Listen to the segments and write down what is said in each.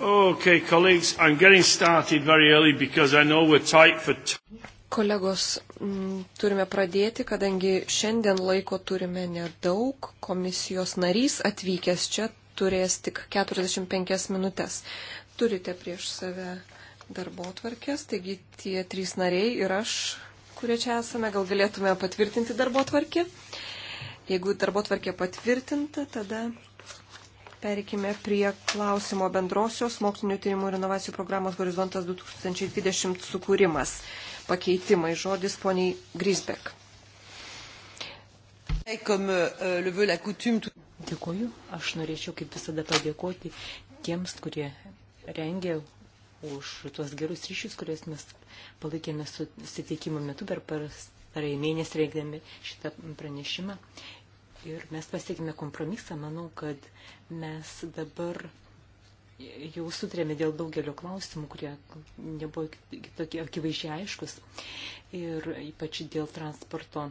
Okay, colleagues, I'm getting started very early because I know we're tight for. Kolegos, m, mm, turime pradėti, kadangi šiandien laiko turime nedaug. Komisijos narys atvykęs čia turės tik 45 minutės. Turite prieš save darbo tvarkės, taigi tie trys nariai ir aš, kurie čia esame, gal galėtume patvirtinti darbo tvarkį. Jeigu darbo tvarkė patvirtinta, tada Perikime prie klausimo bendrosios mokslinio tyrimų ir inovacijų programos Horizontas 2020 sukūrimas. Pakeitimai žodis poniai Grisbek. Euh, Dėkuoju. Aš norėčiau kaip visada padėkoti tiems, kurie rengė už tuos gerus ryšius, kuriuos mes palaikėme su susitikimo metu per pastarąjį mėnesį reikdami šitą pranešimą. Ir mes pasiekime kompromisą, manau, kad mes dabar jau sutrėmė dėl daugelio klausimų, kurie nebuvo tokie akivaizdžiai aiškus. Ir ypač dėl transporto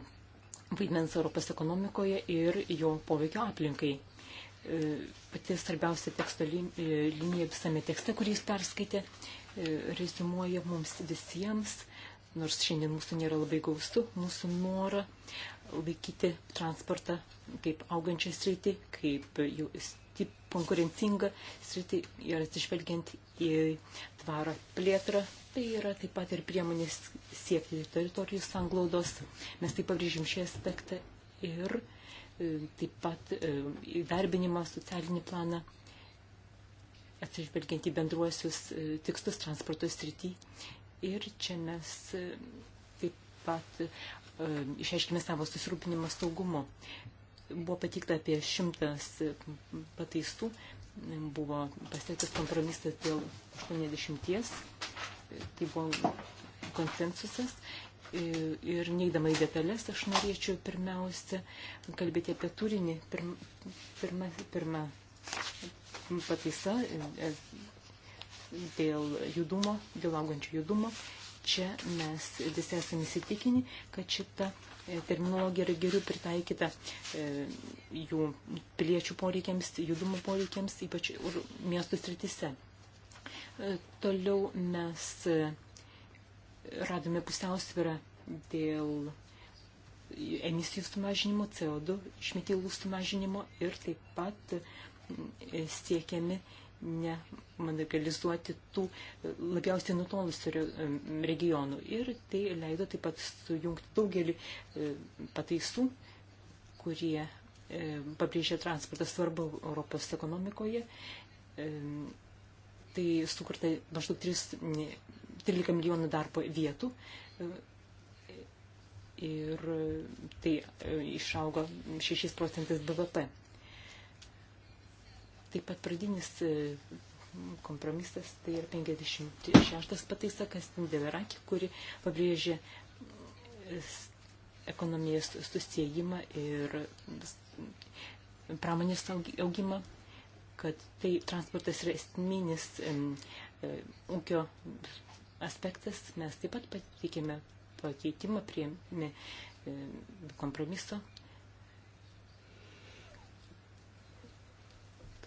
vaidmens Europos ekonomikoje ir jo poveikio aplinkai. E, pati svarbiausia teksto e, linija visame tekste, kurį jis perskaitė, e, rezumuoja mums visiems, nors šiandien mūsų nėra labai gaustu, mūsų norą laikyti transportą kaip augančią sritį, kaip jau konkurencingą sritį ir atsižvelgiant į tvarą plėtrą. Tai yra taip pat ir priemonės siekti teritorijų sanglaudos. Mes taip pabrėžim šį aspektą ir e, taip pat e, įdarbinimą, socialinį planą, atsižvelgiant į bendruosius e, tikslus transporto srity. Ir čia mes taip pat išaiškime savo susirūpinimą saugumu. Buvo patikta apie šimtas pataisų, buvo pasiektas kompromisas dėl 80, tai buvo konsensusas. Ir neįdama į detalės, aš norėčiau pirmiausia kalbėti apie turinį. Pirma, pirma, pirma pataisa e, dėl judumo, dėl augančio judumo. Čia mes visi esame įsitikinę, kad šita E, terminologija yra geriau pritaikyta e, jų piliečių poreikiams, judumo poreikiams, ypač miestų sritise. E, toliau mes radome pusiausvyrą dėl emisijų sumažinimo, CO2 išmetilų sumažinimo ir taip pat siekiami nemanagalizuoti tų labiausiai nutolusių regionų. Ir tai leido taip pat sujungti daugelį e, pataisų, kurie e, pabrėžia transportą svarbą Europos ekonomikoje. E, tai sukurta maždaug 3, 13 milijonų darbo vietų ir tai išaugo 6 procentais BVP. Taip pat pradinis e, kompromisas tai yra 56 pataisa, kas Deverakė, kuri pabrėžė e, ekonomijos susijimą ir pramonės augimą, kad tai transportas yra esminis e, ūkio aspektas. Mes taip pat pateikėme pakeitimą prie kompromiso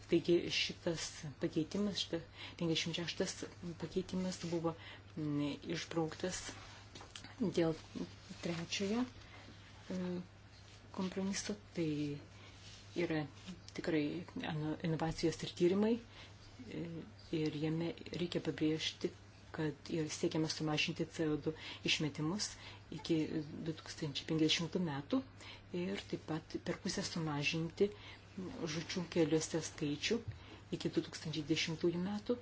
Taigi šitas pakeitimas, šitas 56 pakeitimas buvo mm, išbrauktas dėl trečiojo e, kompromiso, tai yra tikrai inovacijos ir tyrimai e, ir jame reikia pabrėžti, kad ir siekiama sumažinti CO2 išmetimus iki 2050 metų ir taip pat per pusę sumažinti žučių keliuose skaičių iki 2010 metų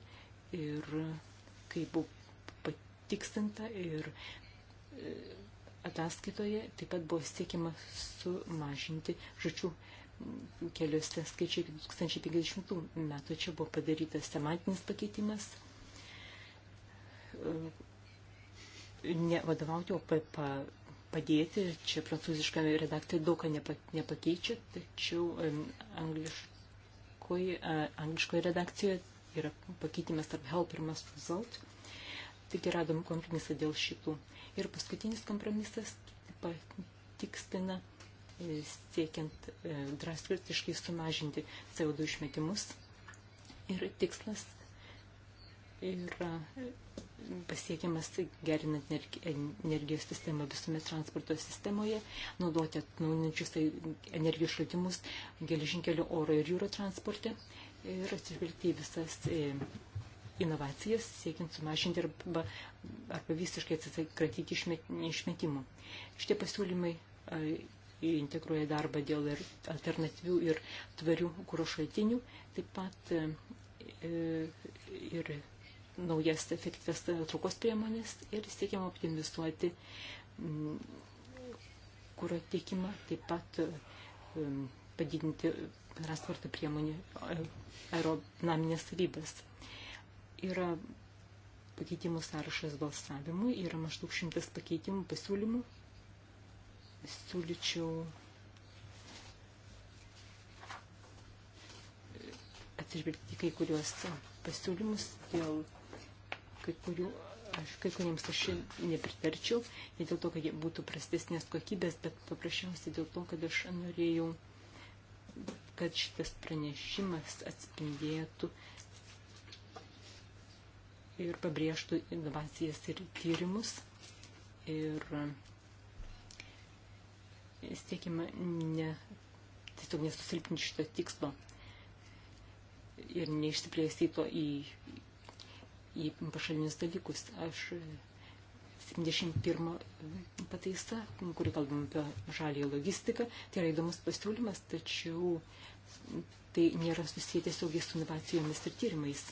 ir kai buvo patikstinta ir e, ataskaitoje taip pat buvo siekiama sumažinti žučių keliuose skaičiai iki 2050 metų. Čia buvo padarytas semantinis pakeitimas e, ne vadovauti, o pa, pa, padėti. Čia prancūziškame redaktoriuje daug ką nepa, nepakeičia, tačiau angliškoje, angliškoje redakcijoje yra pakeitimas tarp help ir must result. Taigi radom kompromisą dėl šitų. Ir paskutinis kompromisas patikstina e, siekiant e, drastiškai sumažinti CO2 išmetimus. Ir tikslas yra pasiekiamas gerinant energijos sistemą visuomet transporto sistemoje, naudoti atnaujinančius tai energijos šaltimus geležinkelio oro ir jūro transporte ir atsižvelgti į visas e, inovacijas, siekiant sumažinti arba, arba visiškai atsikratyti išmetimų. Šitie pasiūlymai e, integruoja darbą dėl ir alternatyvių ir tvarių kūro šaltinių, taip pat e, ir naujas efektyves traukos priemonės ir siekiama optimizuoti mm, kūro tiekimą, taip pat padidinti transporto priemonių aerodinaminės savybės. Yra pakeitimų sąrašas balsavimui, yra maždaug šimtas pakeitimų pasiūlymų. Siūlyčiau atsižvelgti kai kuriuos pasiūlymus dėl kai, kurių, aš, kai kuriems aš nepritarčiau, ne dėl to, kad jie būtų prastesnės kokybės, bet paprasčiausiai dėl to, kad aš norėjau, kad šitas pranešimas atspindėtų ir pabrėžtų inovacijas ir tyrimus. Ir e, siekime ne, tiesiog nesusilpinti šito tikslo ir neišsiplėsti to į į pašalinius dalykus. Aš 71 e, e, pataisa, kuri kalbam apie žalį logistiką, tai yra įdomus pasiūlymas, tačiau tai nėra susiję tiesiogiai su inovacijomis ir tyrimais.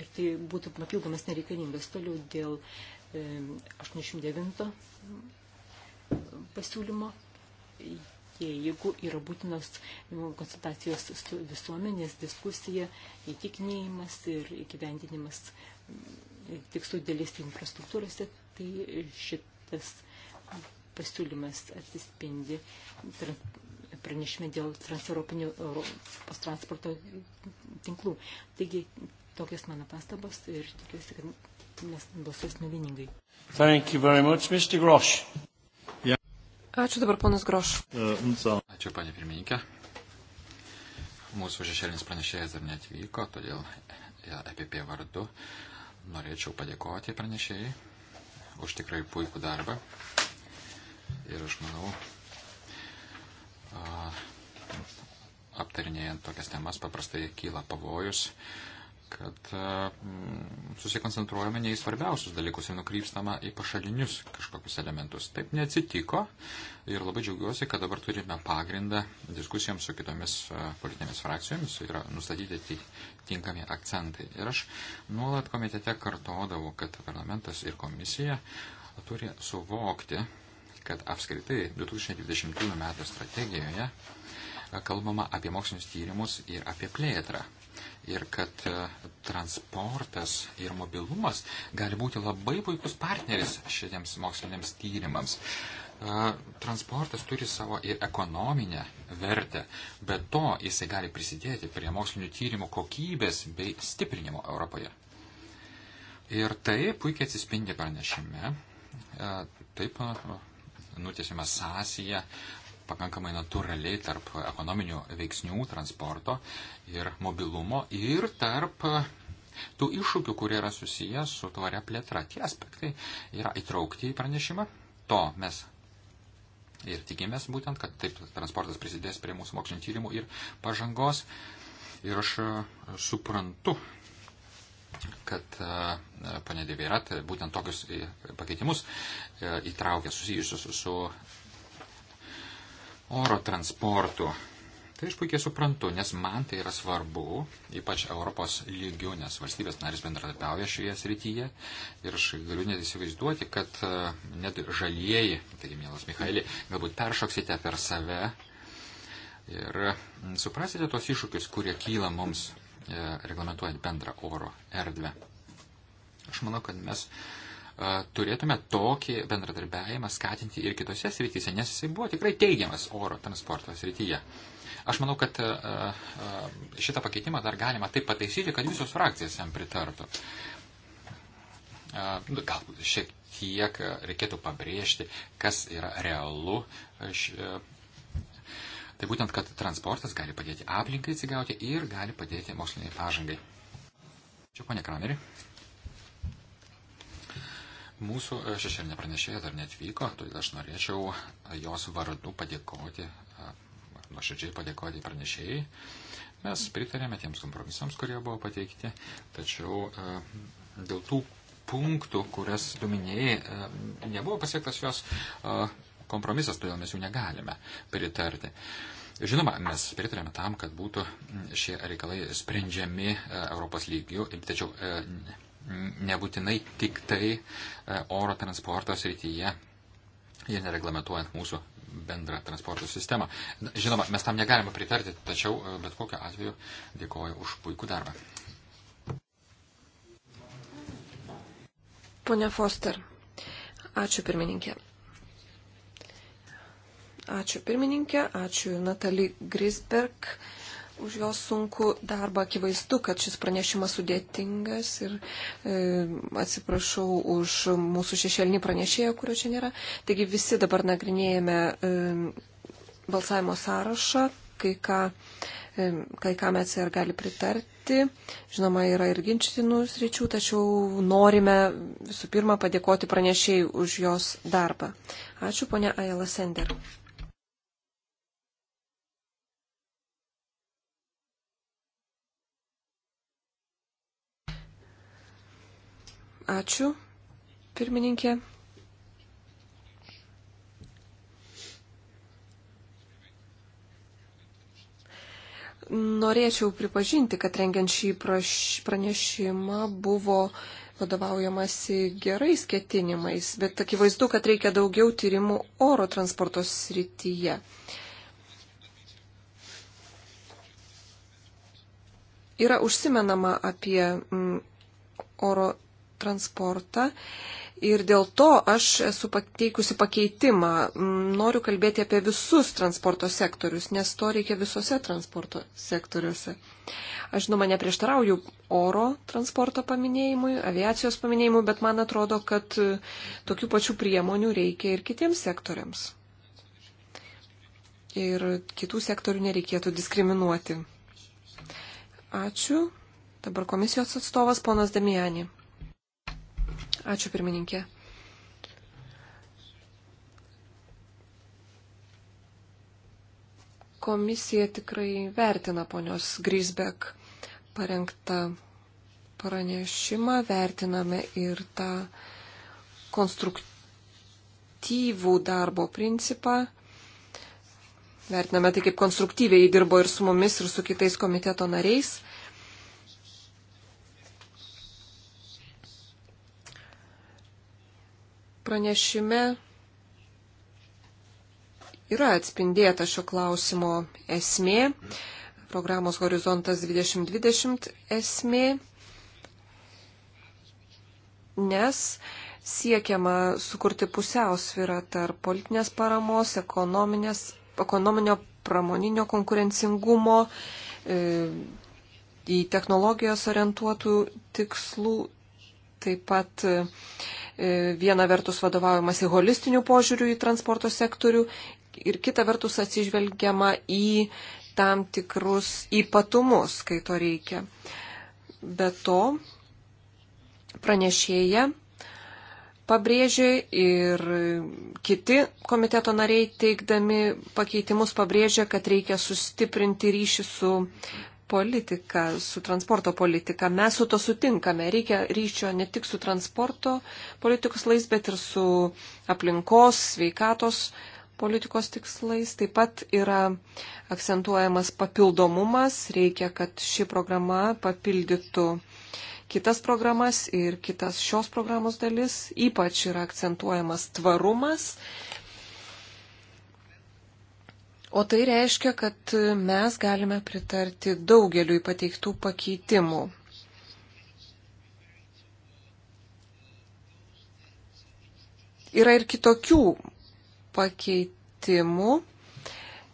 Ir tai būtų papildomas nereikalingas toliau dėl 89 e, pasiūlymo jeigu yra būtinos konsultacijos su visuomenės, diskusija, įtikinėjimas ir įgyvendinimas tikslų dėlės infrastruktūrose, tai šitas pasiūlymas atsispindi pranešime dėl transeuropinių Europos transporto tinklų. Taigi, tokias mano pastabos ir tikiuosi, kad mes balsuosime vieningai. Thank you very much, Mr. Grosh. Ačiū dabar, ponas Groš. E, nu Ačiū, panė pirmininkė. Mūsų šešėlinis pranešėjas dar netvyko, todėl EPP vardu norėčiau padėkoti pranešėjai už tikrai puikų darbą. Ir aš manau, aptarinėjant tokias temas paprastai kyla pavojus, kad e, susikoncentruojame ne į svarbiausius dalykus ir nukrypstama į pašalinius kažkokius elementus. Taip neatsitiko ir labai džiaugiuosi, kad dabar turime pagrindą diskusijoms su kitomis e, politinėmis frakcijomis, yra nustatyti tinkami akcentai. Ir aš nuolat komitete kartodavau, kad parlamentas ir komisija turi suvokti, kad apskritai 2020 metų strategijoje e, kalbama apie mokslinius tyrimus ir apie plėtrą ir kad e, transportas ir mobilumas gali būti labai puikus partneris šitiems moksliniams tyrimams. E, transportas turi savo ir ekonominę vertę, bet to jisai gali prisidėti prie mokslinių tyrimų kokybės bei stiprinimo Europoje. Ir tai puikiai atsispindi pranešime. E, taip nutėsime sąsiją pakankamai natūraliai tarp ekonominių veiksnių, transporto ir mobilumo ir tarp tų iššūkių, kurie yra susijęs su tvaria plėtra. Tie aspektai yra įtraukti į pranešimą. To mes ir tikimės būtent, kad taip transportas prisidės prie mūsų mokslinio tyrimų ir pažangos. Ir aš e, suprantu, kad e, e, panė Devirat būtent tokius pakeitimus įtraukė susijusius su oro transportu. Tai aš puikiai suprantu, nes man tai yra svarbu, ypač Europos lygių, nes valstybės narys bendradarbiauja šioje srityje. Ir aš galiu net įsivaizduoti, kad e, net žalieji, taigi, mielas Michaelį, galbūt peršoksite per save ir suprasite tos iššūkius, kurie kyla mums e, reglamentuojant bendrą oro erdvę. Aš manau, kad mes turėtume tokį bendradarbiavimą skatinti ir kitose srityse, nes jisai buvo tikrai teigiamas oro transporto srityje. Aš manau, kad šitą pakeitimą dar galima taip pataisyti, kad visos frakcijas jam pritartų. Nu, galbūt šiek tiek reikėtų pabrėžti, kas yra realu. Aš, tai būtent, kad transportas gali padėti aplinkai atsigauti ir gali padėti moksliniai pažangai. Čia, ponia Krameri. Mūsų šešėlinė pranešėja dar netvyko, todėl aš norėčiau jos vardu padėkoti, nuoširdžiai padėkoti pranešėjai. Mes pritarėme tiems kompromisams, kurie buvo pateikti, tačiau dėl tų punktų, kurias tu minėjai, nebuvo pasiektas jos kompromisas, todėl mes jų negalime pritarti. Žinoma, mes pritarėme tam, kad būtų šie reikalai sprendžiami Europos lygių, tačiau nebūtinai tik tai e, oro transporto srityje ir nereglamentuojant mūsų bendrą transporto sistemą. Žinoma, mes tam negalime pritarti, tačiau e, bet kokiu atveju dėkoju už puikų darbą. Pone Foster, ačiū pirmininkė. Ačiū pirmininkė, ačiū Natalie Grisberg už jos sunku darbą. Akivaizdu, kad šis pranešimas sudėtingas ir e, atsiprašau už mūsų šešėlinį pranešėją, kurio čia nėra. Taigi visi dabar nagrinėjame e, balsavimo sąrašą, kai ką, e, kai ką mes ir gali pritarti. Žinoma, yra ir ginčytinų sričių, tačiau norime visų pirma padėkoti pranešėjai už jos darbą. Ačiū, ponia Aela Sender. Ačiū, pirmininkė. Norėčiau pripažinti, kad rengiant šį pranešimą buvo vadovaujamasi gerais ketinimais, bet akivaizdu, kad reikia daugiau tyrimų oro transporto srityje. Yra užsimenama apie mm, oro transportą. Ir dėl to aš esu pateikusi pakeitimą. Noriu kalbėti apie visus transporto sektorius, nes to reikia visose transporto sektoriuose. Aš žinoma neprieštarauju oro transporto paminėjimui, aviacijos paminėjimui, bet man atrodo, kad tokių pačių priemonių reikia ir kitiems sektoriams. Ir kitų sektorių nereikėtų diskriminuoti. Ačiū. Dabar komisijos atstovas ponas Damiani. Ačiū pirmininkė. Komisija tikrai vertina ponios Grisbek parengtą pranešimą, vertiname ir tą konstruktyvų darbo principą. Vertiname tai, kaip konstruktyviai dirbo ir su mumis, ir su kitais komiteto nariais. Pranešime yra atspindėta šio klausimo esmė, programos Horizontas 2020 esmė, nes siekiama sukurti pusiausvyrą tarp politinės paramos, ekonominio pramoninio konkurencingumo, e, į technologijos orientuotų tikslų, taip pat E, viena vertus vadovaujamasi holistiniu požiūriu į transporto sektorių ir kita vertus atsižvelgiama į tam tikrus ypatumus, kai to reikia. Be to, pranešėja pabrėžė ir kiti komiteto nariai teikdami pakeitimus pabrėžė, kad reikia sustiprinti ryšį su politika, su transporto politika. Mes su to sutinkame. Reikia ryšio ne tik su transporto politikos lais, bet ir su aplinkos, sveikatos politikos tikslais. Taip pat yra akcentuojamas papildomumas. Reikia, kad ši programa papildytų kitas programas ir kitas šios programos dalis. Ypač yra akcentuojamas tvarumas O tai reiškia, kad mes galime pritarti daugeliu pateiktų pakeitimų. Yra ir kitokių pakeitimų,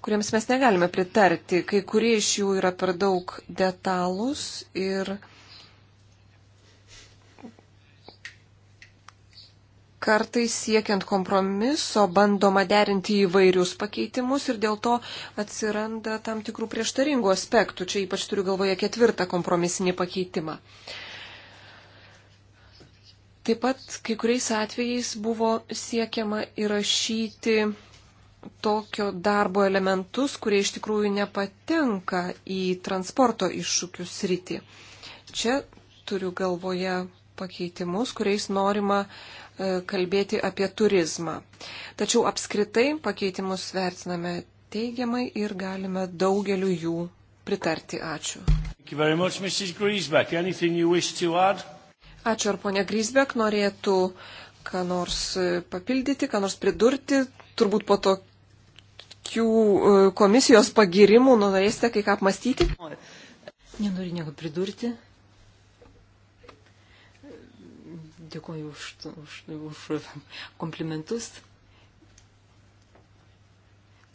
kuriems mes negalime pritarti. Kai kurie iš jų yra per daug detalūs ir kartais siekiant kompromiso bandoma derinti įvairius pakeitimus ir dėl to atsiranda tam tikrų prieštaringų aspektų. Čia ypač turiu galvoje ketvirtą kompromisinį pakeitimą. Taip pat kai kuriais atvejais buvo siekiama įrašyti tokio darbo elementus, kurie iš tikrųjų nepatenka į transporto iššūkių sritį. Čia turiu galvoje pakeitimus, kuriais norima E, kalbėti apie turizmą. Tačiau apskritai pakeitimus vertiname teigiamai ir galime daugeliu jų pritarti. Ačiū. Much, Ačiū, ar ponia Grisbek norėtų ką nors e, papildyti, ką nors pridurti, turbūt po tokių e, komisijos pagirimų nu, norėsite kai ką apmastyti? Nenoriu nieko pridurti. Dėkuoju už, už, už komplimentus.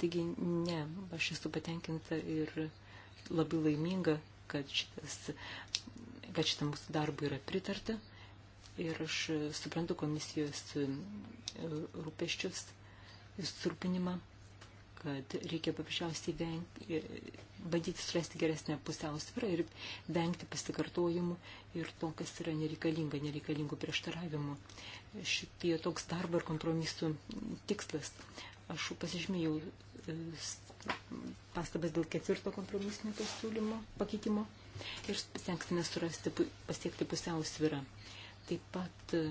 Taigi, ne, aš esu patenkinta ir labai laiminga, kad, šitas, kad šitam mūsų darbui yra pritarta. Ir aš suprantu komisijos e, rūpeščius ir surpinimą kad reikia paprasčiausiai vengti, e, bandyti surasti geresnę pusiausvyrą ir vengti pasikartojimų ir to, kas yra nereikalinga, nereikalingų prieštaravimų. Šitie toks darbo ir kompromisų tikslas. Aš pasižymėjau e, pastabas dėl ketvirto kompromisinio pasiūlymo pakeitimo ir stengsime surasti, pasiekti pusiausvyrą. Taip pat uh,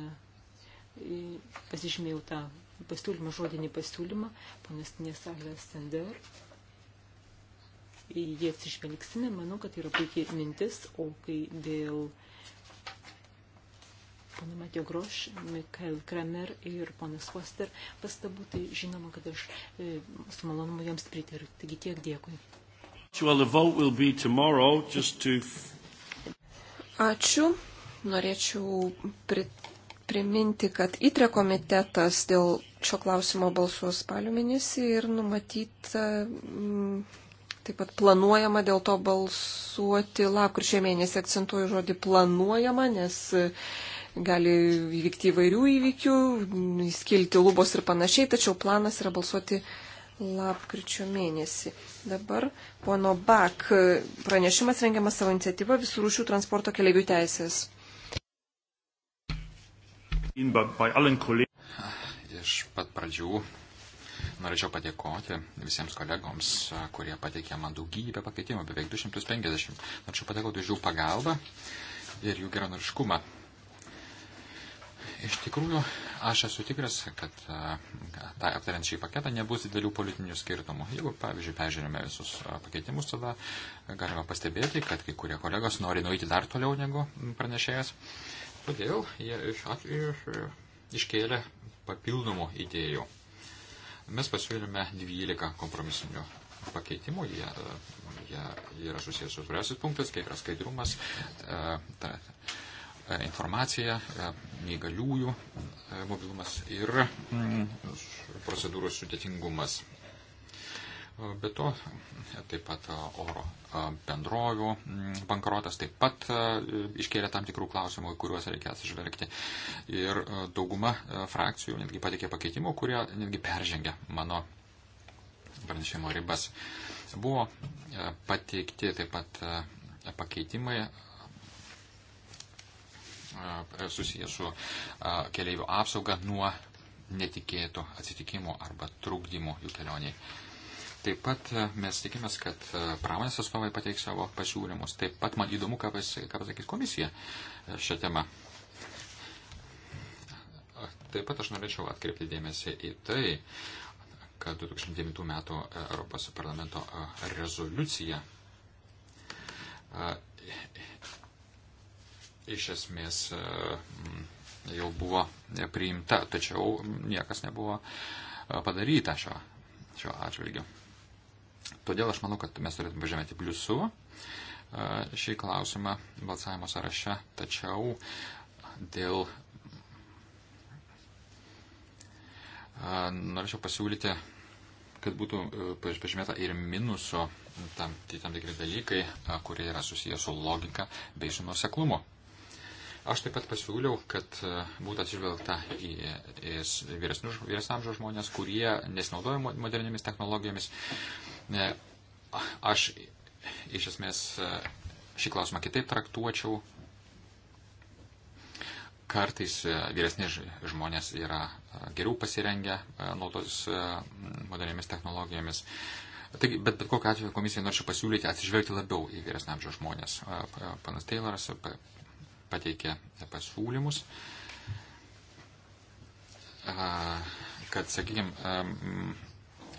pasižymėjau tą pasiūlymą, žodinį pasiūlymą, ponas Nesalės Sender. Jie atsižvelgsime, manau, kad tai yra puikiai mintis, o kai dėl pono Matijo Groš, Mikael Kramer ir ponas Foster pastabų, tai žinoma, kad aš e, su malonumu jiems pritariu. Taigi tiek dėkui. Ačiū. Norėčiau prit priminti, kad įtre komitetas dėl šio klausimo balsuos spalio mėnesį ir numatyta, mm, taip pat planuojama dėl to balsuoti lapkričio mėnesį. Akcentuoju žodį planuojama, nes e, gali įvykti įvairių įvykių, skilti lubos ir panašiai, tačiau planas yra balsuoti lapkričio mėnesį. Dabar pono Bak pranešimas rengiamas savo iniciatyvą visų rūšių transporto keliaivių teisės. Iš pat pradžių norėčiau padėkoti visiems kolegoms, kurie pateikė man daugybę pakeitimų, beveik 250. Norėčiau padėkoti už jų pagalbą ir jų geranoriškumą. Iš tikrųjų, aš esu tikras, kad tai aptariant šį paketą nebus didelių politinių skirtumų. Jeigu, pavyzdžiui, peržiūrime visus pakeitimus, tada galima pastebėti, kad kai kurie kolegos nori nueiti dar toliau negu pranešėjas. Uh, Todėl jie iš atveju e, iškėlė papildomų idėjų. Mes pasiūlėme 12 kompromisinių pakeitimų, jie, e, jie yra susijęs su svarbiausiais punktais, kaip yra skaidrumas, e, ta, informacija, neįgaliųjų mobilumas ir mm, procedūros sudėtingumas. Be to, taip pat oro bendrovių bankrotas taip pat iškėlė tam tikrų klausimų, kuriuos reikia atsižvelgti. Ir dauguma frakcijų netgi patikė pakeitimų, kurie netgi peržengia mano pranešimo ribas. Buvo pateikti taip pat pakeitimai susijęs su keliaivių apsauga nuo netikėtų atsitikimų arba trukdymų jų kelioniai. Taip pat e, mes tikimės, kad e, pramonės atstovai pateiks savo pasiūlymus. Taip pat man įdomu, ką, pas, ką pasakys komisija e, šią temą. Taip pat aš norėčiau atkreipti dėmesį į tai, kad 2009 metų Europos parlamento rezoliucija iš esmės jau buvo priimta, tačiau niekas nebuvo padaryta šio, šio atžvilgiu. Todėl aš manau, kad mes turėtume pažymėti pliusu e, šį klausimą balsavimo sąraše, tačiau dėl. E, norėčiau pasiūlyti, kad būtų e, pažymėta ir minuso tam, tai tam tikri dalykai, kurie yra susijęs su logika bei su nuseklumu. Aš taip pat pasiūliau, kad e, būtų atsižvelgta į, į vyresnio amžiaus žmonės, kurie nesinaudoja moderniomis technologijomis. E, aš iš esmės e, šį klausimą kitaip traktuočiau. Kartais vyresni žmonės yra geriau pasirengę naudotis moderniomis technologijomis. Taigi, bet bet kokiu atveju komisijai norėčiau pasiūlyti atsižvelgti labiau į vyresnio amžiaus žmonės. Panas Tayloras pateikė pasiūlymus, kad, sakykime,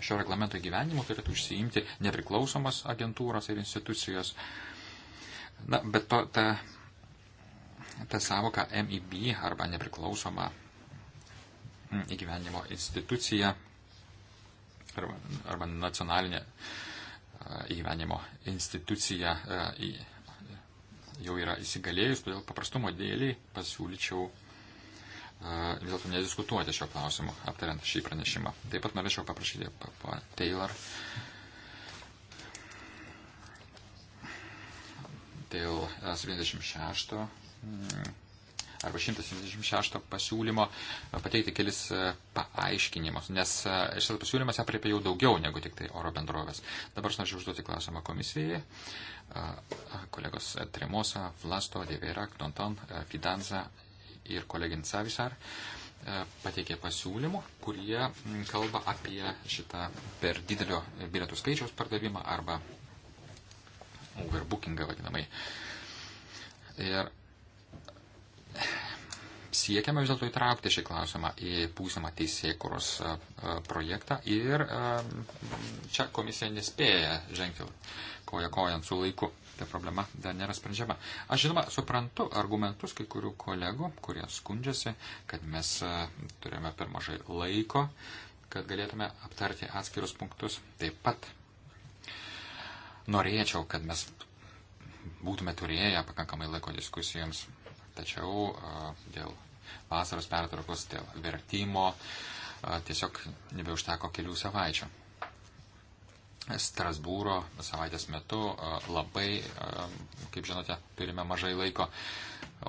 šio reglamento gyvenimu turėtų užsiimti nepriklausomos agentūros ir institucijos. Na, bet to, ta, ta savoka MIB arba nepriklausoma įgyvenimo institucija arba, arba nacionalinė įgyvenimo institucija į, jau yra įsigalėjus, todėl paprastumo dėliai pasiūlyčiau e, vis dėlto nediskutuoti šio klausimu, aptariant šį pranešimą. Taip pat norėčiau paprašyti papa Taylor. Dėl 76 e, arba 176 pasiūlymo e, pateikti kelis e, paaiškinimus, nes e, šis pasiūlymas apriepia jau daugiau negu tik tai oro bendrovės. Dabar aš norėčiau užduoti klausimą komisijai. Kolegos Tremosa, Vlasto, Deverak, Donton, Fidanza ir kolegin Savisar pateikė pasiūlymų, kurie kalba apie šitą per didelio bilietų skaičiaus pardavimą arba overbookingą vadinamai. Ir siekiame vis dėlto įtraukti šį klausimą į būsimą teisėkuros e, e, projektą ir e, čia komisija nespėja žengti koja kojant su laiku. Ta problema dar nėra sprendžiama. Aš žinoma suprantu argumentus kai kurių kolegų, kurie skundžiasi, kad mes turime per mažai laiko, kad galėtume aptarti atskirus punktus. Taip pat norėčiau, kad mes būtume turėję pakankamai laiko diskusijoms Tačiau dėl vasaros pertraukos, dėl vertimo tiesiog nebeužteko kelių savaičių. Strasbūro savaitės metu labai, kaip žinote, turime mažai laiko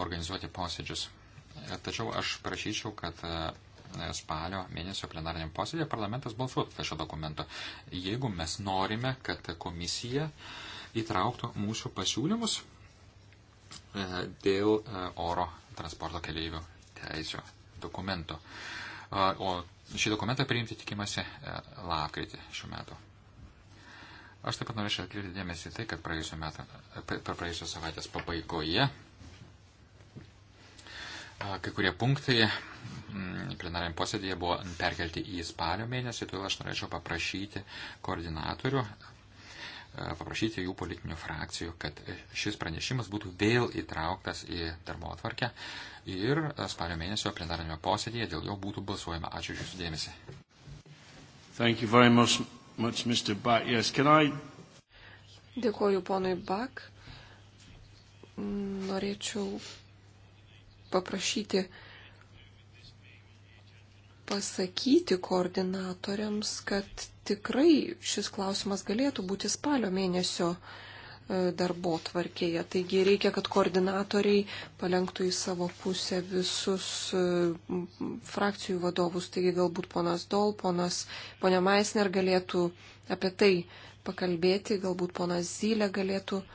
organizuoti posėdžius. Tačiau aš prašyčiau, kad spalio mėnesio plenariniam posėdėje parlamentas balsuotų dėl šio dokumento. Jeigu mes norime, kad komisija įtrauktų mūsų pasiūlymus, E, dėl e, oro transporto keleivių teisų dokumento. E, o šį dokumentą priimti tikimasi lapkritį šių metų. Aš taip pat norėčiau atkreipti dėmesį tai, kad praėjusios, metų, praėjusios savaitės pabaigoje kai kurie punktai mm, plenariam posėdėje buvo perkelti į spalio mėnesį, todėl aš norėčiau paprašyti koordinatorių paprašyti jų politinių frakcijų, kad šis pranešimas būtų vėl įtrauktas į darbo atvarkę ir spalio mėnesio plenarinio posėdėje dėl jo būtų balsuojama. Ačiū už Jūsų dėmesį. Much, much, yes, I... Dėkuoju ponui Bak. Norėčiau paprašyti pasakyti koordinatoriams, kad tikrai šis klausimas galėtų būti spalio mėnesio e, darbo tvarkėje. Taigi reikia, kad koordinatoriai palenktų į savo pusę visus e, frakcijų vadovus. Taigi galbūt ponas Dol, ponas, ponia Maisner galėtų apie tai pakalbėti, galbūt ponas Zylė galėtų uh,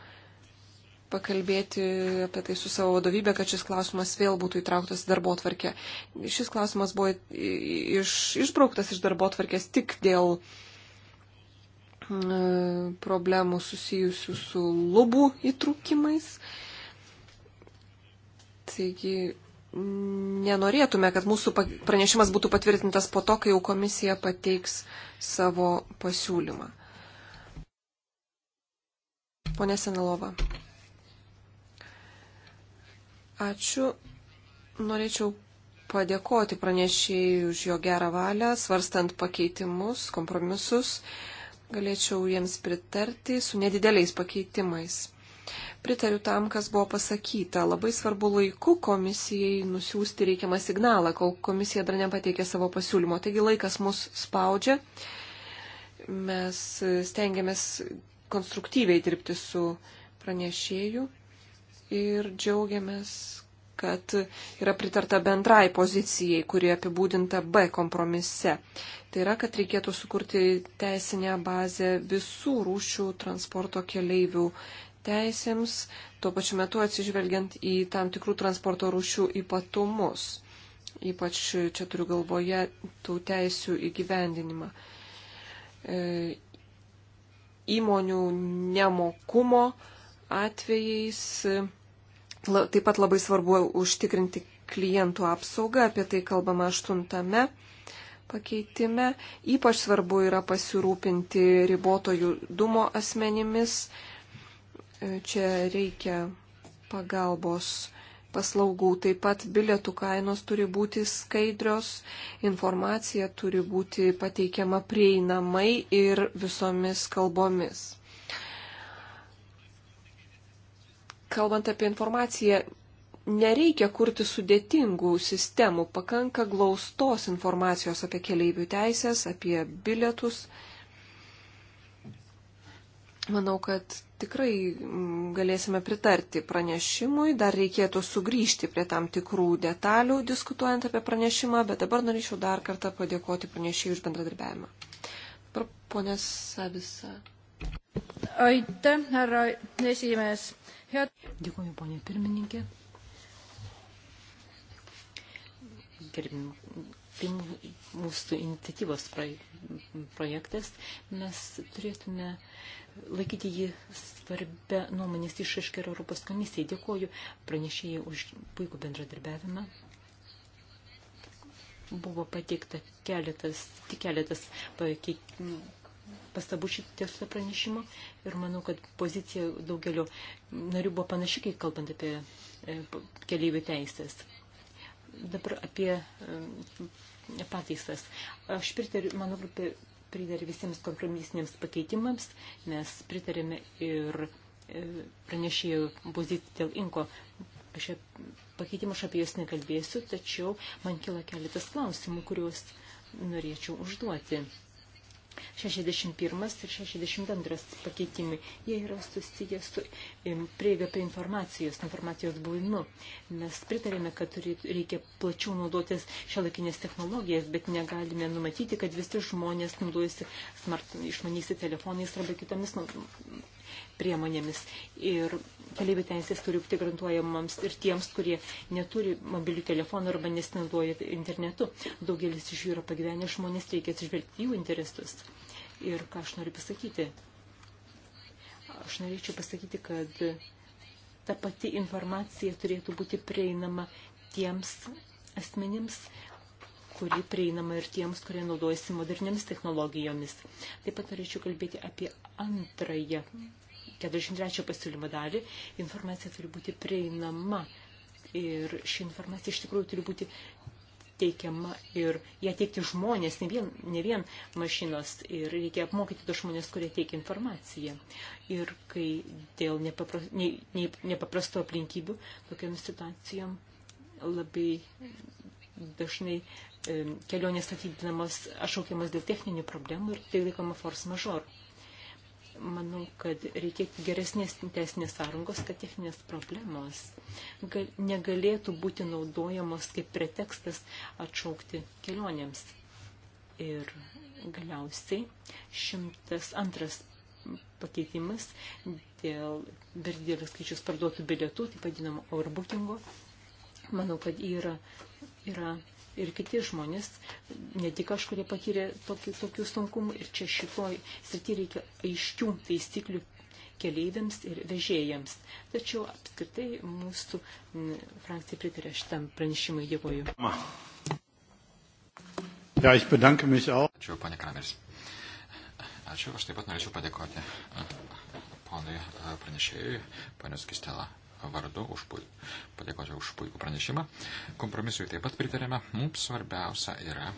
pakalbėti apie tai su savo vadovybė, kad šis klausimas vėl būtų įtrauktas į darbo atvarkę. Šis klausimas buvo iš, išbrauktas iš darbo atvarkės tik dėl e, problemų susijusių su lubų įtrūkimais. Taigi nenorėtume, kad mūsų pranešimas būtų patvirtintas po to, kai jau komisija pateiks savo pasiūlymą. Pone Senalova. Ačiū. Norėčiau padėkoti pranešėjai už jo gerą valią, svarstant pakeitimus, kompromisus. Galėčiau jiems pritarti su nedideliais pakeitimais. Pritariu tam, kas buvo pasakyta. Labai svarbu laiku komisijai nusiųsti reikiamą signalą, kol komisija dar nepateikė savo pasiūlymo. Taigi laikas mus spaudžia. Mes stengiamės konstruktyviai dirbti su pranešėju ir džiaugiamės, kad yra pritarta bendrai pozicijai, kuri apibūdinta B kompromise. Tai yra, kad reikėtų sukurti teisinę bazę visų rūšių transporto keleivių teisėms, tuo pačiu metu atsižvelgiant į tam tikrų transporto rūšių ypatumus. Ypač čia turiu galvoje tų teisių įgyvendinimą. E, įmonių nemokumo atvejais Taip pat labai svarbu užtikrinti klientų apsaugą, apie tai kalbama aštuntame pakeitime. Ypač svarbu yra pasirūpinti ribotojų dumo asmenimis. E, čia reikia pagalbos paslaugų. Taip pat bilietų kainos turi būti skaidrios, informacija turi būti pateikiama prieinamai ir visomis kalbomis. kalbant apie informaciją, nereikia kurti sudėtingų sistemų, pakanka glaustos informacijos apie keleivių teisės, apie bilietus. Manau, kad tikrai mm, galėsime pritarti pranešimui, dar reikėtų sugrįžti prie tam tikrų detalių diskutuojant apie pranešimą, bet dabar norėčiau dar kartą padėkoti pranešėjui už bendradarbiavimą. Dabar ponės Savisa. Aitäh, härra esimees. Head... Dėkuoju, ponė pirmininkė. Gerbim, tai mūsų iniciatyvos projektas. Mes turėtume laikyti jį svarbę nuomonės išaiškę Europos komisijai. Dėkuoju pranešėjai už puikų bendradarbiavimą buvo pateikta keletas, tik keletas pastabų šitiesu pranešimu ir manau, kad pozicija daugelio narių buvo panaši, kai kalbant apie e, keliaivių teisės. Dabar apie e, pataisas. Aš pritariu, mano grupė pritarė visiems kompromisiniams pakeitimams, mes pritarėme ir e, pranešėjų poziciją dėl inko. Aš pakeitimą aš apie juos nekalbėsiu, tačiau man kila keletas klausimų, kuriuos norėčiau užduoti. 61 ir 62 pakeitimai. Jie yra susiję su prieiga prie informacijos, informacijos buvimu. Mes pritarėme, kad reikia plačiau naudotis šiolaikinės technologijas, bet negalime numatyti, kad visi žmonės naudojasi smart, išmanysi telefonais arba kitomis priemonėmis. Ir keliaivių teisės turi būti garantuojamams ir tiems, kurie neturi mobilių telefonų arba nesinaudoja internetu. Daugelis iš jų yra pagyvenę žmonės, reikia atsižvelgti jų interesus. Ir ką aš noriu pasakyti? Aš norėčiau pasakyti, kad ta pati informacija turėtų būti prieinama tiems asmenims, kuri prieinama ir tiems, kurie naudojasi moderniamis technologijomis. Taip pat norėčiau kalbėti apie antrąją 43 pasiūlymo dalį, informacija turi būti prieinama ir ši informacija iš tikrųjų turi būti teikiama ir ją teikti žmonės, ne vien, ne vien mašinos ir reikia apmokyti tos žmonės, kurie teikia informaciją. Ir kai dėl nepapra, ne, ne, nepaprastų aplinkybių tokiam situacijom labai dažnai e, kelionės atidinamos, atšaukiamas dėl techninių problemų ir tai laikoma force majeure manau, kad reikėtų geresnės teisinės sąrangos, kad techninės problemos gal, negalėtų būti naudojamos kaip pretekstas atšaukti kelionėms. Ir galiausiai šimtas antras pakeitimas dėl berdėlės skaičius parduotų bilietų, taip vadinamo overbookingo. Manau, kad yra, yra ir kiti žmonės, ne tik aš, kurie patyrė tokių, tokių sunkumų. Ir čia šitoj srity reikia aiškių taisyklių keleiviams ir vežėjams. Tačiau apskritai mūsų frakcija pritarė šitam pranešimui. Dėkoju. Ja, ich bedanke mich auch. Ačiū, pane Krameris. Ačiū, aš taip pat norėčiau padėkoti ponui pranešėjui, ponios Kistela vardu už puikų, padėkočiau už puikų pranešimą. Kompromisui taip pat pritarėme. Mums svarbiausia yra,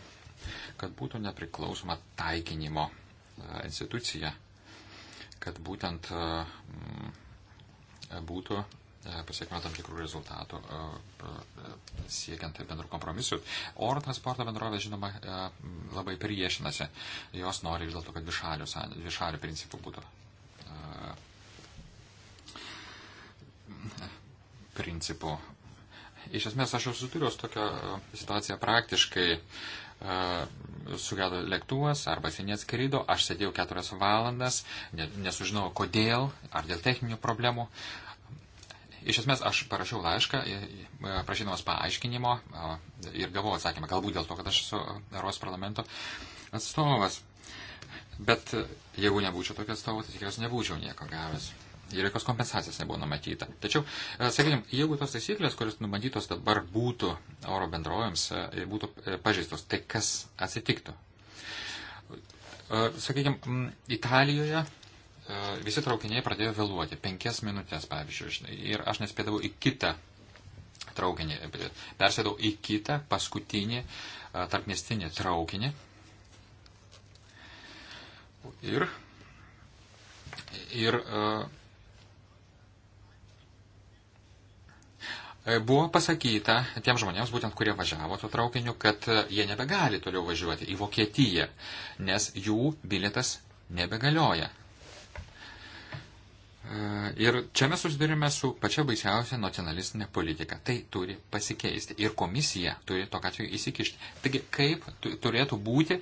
kad būtų nepriklausoma taikinimo e, institucija, kad būtent e, būtų e, pasiekime tam tikrų rezultatų siekiant bendrų kompromisų. Oro transporto bendrovė, žinoma, labai priešinasi. Jos nori vis dėlto, kad višalių, višalių principų būtų principų. Iš esmės aš jau susidūriau su tokia e, situacija praktiškai. E, sugedo lėktuvas arba jisai neatskrido, aš sėdėjau keturias valandas, nesužinojau kodėl, ar dėl techninių problemų. Iš esmės aš parašiau laišką, e, prašydamas paaiškinimo ir gavau atsakymą, galbūt dėl to, kad aš esu Europos parlamento atstovas. Bet jeigu nebūčiau tokia atstovas, tai tikriausiai nebūčiau nieko gavęs ir jokios kompensacijos nebuvo numatyta. Tačiau, e, sakykime, jeigu tos taisyklės, kuris numatytos dabar būtų oro bendrovėms, e, būtų e, pažįstos, tai kas atsitiktų? Sakykime, Italijoje visi traukiniai pradėjo vėluoti, penkias minutės, pavyzdžiui, ir aš nespėdavau į kitą traukinį, persėdau į kitą paskutinį tarpmestinį traukinį. Ir, ir uh, E, buvo pasakyta tiem žmonėms, būtent kurie važiavo tuo traukiniu, kad e, jie nebegali toliau važiuoti į Vokietiją, nes jų bilietas nebegalioja. E, ir čia mes susidurime su pačia baisiausia nacionalistinė politika. Tai turi pasikeisti. Ir komisija turi tokia atveju įsikišti. Taigi, kaip turėtų būti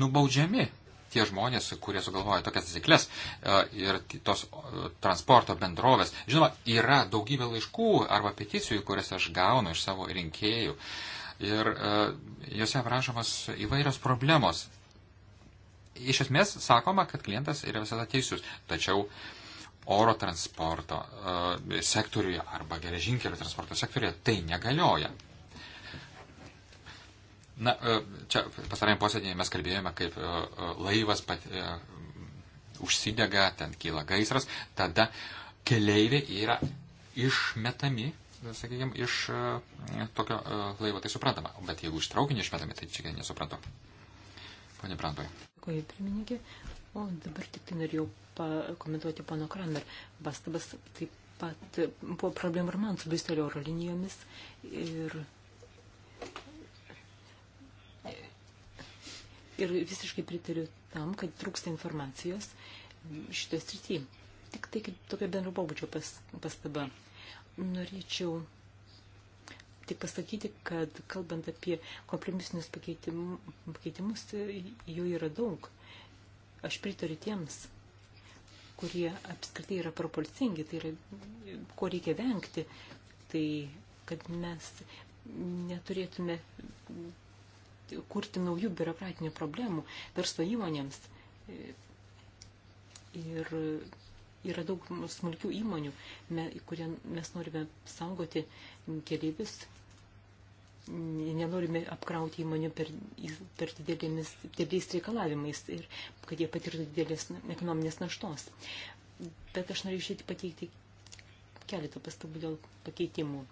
nubaudžiami tie žmonės, kurie sugalvoja tokias taisyklės e, ir tos e, transporto bendrovės. Žinoma, yra daugybė laiškų arba peticijų, kurias aš gaunu iš savo rinkėjų. Ir e, juose aprašomas įvairios problemos. Iš esmės sakoma, kad klientas yra visada teisus. Tačiau oro transporto sektoriuje arba geležinkelių transporto sektoriuje tai negalioja. Na, e, čia pasarėm posėdėje mes kalbėjome, kaip e, e, laivas pat, užsidega, ten kyla gaisras, tada keleiviai yra išmetami, sakykime, iš tokio laivo, tai suprantama. Bet jeigu iš traukinio išmetami, tai čia nesuprantu. Pone Brantoj. Dėkuoju, pirmininkė. O dabar tik tai norėjau pakomentuoti pono Kramer pastabas. Taip pat buvo problemų ir man su Bristolio oro linijomis. Ir ir visiškai pritariu tam, kad trūksta informacijos šitoje srityje. Tik tai kaip tokia bendro pobūdžio pas, pastaba. Norėčiau tik pasakyti, kad kalbant apie kompromisinius pakeitimus, jų yra daug. Aš pritariu tiems, kurie apskritai yra proporcingi, tai yra, ko reikia vengti, tai kad mes neturėtume kurti naujų biurokratinių problemų verslo įmonėms. Ir yra daug smulkių įmonių, me, kurie mes norime saugoti keleivius, nenorime apkrauti įmonių per, per didelėmis, dideliais reikalavimais ir kad jie patirtų didelės ekonominės naštos. Bet aš noriu išėti pateikti keletą pastabų dėl pakeitimų.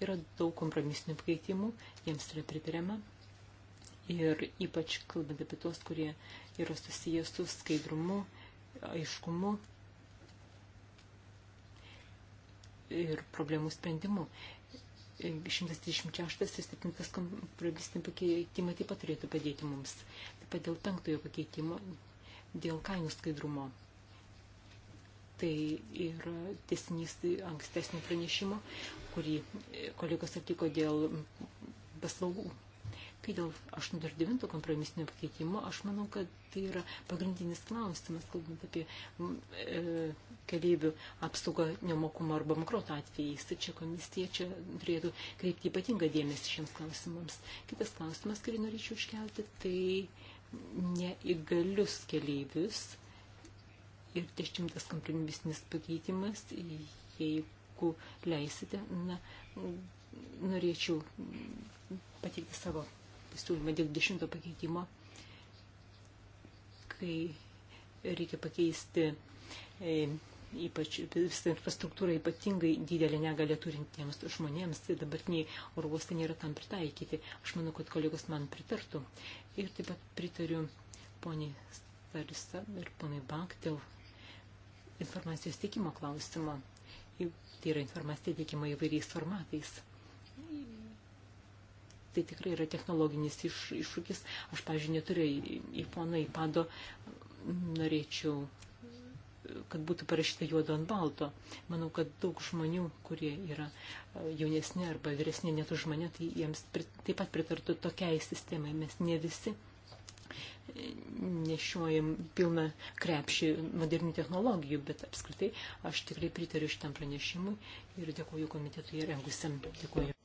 Yra daug kompromisinių pakeitimų, jiems yra pritariama ir ypač kalbant apie tos, kurie yra susijęs su skaidrumu, aiškumu ir problemų sprendimu. 136 ir 7 kompromisiniai pakeitimai taip pat turėtų padėti mums. Taip pat dėl penktojo pakeitimo, dėl kainų skaidrumo. Tai yra tiesinys ankstesnio pranešimo, kurį kolegos atliko dėl paslaugų Kai dėl 8 ir 9 kompromisinio pakeitimo, aš manau, kad tai yra pagrindinis klausimas, kalbant apie e, keleivių apsaugą nemokumo arba bankroto atvejais. Tai čia komisija čia turėtų kreipti ypatingą dėmesį šiems klausimams. Kitas klausimas, kurį norėčiau iškelti, tai neįgalius keleivius ir dešimtas kompromisinis pakeitimas, jeigu leisite, na, norėčiau pateikti savo pasiūlymą dėl dešimto pakeitimo, kai reikia pakeisti e, ypač visą infrastruktūrą ypatingai didelį negalę turintiems žmonėms, tai dabartiniai oro uostai nėra tam pritaikyti. Aš manau, kad kolegos man pritartų. Ir taip pat pritariu poniai Starisa ir poniai Bank dėl informacijos teikimo klausimo. Tai yra informacija teikima įvairiais formatais tai tikrai yra technologinis iš, iššūkis. Aš, pavyzdžiui, neturiu iPhone, iPado, norėčiau, kad būtų parašyta juodo ant balto. Manau, kad daug žmonių, kurie yra e, jaunesni arba vyresni net už mane, tai jiems taip pat pritartų tokiai sistemai. Mes ne visi e, nešiojam pilną krepšį modernių technologijų, bet apskritai aš tikrai pritariu šitam pranešimui ir dėkuoju komitetui rengusiam. Dėkuoju.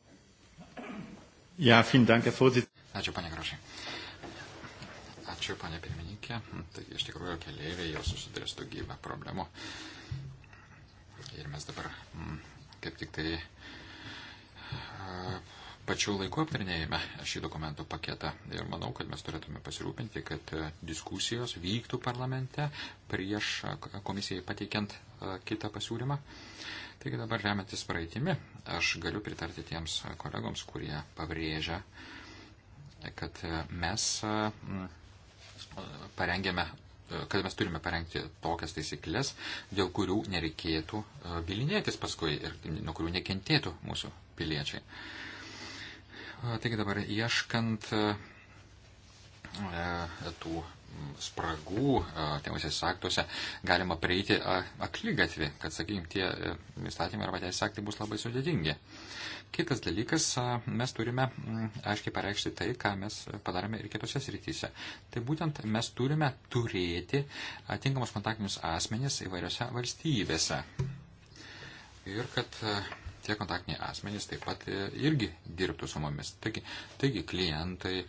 Ja, dank, Ačiū, panė Grošai. Ačiū, panė pirmininkė. Tai iš tikrųjų keliaiviai jau susidurė su gyvybę problemu. Ir mes dabar mm, kaip tik tai pačiu laiku aptarinėjame šį dokumentų paketą ir manau, kad mes turėtume pasirūpinti, kad e, diskusijos vyktų parlamente prieš komisijai pateikiant kitą pasiūlymą. Taigi dabar remiantis praeitimi, aš galiu pritarti tiems kolegoms, kurie pabrėžia, kad mes mm, parengėme kad mes turime parengti tokias taisyklės, dėl kurių nereikėtų e, bilinėtis paskui ir nuo kurių nekentėtų mūsų piliečiai. E, taigi dabar ieškant e, tų spragų teisės aktuose galima prieiti aklygatvį, kad, sakykime, tie e, įstatymai arba teisės aktai bus labai sudėtingi. Kitas dalykas, mes turime aiškiai pareikšti tai, ką mes padarėme ir kitose srityse. Tai būtent mes turime turėti atinkamus kontaktinius asmenis įvairiose valstybėse. Ir kad tie kontaktiniai asmenys taip pat e, irgi dirbtų su mumis. Taigi, taigi klientai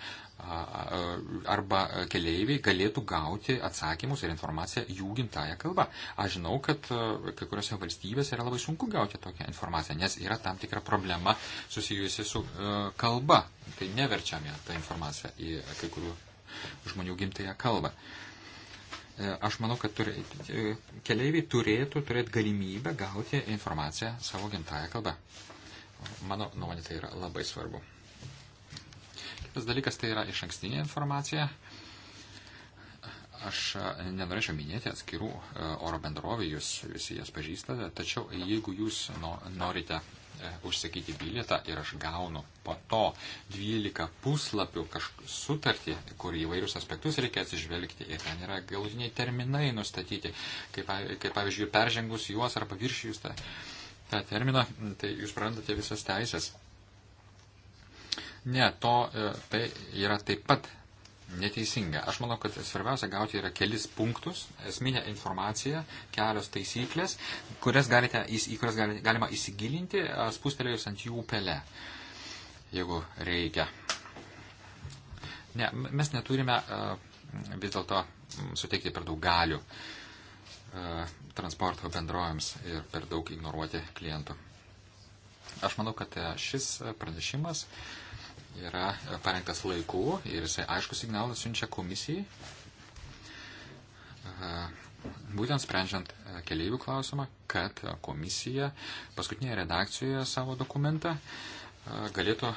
arba keleiviai galėtų gauti atsakymus ir informaciją jų gimtają kalbą. Aš žinau, kad e, kai kuriuose valstybėse yra labai sunku gauti tokią informaciją, nes yra tam tikra problema susijusi su e, kalba. Tai neverčiame tą informaciją į kai kurių žmonių gimtają kalbą. Uh, E, aš manau, kad turė, e, keleiviai turėtų turėti galimybę gauti informaciją savo gimtają kalbą. Mano nuomonė tai yra labai svarbu. Kitas dalykas tai yra iš ankstinė informacija. Aš e, nenorėčiau minėti atskirų oro bendrovį, jūs visi jas pažįstate, tačiau jeigu jūs norite E, užsakyti bilietą ir aš gaunu po to 12 puslapių sutartį, kur įvairius aspektus reikia atsižvelgti ir ten yra galutiniai terminai nustatyti, kaip, kaip pavyzdžiui, peržengus juos arba viršijus tą, tą terminą, tai jūs prarandate visas teisės. Ne, to e, tai yra taip pat neteisinga. Aš manau, kad svarbiausia gauti yra kelis punktus, esminė informacija, kelios taisyklės, kurias galite, į kurias galima įsigilinti, spustelėjus ant jų pele, jeigu reikia. Ne, mes neturime vis dėlto suteikti per daug galių transporto bendrovėms ir per daug ignoruoti klientų. Aš manau, kad šis pranešimas uh, yra parengtas laiku ir jisai aišku signalą siunčia komisijai, būtent sprendžiant e, keliaivių klausimą, kad e, komisija paskutinėje redakcijoje savo dokumentą e, galėtų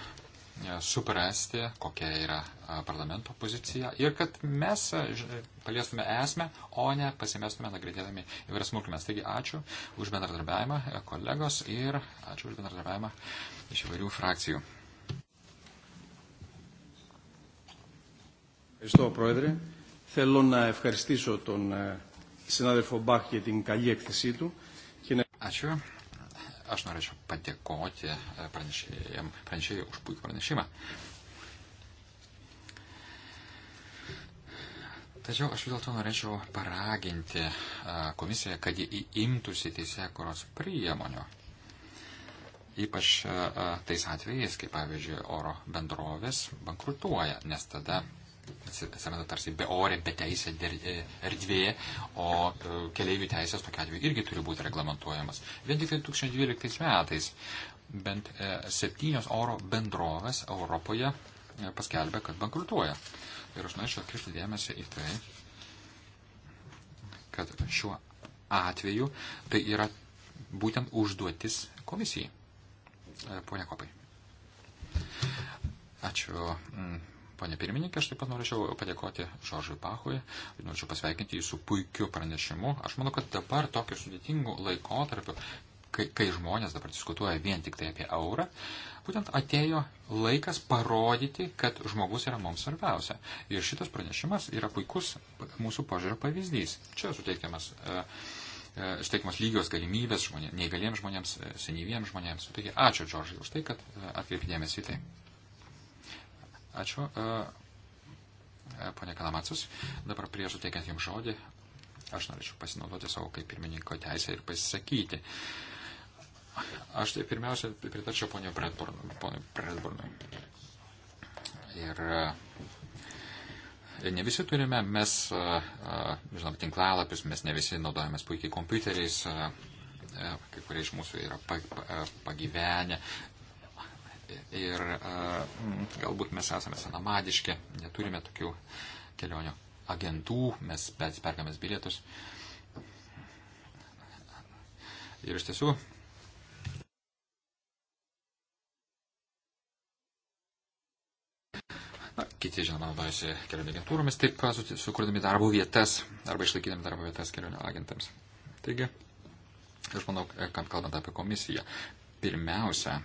suprasti, kokia yra parlamento pozicija ir kad mes paliestume esmę, o ne pasimestume nagrinėdami įvairias smulkmes. Taigi ačiū už bendradarbiavimą kolegos ir ačiū už bendradarbiavimą iš įvairių frakcijų. Ευχαριστώ, Πρόεδρε. Θέλω να ευχαριστήσω τον συνάδελφο Μπαχ για την καλή έκθεσή του. Και να... Ačiū. Aš norėčiau padėkoti pranešėjai už puikų pranešimą. Tačiau aš vis dėlto norėčiau paraginti e, komisiją, kad ji imtųsi teisėkuros priemonių. Ypač e, e, tais atvejais, kai pavyzdžiui oro bendrovės bankrutuoja, nes tada atsiranda tarsi be orė, be teisė e, erdvėje, o e, keliaivių teisės tokia atveju irgi turi būti reglamentuojamas. Vien tik tai 2012 metais bent e, septynios oro bendrovės Europoje paskelbė, kad bankrutuoja. Ir aš norėčiau atkreipti dėmesį į tai, kad šiuo atveju tai yra būtent užduotis komisijai. Pone Kopai. Ačiū mm. Pone pirmininkė, aš taip pat norėčiau padėkoti Žoržui Pachui, norėčiau pasveikinti jį su puikiu pranešimu. Aš manau, kad dabar tokiu sudėtingu laikotarpiu, kai, kai žmonės dabar diskutuoja vien tik tai apie eurą, būtent atėjo laikas parodyti, kad žmogus yra mums svarbiausia. Ir šitas pranešimas yra puikus mūsų požiūrio pavyzdys. Čia suteikiamas. E, e suteikiamos lygios galimybės žmonėms, neįgaliems žmonėms, e, senyviems žmonėms. Taigi ačiū, Džordžai, už tai, kad e, atkreipėdėmės į tai. Ačiū. E, e, pone Kalamacus, dabar prieš suteikiant jums žodį, aš norėčiau pasinaudoti savo kaip pirmininko teisę ir pasisakyti. Aš tai pirmiausia pritarčiau ponio Bradburnui. Ponio Bradburnui. Ir e, ne visi turime, mes, žinom, tinklalapius, mes ne visi naudojamės puikiai kompiuteriais, kai kurie iš mūsų yra pagyvenę, ir galbūt mes esame senamadiški, neturime tokių kelionių agentų, mes perkamės bilietus. Ir iš tiesų. Na, kiti, žinoma, naudojasi kelionių agentūromis, taip sukurdami darbo vietas arba išlaikydami darbo vietas kelionių agentams. Taigi, aš manau, kad kalbant apie komisiją, pirmiausia,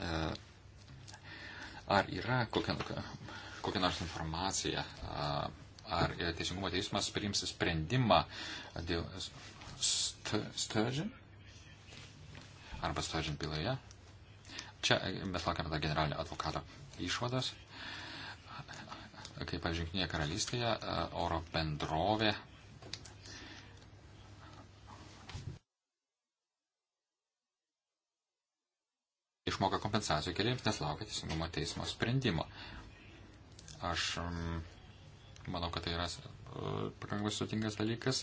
E, ar yra kokia, kokia nors informacija, e, ar Teisingumo teismas priims sprendimą dėl Sturgeon arba Sturgeon byloje? Čia e, mes laukiame tą generalinio advokato išvadas. Kaip, pavyzdžiui, Junktinėje karalystėje oro bendrovė išmoka kompensacijų keliams, nes laukia teisingumo teismo sprendimo. Aš mm, manau, kad tai yra e, pakankamai sutingas dalykas.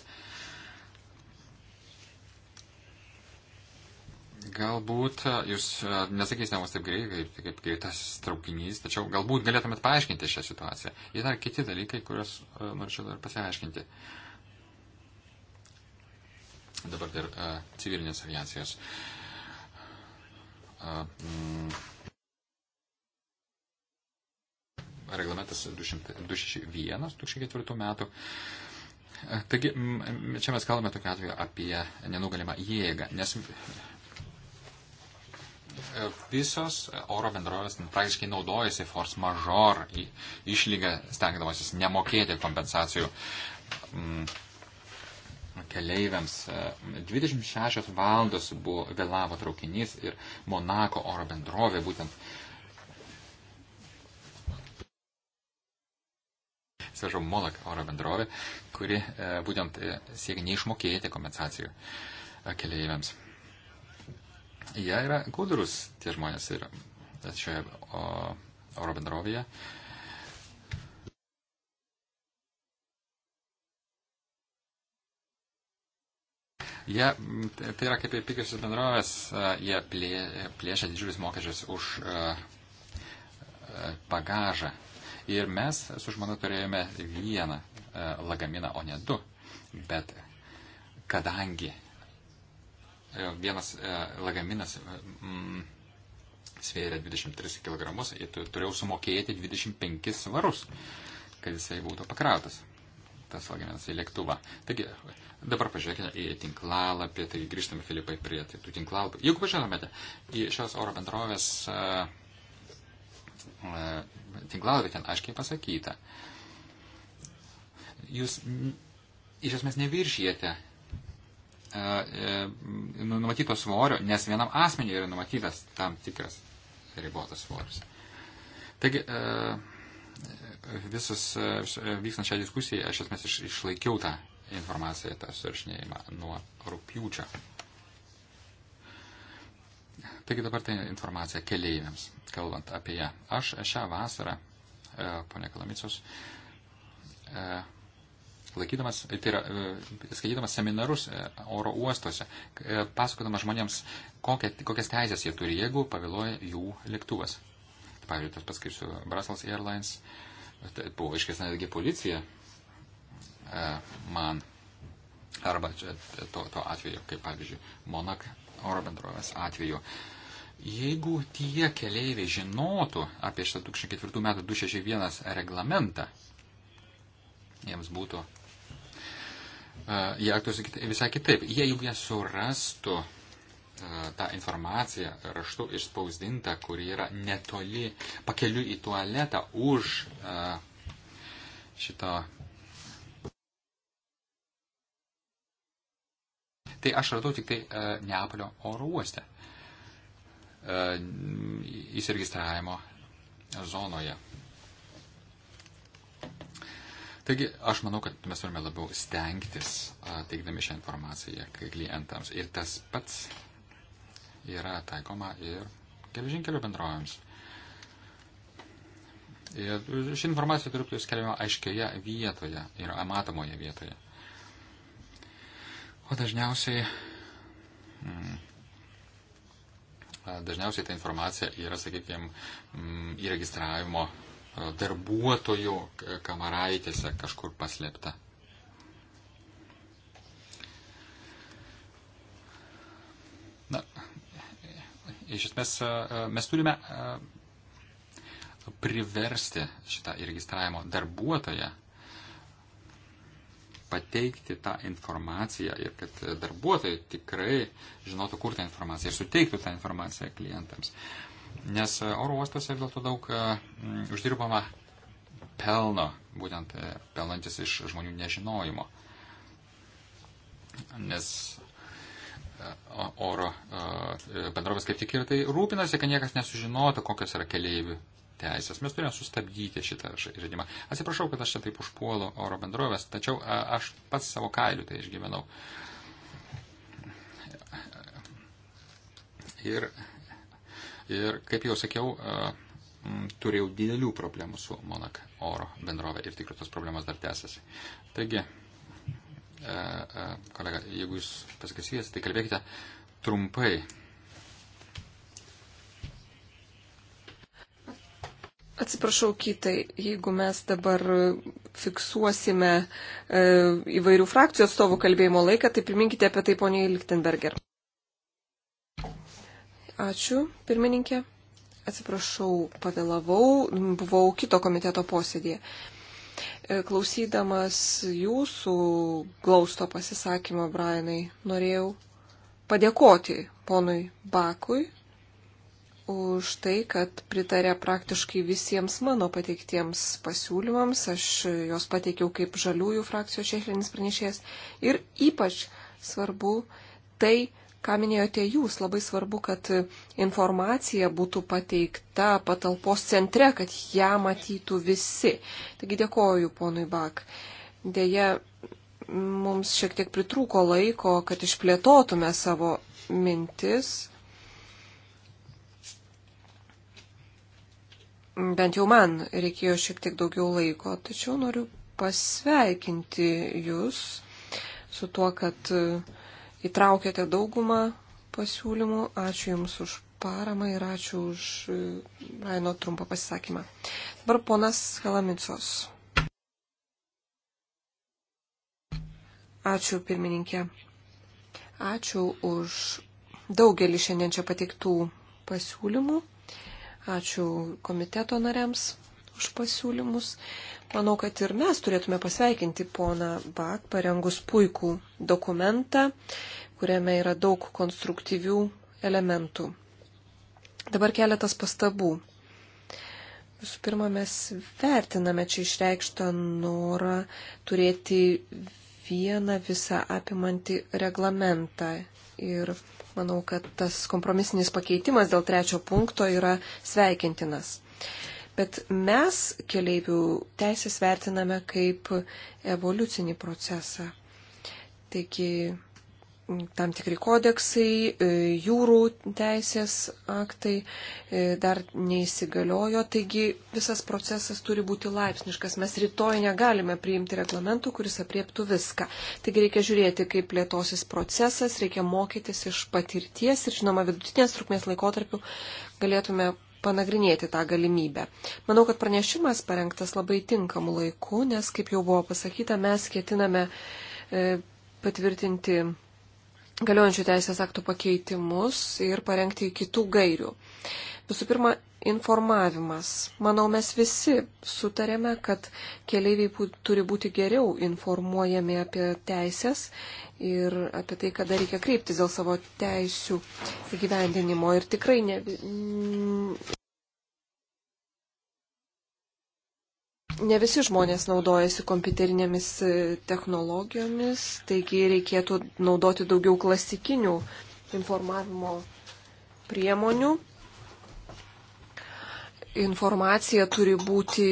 Galbūt e, jūs e, nesakysite mums taip greitai, kaip, kaip greitasis traukinys, tačiau galbūt galėtumėt paaiškinti šią situaciją. Ir dar kiti dalykai, kuriuos uh, norėčiau dar pasiaiškinti. Dabar dėl uh, civilinės aviacijos. Uh, Mm, reglamentas 261-2004 metų. E, taigi, mm, čia mes kalbame tokiu atveju apie nenugalimą jėgą, nes e, visos oro bendrovės praktiškai naudojasi force major išlygą, stengdamasis nemokėti kompensacijų. Mm keleiviams. 26 e, valandos buvo vėlavo traukinys ir Monako oro bendrovė būtent. Svežau, Molak oro bendrovė, kuri e, būtent e, siekia neišmokėti kompensacijų keleiviams. Jie yra gudrus, tie žmonės yra šioje oro bendrovėje. Uh, Jie, tai, tai yra kaip ir pigiosios bendrovės, e, jie plė, plėšia didžiulius mokesčius už e, e, bagažą. Ir mes su žmona turėjome vieną lagaminą, o ne du. Bet kadangi vienas lagaminas mm, svėrė 23 kg, turėjau sumokėti 25 svarus, kad jisai būtų pakrautas tas lagaminas į lėktuvą. Taigi, dabar pažiūrėkime į tinklalapį, taigi grįžtame, Filipai, prie tai, tų tinklalapių. Jeigu pažiūrėtumėte į šios oro bendrovės uh, uh, tinklalapį, ten aiškiai pasakyta, jūs iš esmės neviršijate e, nu, numatyto svorio, nes vienam asmeniui yra numatytas tam tikras ribotas svoris. Taigi, visus e, vykstant šią diskusiją, aš esmės iš, išlaikiau tą informaciją, tą surašinėjimą nuo rūpjūčio. Taigi dabar tai informacija keleiviams, kalbant apie ją. Aš šią vasarą, e, ponė Kalamicius, e, laikydamas, tai yra, skaitydamas seminarus oro uostuose, pasakodamas žmonėms, kokia, kokias teisės jie turi, jeigu pavėluoja jų lėktuvas. Pavyzdžiui, tas paskirsiu Brussels Airlines, uh, tai buvo aiškesnė netgi policija e, man, arba čia, to, to atveju, kaip pavyzdžiui, Monak oro bendrovės atveju. Jeigu tie keleiviai žinotų apie šitą 2004 metų 261 reglamentą, jiems būtų, uh, jie aktų visai kitaip. Jie juk nesurastų uh, tą informaciją raštu išspausdinta, kuri yra netoli, pakeliu į tualetą už e, šito. Tai aš radau tik tai e, Neapolio oro uoste e, įsiregistravimo zonoje. Taigi, aš manau, kad mes turime labiau stengtis teikdami šią informaciją klientams. Ir tas pats yra taikoma ir geležinkelių bendrovėms. Ir ši informacija turi būti skelbiama aiškioje vietoje ir matomoje vietoje. O dažniausiai, mm, dažniausiai ta informacija yra, sakykime, mm, įregistravimo e, darbuotojų kamaraitėse kažkur paslėpta. Iš esmės e, e, mes turime e, priversti šitą įregistravimo darbuotoją pateikti tą informaciją ir kad darbuotojai tikrai žinotų, kur tą informaciją ir suteiktų tą informaciją klientams. Nes oro uostose vis dėlto daug uždirbama pelno, būtent pelnantis iš žmonių nežinojimo. Nes oro bendrovės kaip tik ir tai rūpinasi, kad niekas nesužinotų, kokios yra keleivių teisės. Mes turime sustabdyti šitą žaidimą. Atsiprašau, kad aš čia taip užpuolu oro bendrovės, tačiau aš pats savo kailiu tai išgyvenau. Ir, ir kaip jau sakiau, turėjau didelių problemų su Monak oro bendrovė ir tikrai tos problemos dar tęsiasi. Taigi, E, e, kolega, jeigu jūs pasakysite, tai kalbėkite trumpai. Atsiprašau, kitai, jeigu mes dabar fiksuosime e, įvairių frakcijų atstovų kalbėjimo laiką, tai priminkite apie tai poniai Lichtenberger. Ačiū, pirmininkė. Atsiprašau, pavėlavau, buvau kito komiteto posėdėje. E, E, klausydamas jūsų glausto pasisakymo, Brianai, norėjau padėkoti ponui Bakui už tai, kad pritarė praktiškai visiems mano pateiktiems pasiūlymams. Aš juos pateikiau kaip žaliųjų frakcijos šešlinis pranešėjas. Ir ypač svarbu tai, ką minėjote jūs, labai svarbu, kad informacija būtų pateikta patalpos centre, kad ją matytų visi. Taigi dėkoju ponui Bak. Deja, mums šiek tiek pritrūko laiko, kad išplėtotume savo mintis. Bent jau man reikėjo šiek tiek daugiau laiko, tačiau noriu pasveikinti jūs su tuo, kad uh, įtraukėte daugumą pasiūlymų. Ačiū Jums už paramą ir ačiū už e, Raino trumpą pasisakymą. Dabar ponas Halamicos. Ačiū pirmininkė. Ačiū už daugelį šiandien čia pateiktų pasiūlymų. Ačiū komiteto nariams už pasiūlymus. Manau, kad ir mes turėtume pasveikinti poną Bak, parengus puikų dokumentą, kuriame yra daug konstruktyvių elementų. Dabar keletas pastabų. Visų pirma, mes vertiname čia išreikštą norą turėti vieną visą apimantį reglamentą. Ir manau, kad tas kompromisinis pakeitimas dėl trečio punkto yra sveikintinas bet mes keleivių teisės vertiname kaip evoliucinį procesą. Taigi tam tikri kodeksai, e, jūrų teisės aktai e, dar neįsigaliojo, taigi visas procesas turi būti laipsniškas. Mes rytoj negalime priimti reglamentų, kuris apriektų viską. Taigi reikia žiūrėti, kaip plėtosis procesas, reikia mokytis iš patirties ir, žinoma, vidutinės trukmės laikotarpių galėtume panagrinėti tą galimybę. Manau, kad pranešimas parengtas labai tinkamu laiku, nes, kaip jau buvo pasakyta, mes ketiname e, patvirtinti galiojančių teisės aktų pakeitimus ir parengti kitų gairių. Visų pirma, informavimas. Manau, mes visi sutarėme, kad keliaiviai turi būti geriau informuojami apie teisės ir apie tai, kada reikia kreiptis dėl savo teisių įgyvendinimo. Ir tikrai ne. Ne visi žmonės naudojasi kompiuterinėmis e, technologijomis, taigi reikėtų naudoti daugiau klasikinių informavimo priemonių informacija turi būti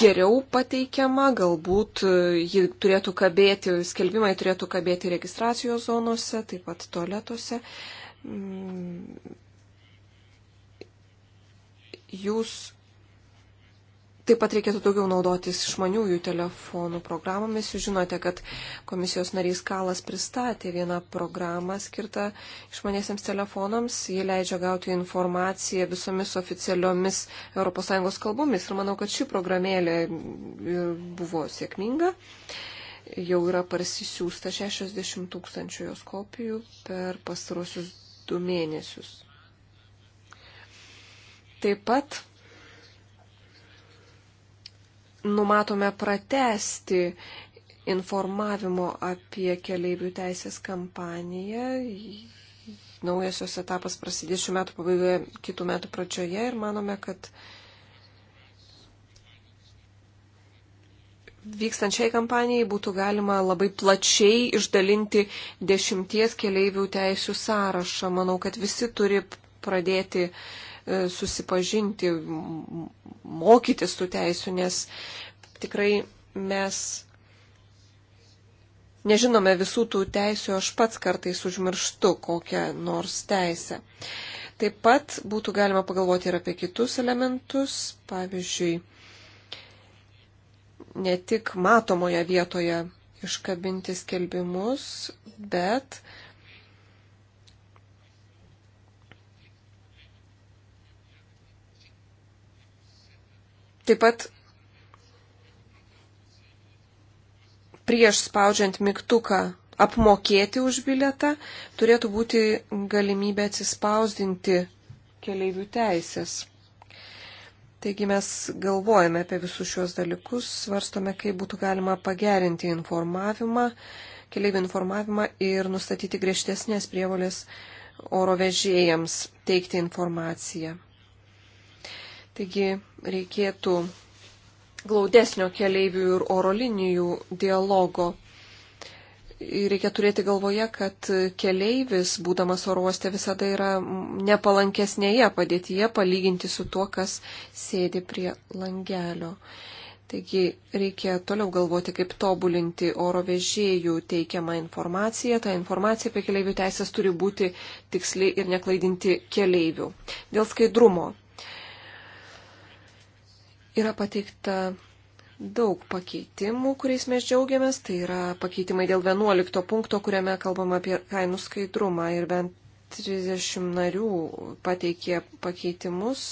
geriau pateikiama, galbūt e, ji turėtų kabėti, skelbimai turėtų kabėti registracijos zonose, taip pat tualetuose. Mm. Jūs Taip pat reikėtų daugiau naudotis išmaniųjų telefonų programomis. Jūs žinote, kad komisijos narys Kalas pristatė vieną programą skirtą išmanėsiams telefonams. Ji leidžia gauti informaciją visomis oficialiomis ES kalbomis. Ir manau, kad ši programėlė e, buvo sėkminga. Jau yra parsisiųsta 60 tūkstančių jos kopijų per pastarosius du mėnesius. Taip pat numatome pratesti informavimo apie keliaivių teisės kampaniją. Naujasios etapas prasidės šių metų pabaigoje, kitų metų pradžioje ir manome, kad vykstančiai kampanijai būtų galima labai plačiai išdalinti dešimties keliaivių teisų sąrašą. Manau, kad visi turi pradėti uh, E, susipažinti, mokytis tų teisų, nes tikrai mes nežinome visų tų teisių, aš pats kartais užmirštu kokią nors teisę. Taip pat būtų galima pagalvoti ir apie kitus elementus, pavyzdžiui, ne tik matomoje vietoje iškabinti skelbimus, bet uh, Taip pat prieš spaudžiant mygtuką apmokėti už bilietą turėtų būti galimybė atsispausdinti keliaivių teisės. Taigi mes galvojame apie visus šios dalykus, svarstome, kaip būtų galima pagerinti informavimą, keliaivių informavimą ir nustatyti griežtesnės prievolės oro vežėjams teikti informaciją. Taigi reikėtų glaudesnio keleivių ir oro linijų dialogo. Reikia turėti galvoje, kad keleivis, būdamas oro uoste, visada yra nepalankesnėje padėtyje palyginti su tuo, kas sėdi prie langelio. Taigi reikia toliau galvoti, kaip tobulinti oro vežėjų teikiamą informaciją. Ta informacija apie keliaivių teisės turi būti tiksli ir neklaidinti keleivių. Dėl skaidrumo Yra pateikta daug pakeitimų, kuriais mes džiaugiamės. Tai yra pakeitimai dėl 11 punkto, kuriame kalbama apie kainų skaidrumą ir bent 30 narių pateikė pakeitimus.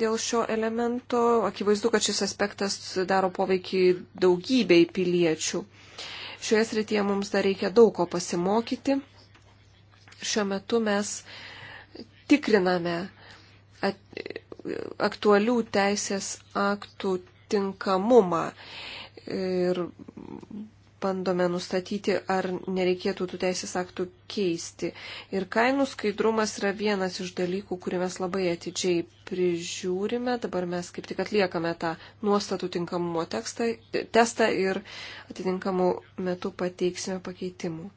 Dėl šio elemento akivaizdu, kad šis aspektas daro poveikį daugybei piliečių. Šioje srityje mums dar reikia daug ko pasimokyti. Šiuo metu mes tikriname at, aktualių teisės aktų tinkamumą ir bandome nustatyti, ar nereikėtų tų teisės aktų keisti. Ir kainų skaidrumas yra vienas iš dalykų, kurį mes labai atidžiai prižiūrime. Dabar mes kaip tik atliekame tą nuostatų tinkamumo tekstą, testą ir atitinkamų metų pateiksime pakeitimų.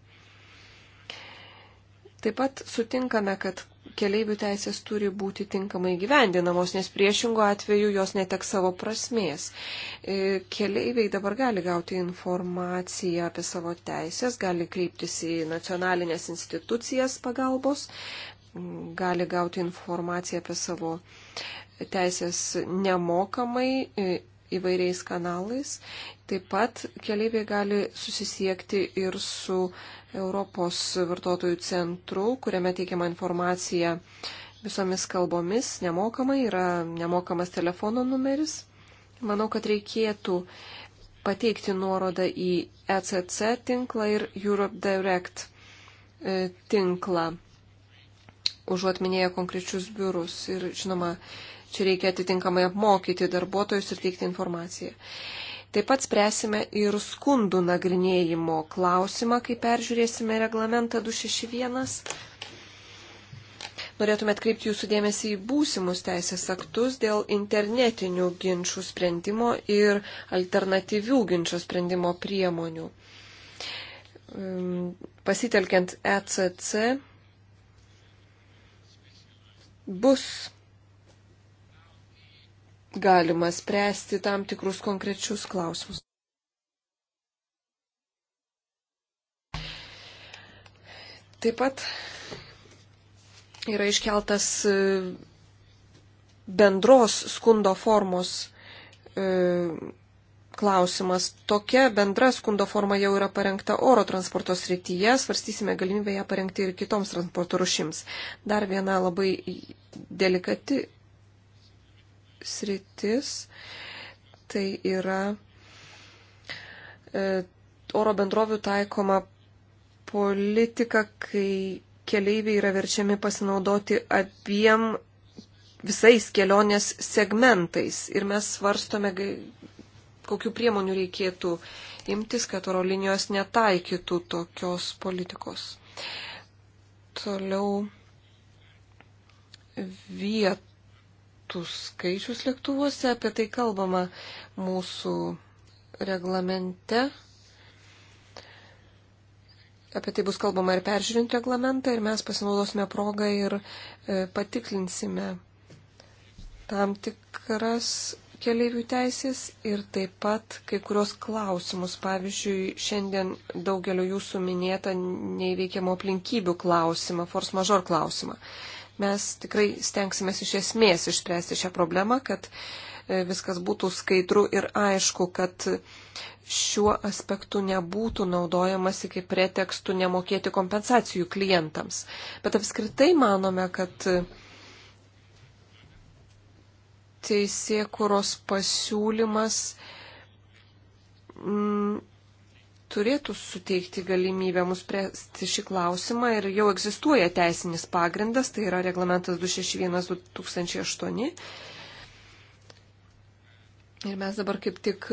Taip pat sutinkame, kad keleivių teisės turi būti tinkamai gyvendinamos, nes priešingų atveju jos neteks savo prasmės. E, keleiviai dabar gali gauti informaciją apie savo teisės, gali kreiptis į nacionalinės institucijas pagalbos, gali gauti informaciją apie savo teisės nemokamai e, įvairiais kanalais. Taip pat keliaiviai gali susisiekti ir su Europos vartotojų centru, kuriame teikiama informacija visomis kalbomis nemokamai, yra nemokamas telefono numeris. Manau, kad reikėtų pateikti nuorodą į ECC tinklą ir Europe Direct e, tinklą, užuot minėję konkrečius biurus. Ir, žinoma, Čia reikia atitinkamai apmokyti darbuotojus ir teikti informaciją. Taip pat spręsime ir skundų nagrinėjimo klausimą, kai peržiūrėsime reglamentą 261. Norėtume atkreipti jūsų dėmesį į būsimus teisės aktus dėl internetinių ginčių sprendimo ir alternatyvių ginčio sprendimo priemonių. Ehm, pasitelkiant ECC bus galima spręsti tam tikrus konkrečius klausimus. Taip pat yra iškeltas e, bendros skundo formos e, klausimas. Tokia bendra skundo forma jau yra parengta oro transporto srityje, svarstysime galimybę ją parengti ir kitoms transporto rušims. Dar viena labai delikati sritis. Tai yra e, oro bendrovių taikoma politika, kai keleiviai yra verčiami pasinaudoti abiem visais kelionės segmentais. Ir mes svarstome, kokiu priemonių reikėtų imtis, kad oro linijos netaikytų tokios politikos. Toliau viet pilotų skaičius lėktuvuose, apie tai kalbama mūsų reglamente. Apie tai bus kalbama ir peržiūrint reglamentą ir mes pasinaudosime progą ir e, patiklinsime tam tikras keliaivių teisės ir taip pat kai kurios klausimus. Pavyzdžiui, šiandien daugelio jūsų minėta neįveikiamo aplinkybių klausimą, force major klausimą. klausimą. Mes tikrai stengsime iš esmės išspręsti šią problemą, kad e, viskas būtų skaidru ir aišku, kad šiuo aspektu nebūtų naudojamasi kaip pretekstu nemokėti kompensacijų klientams. Bet apskritai manome, kad e, teisėkuros pasiūlymas turėtų suteikti galimybę mus spręsti šį klausimą ir jau egzistuoja teisinis pagrindas, tai yra reglamentas 261-2008. Ir mes dabar kaip tik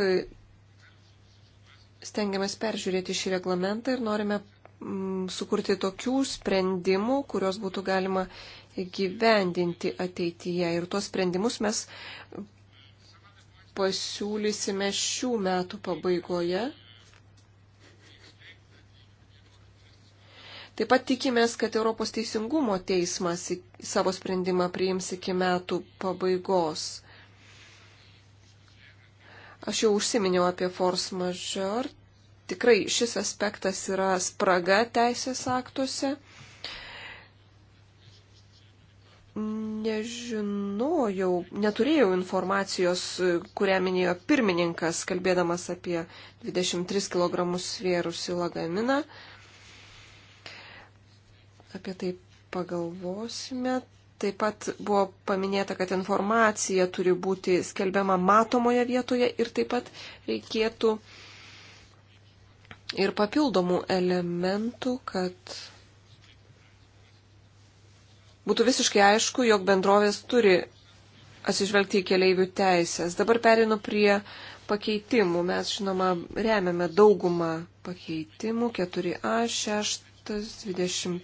stengiamės peržiūrėti šį reglamentą ir norime mm, sukurti tokių sprendimų, kuriuos būtų galima gyvendinti ateityje. Ir tuos sprendimus mes pasiūlysime šių metų pabaigoje. Taip pat tikimės, kad Europos teisingumo teismas savo sprendimą priims iki metų pabaigos. Aš jau užsiminiau apie force majeure. Tikrai šis aspektas yra spraga teisės aktuose. Nežinojau, neturėjau informacijos, kurią minėjo pirmininkas, kalbėdamas apie 23 kg svėrusį lagaminą apie tai pagalvosime. Taip pat buvo paminėta, kad informacija turi būti skelbiama matomoje vietoje ir taip pat reikėtų ir papildomų elementų, kad būtų visiškai aišku, jog bendrovės turi atsižvelgti į keleivių teisės. Dabar perinu prie pakeitimų. Mes, žinoma, remiame daugumą pakeitimų 4A, 6, 21.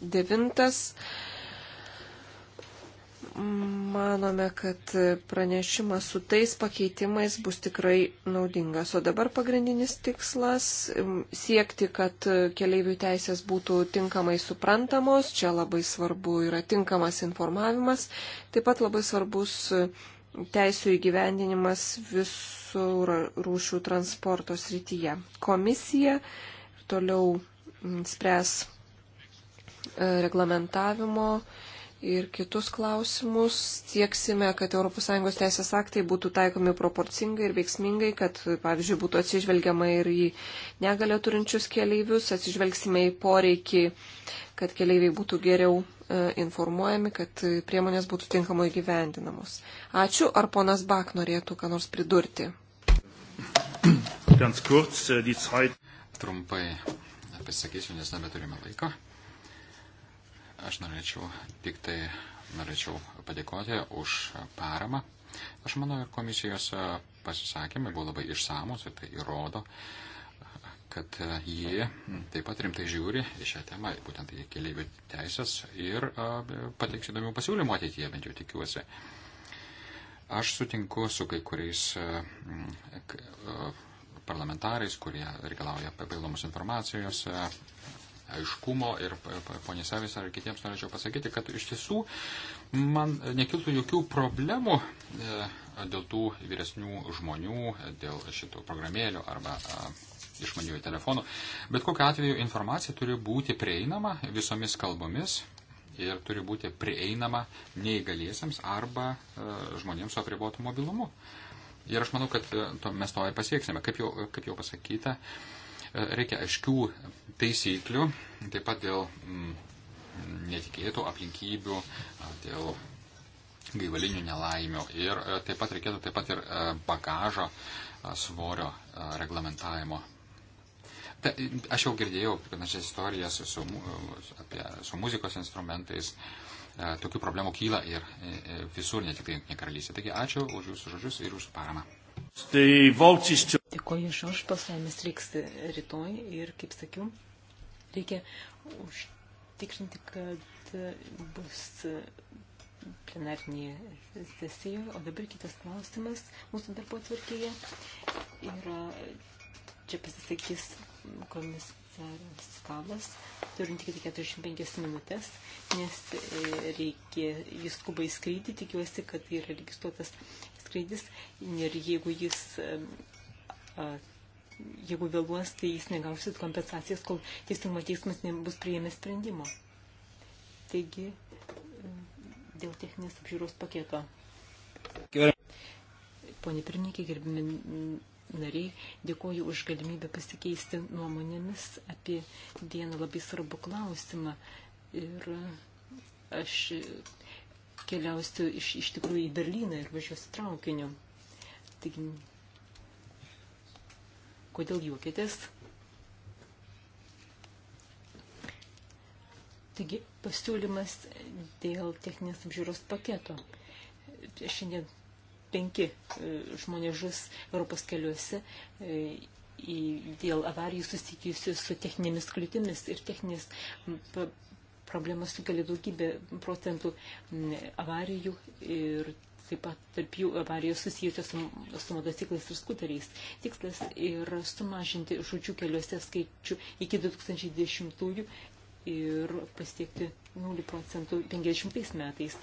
9. Manome, kad pranešimas su tais pakeitimais bus tikrai naudingas. O dabar pagrindinis tikslas - siekti, kad keliaivių teisės būtų tinkamai suprantamos. Čia labai svarbu yra tinkamas informavimas. Taip pat labai svarbus teisų įgyvendinimas visų rūšių transporto srityje. Komisija toliau mm, spręs e, reglamentavimo ir kitus klausimus. Sieksime, kad ES teisės aktai būtų taikomi proporcingai ir veiksmingai, kad, pavyzdžiui, būtų atsižvelgiama ir į negalę turinčius keleivius, atsižvelgsime į poreikį, kad keleiviai būtų geriau e, informuojami, kad priemonės būtų tinkamai gyvendinamos. Ačiū. Ar ponas Bak norėtų ką nors pridurti? Äh, Trumpai pasakysiu, nes nebeturime laiko. Aš norėčiau tik tai norėčiau padėkoti už paramą. Aš manau, ir komisijos pasisakymai buvo labai išsamus ir tai įrodo, kad jie taip pat rimtai žiūri į šią temą, būtent į keliaivių teisės ir pateiks įdomių pasiūlymų ateityje, bent jau tikiuosi. Aš sutinku su kai kuriais parlamentarais, kurie reikalauja papildomos informacijos aiškumo ir ponė Savis ar kitiems norėčiau pasakyti, kad iš tiesų man nekiltų jokių problemų e, dėl tų vyresnių žmonių, dėl šitų programėlių arba išmaniųjų telefonų. Bet kokiu atveju informacija turi būti prieinama visomis kalbomis ir turi būti prieinama neįgaliesiams arba e, žmonėms su apribotu mobilumu. Ir aš manau, kad e, to, mes to ir pasieksime. Kaip jau, kaip jau pasakyta, uh, Reikia aiškių taisyklių, taip pat dėl mm, netikėtų aplinkybių, dėl gaivalinių nelaimių. Ir e, taip pat reikėtų taip pat ir e, bagažo svorio reglamentavimo. Ta, aš jau girdėjau panašias istorijas su, su, apie, su muzikos instrumentais. E, tokių problemų kyla ir visur, ne tik tai Junktinė karalystė. Taigi ačiū už Jūsų žodžius ir už paramą. Dėkoju iš už balsavimas reiks rytoj ir, kaip sakiau, reikia užtikrinti, kad bus plenarnėje sesijoje. O dabar kitas klausimas mūsų darbo atvarkėje yra, čia pasisakys komisija stabas, turint tik 45 minutės, nes e, reikia jį skubai skrydį, tikiuosi, kad yra registruotas skraidys ir jeigu jis jeigu vėluos, tai jis negausit kompensacijas, kol teisingumo teismas nebus priėmęs sprendimo. Taigi, dėl techninės apžiūros paketo. Pone pirmininkė, gerbimi nariai, dėkoju už galimybę pasikeisti nuomonėmis apie vieną labai svarbų klausimą. Ir aš keliausiu iš, iš tikrųjų į Berliną ir važiuosiu traukiniu. Taigi, kodėl juokėtės? Taigi, pasiūlymas dėl techninės apžiūros paketo. Šiandien penki e, žmonės žus Europos keliuose e, dėl avarijų susijusių su techninėmis kliūtimis ir techninės problemas sukelia daugybę procentų avarijų ir taip pat tarp jų avarijos susijusios su, su motociklais ir skuteriais. Tikslas yra sumažinti žodžių keliuose skaičių iki 2010 ir pasiekti 0 procentų 50 metais.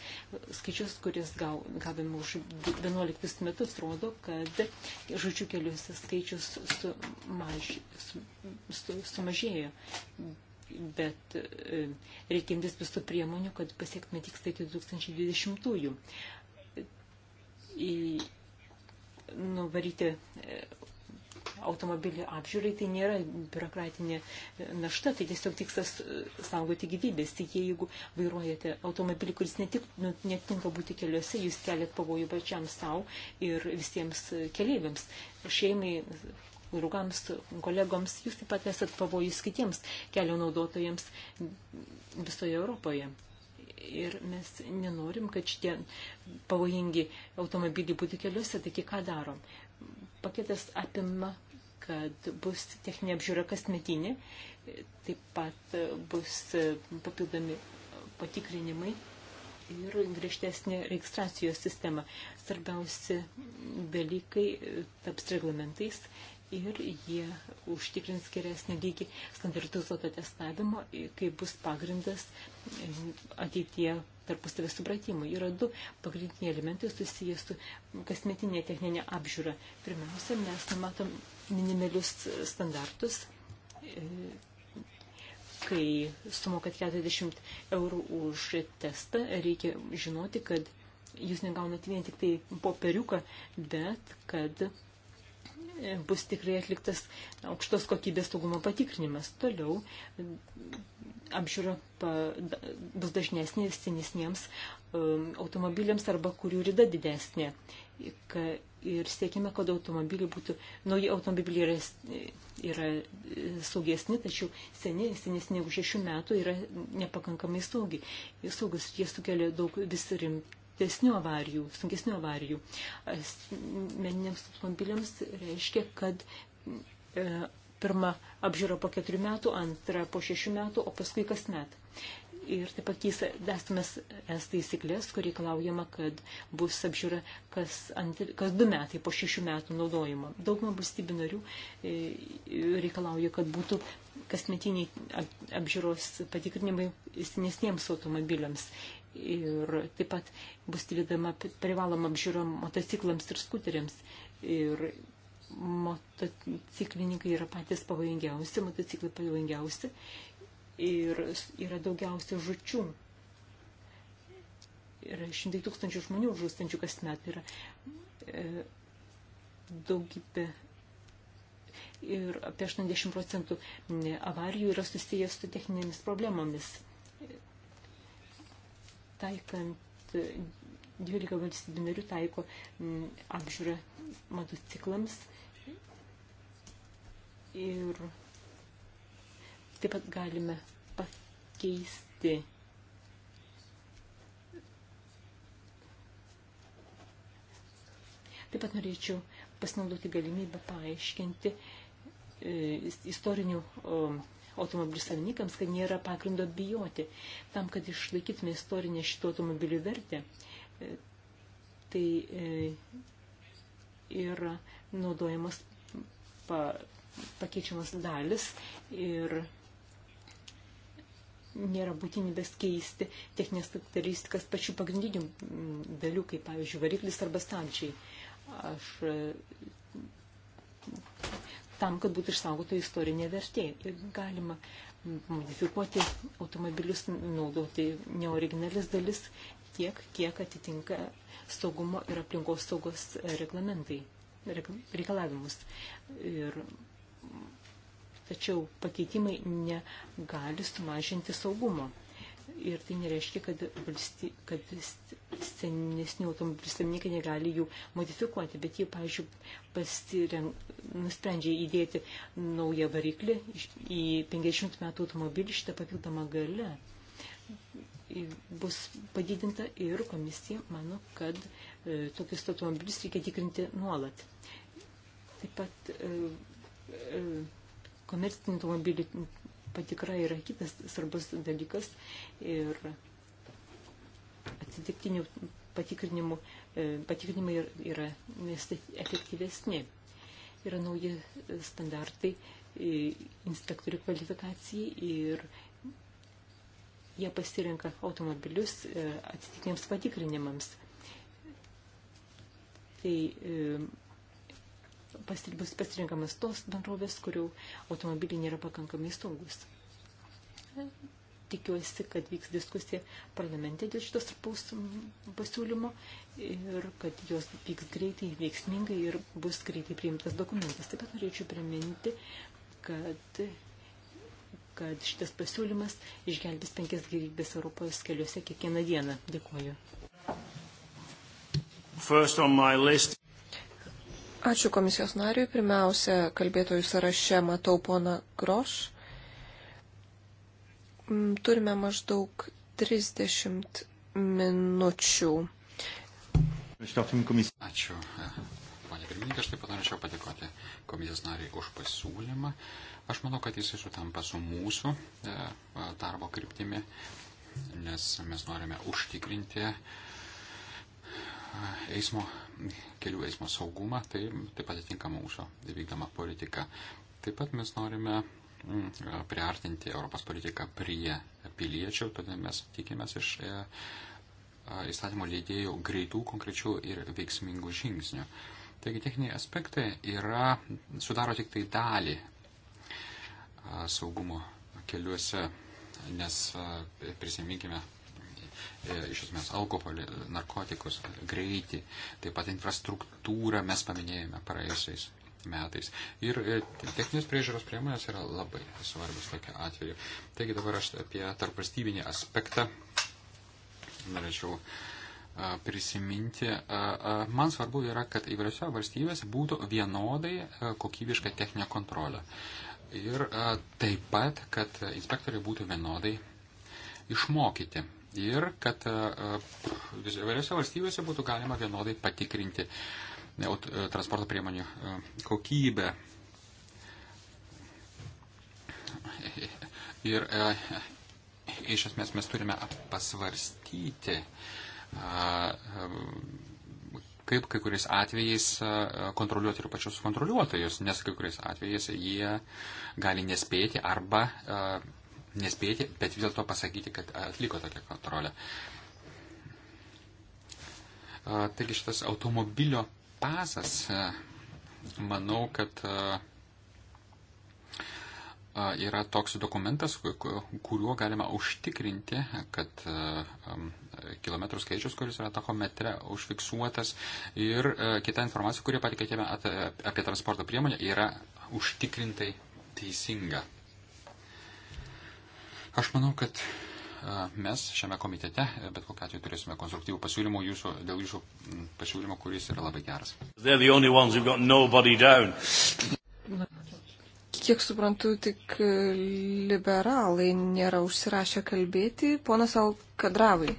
Skaičius, kuris gavome už 11 metus, rodo, kad žodžių keliuose skaičius sumaž, su, su, sumažėjo, bet e, reikia imtis visų priemonių, kad pasiektume tikslą iki 2020-ųjų. Nuvaryti e, automobilį apžiūrai tai nėra biurokratinė e, našta, tai tiesiog tikslas saugoti gyvybės. Tik jeigu vairuojate automobilį, kuris netik, nu, netinka būti keliuose, jūs keliat pavojų pačiam savo ir visiems keleiviams, šeimai, draugams, kolegoms, jūs taip pat esat pavojus kitiems kelio naudotojams visoje Europoje. Ir mes nenorim, kad šitie pavojingi automobiliai būtų keliuose, taigi ką darom? Paketas apima, kad bus techninė apžiūra kasmetinė, taip pat bus papildomi patikrinimai ir griežtesnė registracijos sistema. Svarbiausi dalykai taps reglamentais ir jie užtikrins geresnį lygį standartizuoto testavimo, kai bus pagrindas ateitie tarpusavės supratimui. Yra du pagrindiniai elementai susijęs su kasmetinė techninė apžiūra. Pirmiausia, mes numatom minimalius standartus kai sumokat 40 eurų už testą, reikia žinoti, kad jūs negaunat vien tik tai popieriuką, bet kad bus tikrai atliktas aukštos kokybės saugumo patikrinimas. Toliau apžiūra pa, da, bus dažnesnė senesniems um, automobiliams arba kurių rida didesnė. Ka, ir siekime, kad automobiliai būtų, nauji automobiliai yra, yra saugesni, tačiau seni, senesni negu šešių metų yra nepakankamai saugi. Saugus jie sukelia daug vis rimtų rimtesnių avarijų, sunkesnių avarijų. Asmeniniams automobiliams reiškia, kad e, pirma apžiūra po keturių metų, antra po šešių metų, o paskui kas met. Ir taip pat keis estamės es taisyklės, kur reikalaujama, kad bus apžiūra kas, ant, kas du metai po šešių metų naudojimo. Dauguma valstybių narių e, reikalauja, kad būtų kasmetiniai apžiūros patikrinimai senesniems automobiliams ir taip pat bus įvedama privaloma apžiūra motociklams ir skuteriams. Ir motociklininkai yra patys pavojingiausi, motociklai pavojingiausi ir yra daugiausia žučių. Yra šimtai tūkstančių žmonių žūstančių kasmet. Yra e, daugybė ir apie 80 procentų avarijų yra susijęs su techninėmis problemomis taikant 12 valstybių narių taiko mm, apžiūrą madų ciklams ir taip pat galime pakeisti Taip pat norėčiau pasinaudoti galimybę paaiškinti e, istorinių automobilių savininkams, kad nėra pagrindo bijoti. Tam, kad išlaikytume istorinę šitų automobilių vertę, e, tai e, yra naudojamas pa, pakeičiamas dalis ir nėra būtinybės keisti techninės charakteristikas pačių pagrindinių mm, dalių, kaip pavyzdžiui variklis arba stabdžiai. Aš e, tam, kad būtų išsaugota istorinė vertė. Ir galima modifikuoti automobilius, naudoti neoriginalias dalis tiek, kiek atitinka saugumo ir aplinkos saugos reglamentai, reikalavimus. Ir, tačiau pakeitimai negali sumažinti saugumo ir tai nereiškia, kad, valsty, kad senesni automobilių savininkai negali jų modifikuoti, bet jie, pavyzdžiui, nusprendžia įdėti naują variklį į 50 metų automobilį šitą papildomą galę. Bus padidinta ir komisija mano, kad e, tokius automobilius reikia tikrinti nuolat. Taip pat e, e, komercinį automobilį patikra yra kitas svarbus dalykas ir atsitiktinių patikrinimų, e, patikrinimai yra efektyvesni. Yra nauji standartai e, inspektorių kvalifikacijai ir jie pasirenka automobilius e, atsitiktiniams patikrinimams. Tai bus pasirinkamas tos bendrovės, kurių automobiliai nėra pakankamai saugus. E, tikiuosi, kad vyks diskusija parlamente dėl šitos tarpaus pasiūlymo ir kad jos vyks greitai, veiksmingai ir bus greitai priimtas dokumentas. Taip pat norėčiau priminti, kad kad šitas pasiūlymas išgelbės penkias gyvybės Europos keliuose kiekvieną dieną. Dėkuoju. First on my list Ačiū komisijos nariui. Pirmiausia, kalbėtojų sąraše matau poną Groš. Mm, turime maždaug 30 minučių. Ačiū. Pane pirmininkė, aš taip pat norėčiau padėkoti komisijos nariai už pasiūlymą. Aš manau, kad jis sutampa su mūsų e, darbo kryptimi, nes mes norime užtikrinti eismo, kelių eismo saugumą, tai taip pat atitinkama mūsų vykdoma politika. Taip pat mes norime mm, priartinti Europos politiką prie piliečių, todėl mes tikimės iš e, įstatymo leidėjų greitų, konkrečių ir veiksmingų žingsnių. Taigi techniniai aspektai yra, sudaro tik tai dalį saugumo keliuose, nes prisiminkime E, iš esmės alkoholį, narkotikus, greitį, taip pat infrastruktūrą mes paminėjome praėjusiais metais. Ir e, techninės priežiūros priemonės yra labai svarbios tokia atveju. Taigi dabar aš apie tarpvalstybinį aspektą norėčiau prisiminti. Man svarbu yra, kad įvairiose valstybėse būtų vienodai kokybiška techninė kontrolė. Ir taip pat, kad inspektoriai būtų vienodai išmokyti ir kad e, e, įvairiose valstybėse būtų galima vienodai patikrinti e, transporto priemonių kokybę. Ir iš esmės mes turime pasvarstyti, kaip kai kuriais atvejais kontroliuoti ir pačius kontroliuotojus, nes kai kuriais atvejais jie gali nespėti arba nespėti, bet vis dėlto pasakyti, kad atliko tokią kontrolę. Taigi šitas automobilio pasas, manau, kad yra toks dokumentas, kuriuo galima užtikrinti, kad kilometrų skaičius, kuris yra tachometre užfiksuotas ir kita informacija, kuri patikėtėme apie transporto priemonę, yra užtikrintai teisinga. Aš manau, kad mes šiame komitete, e, bet kokiu atveju turėsime konstruktyvų pasiūlymų jūsų, dėl jūsų pasiūlymo, kuris yra labai geras. Kiek suprantu, tik liberalai nėra užsirašę kalbėti. Ponas Alkadravai.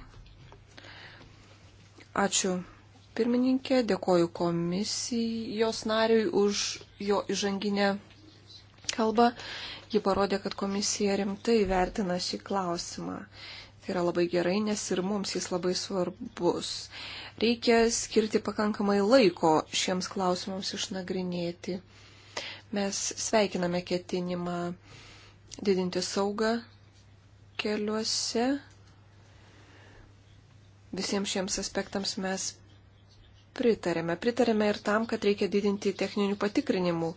Ačiū pirmininkė, dėkoju komisijos nariui už jo įžanginę kalbą. Ji parodė, kad komisija rimtai vertina šį klausimą. Tai yra labai gerai, nes ir mums jis labai svarbus. Reikia skirti pakankamai laiko šiems klausimams išnagrinėti. Mes sveikiname ketinimą didinti saugą keliuose. Visiems šiems aspektams mes pritarėme. Pritarėme ir tam, kad reikia didinti techninių patikrinimų,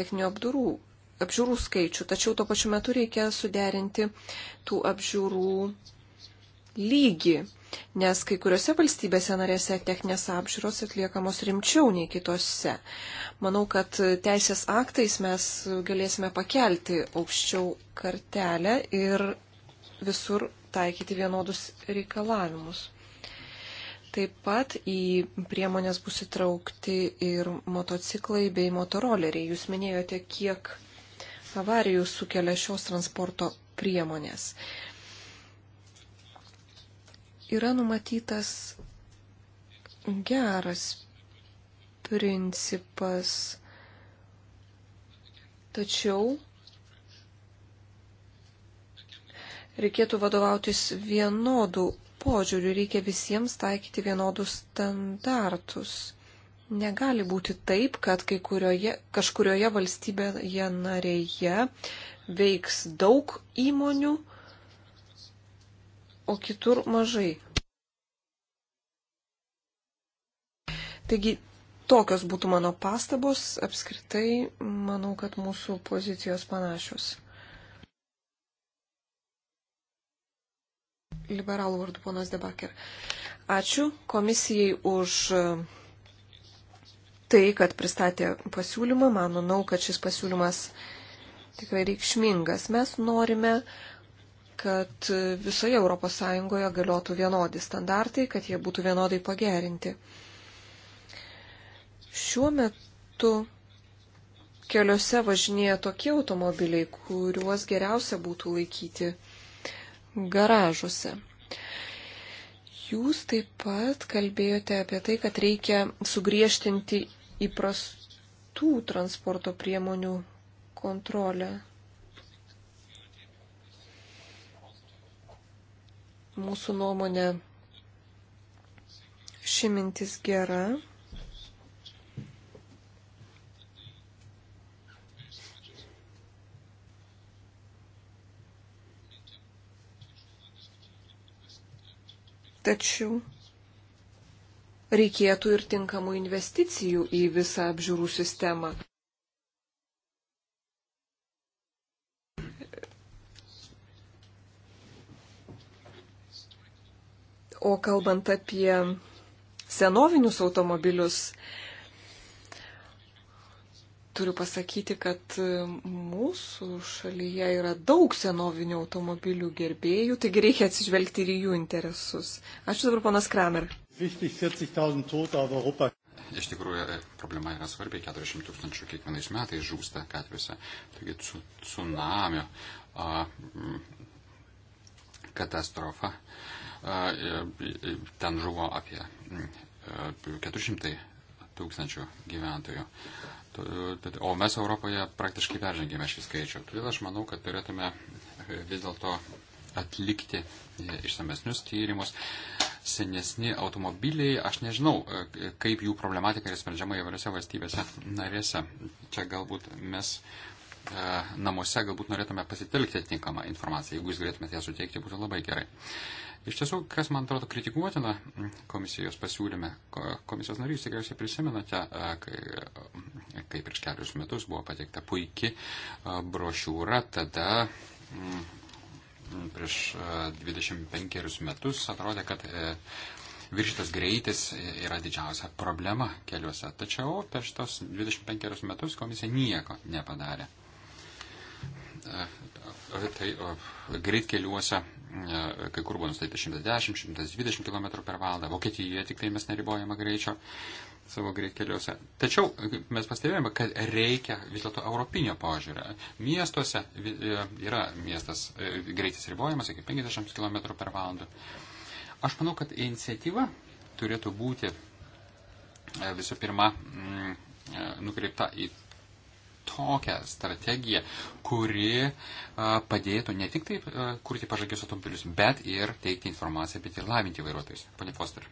techninių apdurų apžiūrų skaičių, tačiau tuo pačiu metu reikia suderinti tų apžiūrų lygį, nes kai kuriuose valstybėse narėse techninės apžiūros atliekamos rimčiau nei kitose. Manau, kad teisės aktais mes galėsime pakelti aukščiau kartelę ir visur taikyti vienodus reikalavimus. Taip pat į priemonės bus įtraukti ir motociklai bei motoroleriai. Jūs minėjote, kiek avarijų sukelia šios transporto priemonės. Yra numatytas geras principas, tačiau reikėtų vadovautis vienodų požiūrių, reikia visiems taikyti vienodus standartus. Negali būti taip, kad kai kurioje, kažkurioje valstybėje narėje veiks daug įmonių, o kitur mažai. Taigi tokios būtų mano pastabos, apskritai manau, kad mūsų pozicijos panašios. Liberalų vardu ponas Debaker. Ačiū komisijai už tai, kad pristatė pasiūlymą. Man manau, kad šis pasiūlymas tikrai reikšmingas. Mes norime, kad visoje ES galiotų vienodi standartai, kad jie būtų vienodai pagerinti. Šiuo metu keliuose važinėja tokie automobiliai, kuriuos geriausia būtų laikyti garažuose. Jūs taip pat kalbėjote apie tai, kad reikia sugriežtinti įprastų transporto priemonių kontrolę. Mūsų nuomonė ši mintis gera. Tačiau reikėtų ir tinkamų investicijų į visą apžiūrų sistemą. O kalbant apie senovinius automobilius, turiu pasakyti, kad mūsų šalyje yra daug senovinių automobilių gerbėjų, taigi reikia atsižvelgti ir į jų interesus. Ačiū dabar, ponas Kramer. Wichtig 40.000 Tote auf Europa. Iš tikrųjų, e, problema yra svarbi, 40 tūkstančių kiekvienais metais žūsta gatvėse. Taigi, tsunamio a, katastrofa. A, e, ten žuvo apie 400 e, tūkstančių gyventojų. O mes Europoje praktiškai peržengėme šį skaičių. Todėl aš manau, kad turėtume vis dėlto atlikti išsamesnius tyrimus senesni automobiliai, aš nežinau, e, kaip jų problematika yra sprendžiama įvairiose valstybėse narėse. Čia galbūt mes e, namuose galbūt norėtume pasitelkti atitinkamą informaciją. Jeigu jūs galėtumėte ją suteikti, būtų labai gerai. Iš tiesų, kas man atrodo kritikuotina komisijos pasiūlyme, komisijos narys tikriausiai prisimenate, e, kai, kai prieš kelius metus buvo pateikta puikia brošiūra, tada mm, prieš 25 e, metus atrodė, kad e, viršytas greitis yra didžiausia problema keliuose. Tačiau per šitos 25 metus komisija nieko nepadarė. E, tai greitkeliuose kai kur buvo nustatyta 110-120 km per valandą, Vokietijoje tik tai mes neribojama greičio savo greitkeliuose. Tačiau mes pastebėjome, kad reikia vis dėlto europinio požiūrio. Miestuose e, yra miestas e, greitis ribojamas iki 50 km per valandą. Aš manau, kad iniciatyva turėtų būti e, visų pirma mm, nukreipta į tokią strategiją, kuri padėtų ne tik taip kurti pažangius automobilius, bet ir teikti informaciją, bet tai ir lavinti vairuotojus. Pane Foster.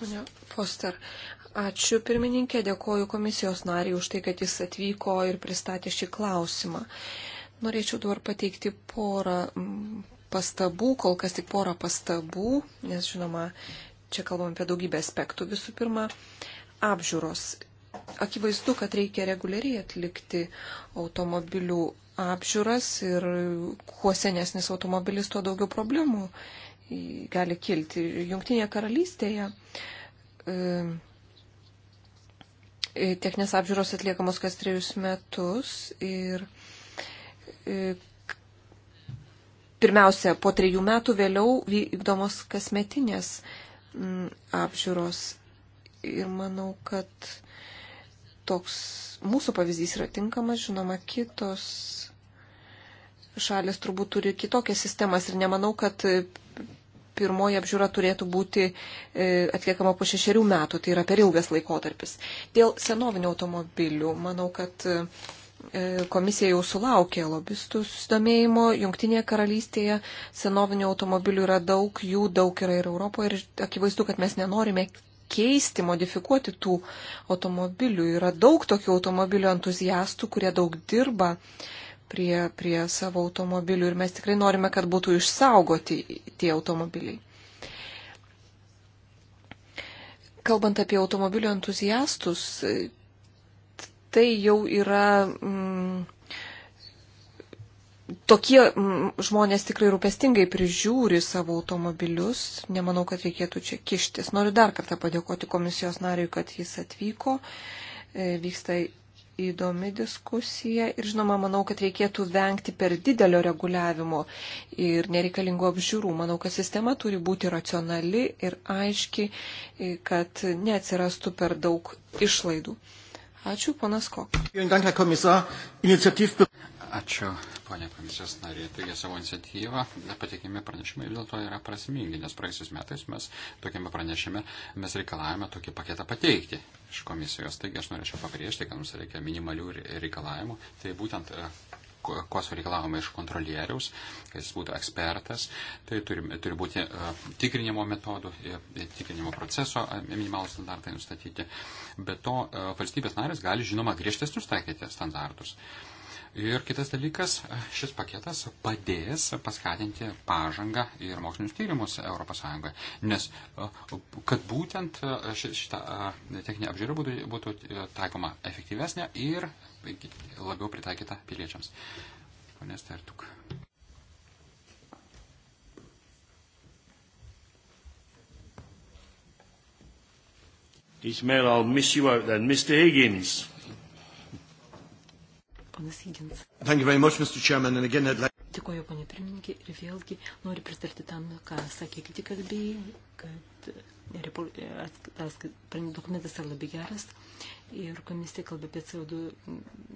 Pone Foster, ačiū pirmininkė, dėkoju komisijos nariai už tai, kad jis atvyko ir pristatė šį klausimą. Norėčiau dabar pateikti porą pastabų, kol kas tik porą pastabų, nes žinoma, čia kalbam apie daugybę aspektų. Visų pirma, apžiūros. Akivaizdu, kad reikia reguliariai atlikti automobilių apžiūras ir kuo senesnis automobilis, tuo daugiau problemų gali kilti. Jungtinėje karalystėje e, e, techninės apžiūros atliekamos kas trejus metus ir e, pirmiausia, po trejų metų vėliau vykdomos kasmetinės apžiūros. Ir manau, kad toks mūsų pavyzdys yra tinkamas, žinoma, kitos šalis turbūt turi kitokias sistemas ir nemanau, kad pirmoji apžiūra turėtų būti e, atliekama po šešerių metų, tai yra per ilgas laikotarpis. Dėl senovinių automobilių, manau, kad e, komisija jau sulaukė lobistų susidomėjimo. Junktinėje karalystėje senovinių automobilių yra daug, jų daug yra ir Europoje ir akivaizdu, kad mes nenorime keisti, modifikuoti tų automobilių. Yra daug tokių automobilių entuziastų, kurie daug dirba, prie, prie savo automobilių ir mes tikrai norime, kad būtų išsaugoti tie automobiliai. Kalbant apie automobilių entuziastus, tai jau yra. Mm, Tokie mm, žmonės tikrai rūpestingai prižiūri savo automobilius, nemanau, kad reikėtų čia kištis. Noriu dar kartą padėkoti komisijos nariui, kad jis atvyko. E, vyksta įdomi diskusija ir žinoma, manau, kad reikėtų vengti per didelio reguliavimo ir nereikalingų apžiūrų. Manau, kad sistema turi būti racionali ir aiški, kad neatsirastų per daug išlaidų. Ačiū, ponas Kok. Ačiū, ponė komisijos narė. Taigi savo iniciatyvą patikimi pranešimai vis dėlto yra prasmingi, nes praėjusiais metais mes tokiame pranešime mes reikalavome tokį paketą pateikti iš komisijos. Taigi aš norėčiau pabrėžti, kad mums reikia minimalių reikalavimų. Tai būtent e, ko sureikalavome iš kontrolieriaus, kad jis būtų ekspertas, tai turi, turi būti uh, tikrinimo metodų, e, tikrinimo proceso minimalų standartai nustatyti. Be to, uh, valstybės narės gali, žinoma, griežtesnius taikyti standartus. Uh, Ir kitas dalykas, šis paketas padės paskatinti pažangą ir mokslinius tyrimus ES, nes kad būtent šita techninė apžiūra būtų, būtų taikoma efektyvesnė ir labiau pritaikyta piliečiams. Pane Stertuk. Ismail, I'll miss you out then. Mr. Higgins ponas Higgins. Dėkuoju, ponė pirmininkė, ir vėlgi noriu pritarti tam, ką sakė kiti kalbėjai, kad dokumentas yra labai geras ir komisija kalba apie CO2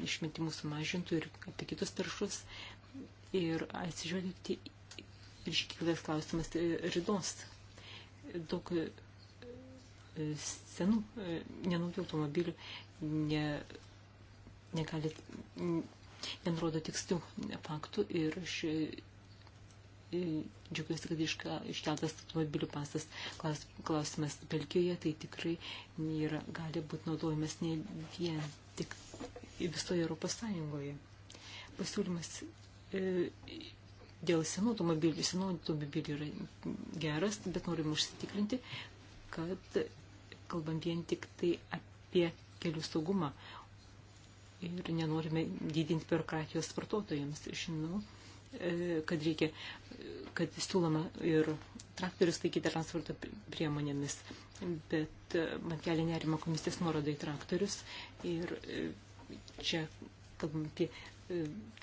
išmetimus sumažintų ir apie kitus taršus ir atsižiūrėti ir iškylas klausimas tai ridos. Daug e, senų, e, nenaudų automobilių ne negali, nenurodo tikslių faktų ir aš e, e, džiugiuosi, kad iška, iškeltas automobilių pasas klaus, klausimas Belgijoje, tai tikrai yra, gali būti naudojamas ne vien tik visoje Europos Sąjungoje. Pasiūlymas e, dėl senų automobilių, senų automobilių yra geras, bet norim užsitikrinti, kad kalbam vien tik tai apie kelių saugumą, ir nenorime didinti biurokratijos vartotojams. Žinau, e, kad reikia, kad siūloma ir traktorius taikyti transporto priemonėmis, bet e, man kelia nerima komisijos nuoroda į traktorius ir e, čia kalbam apie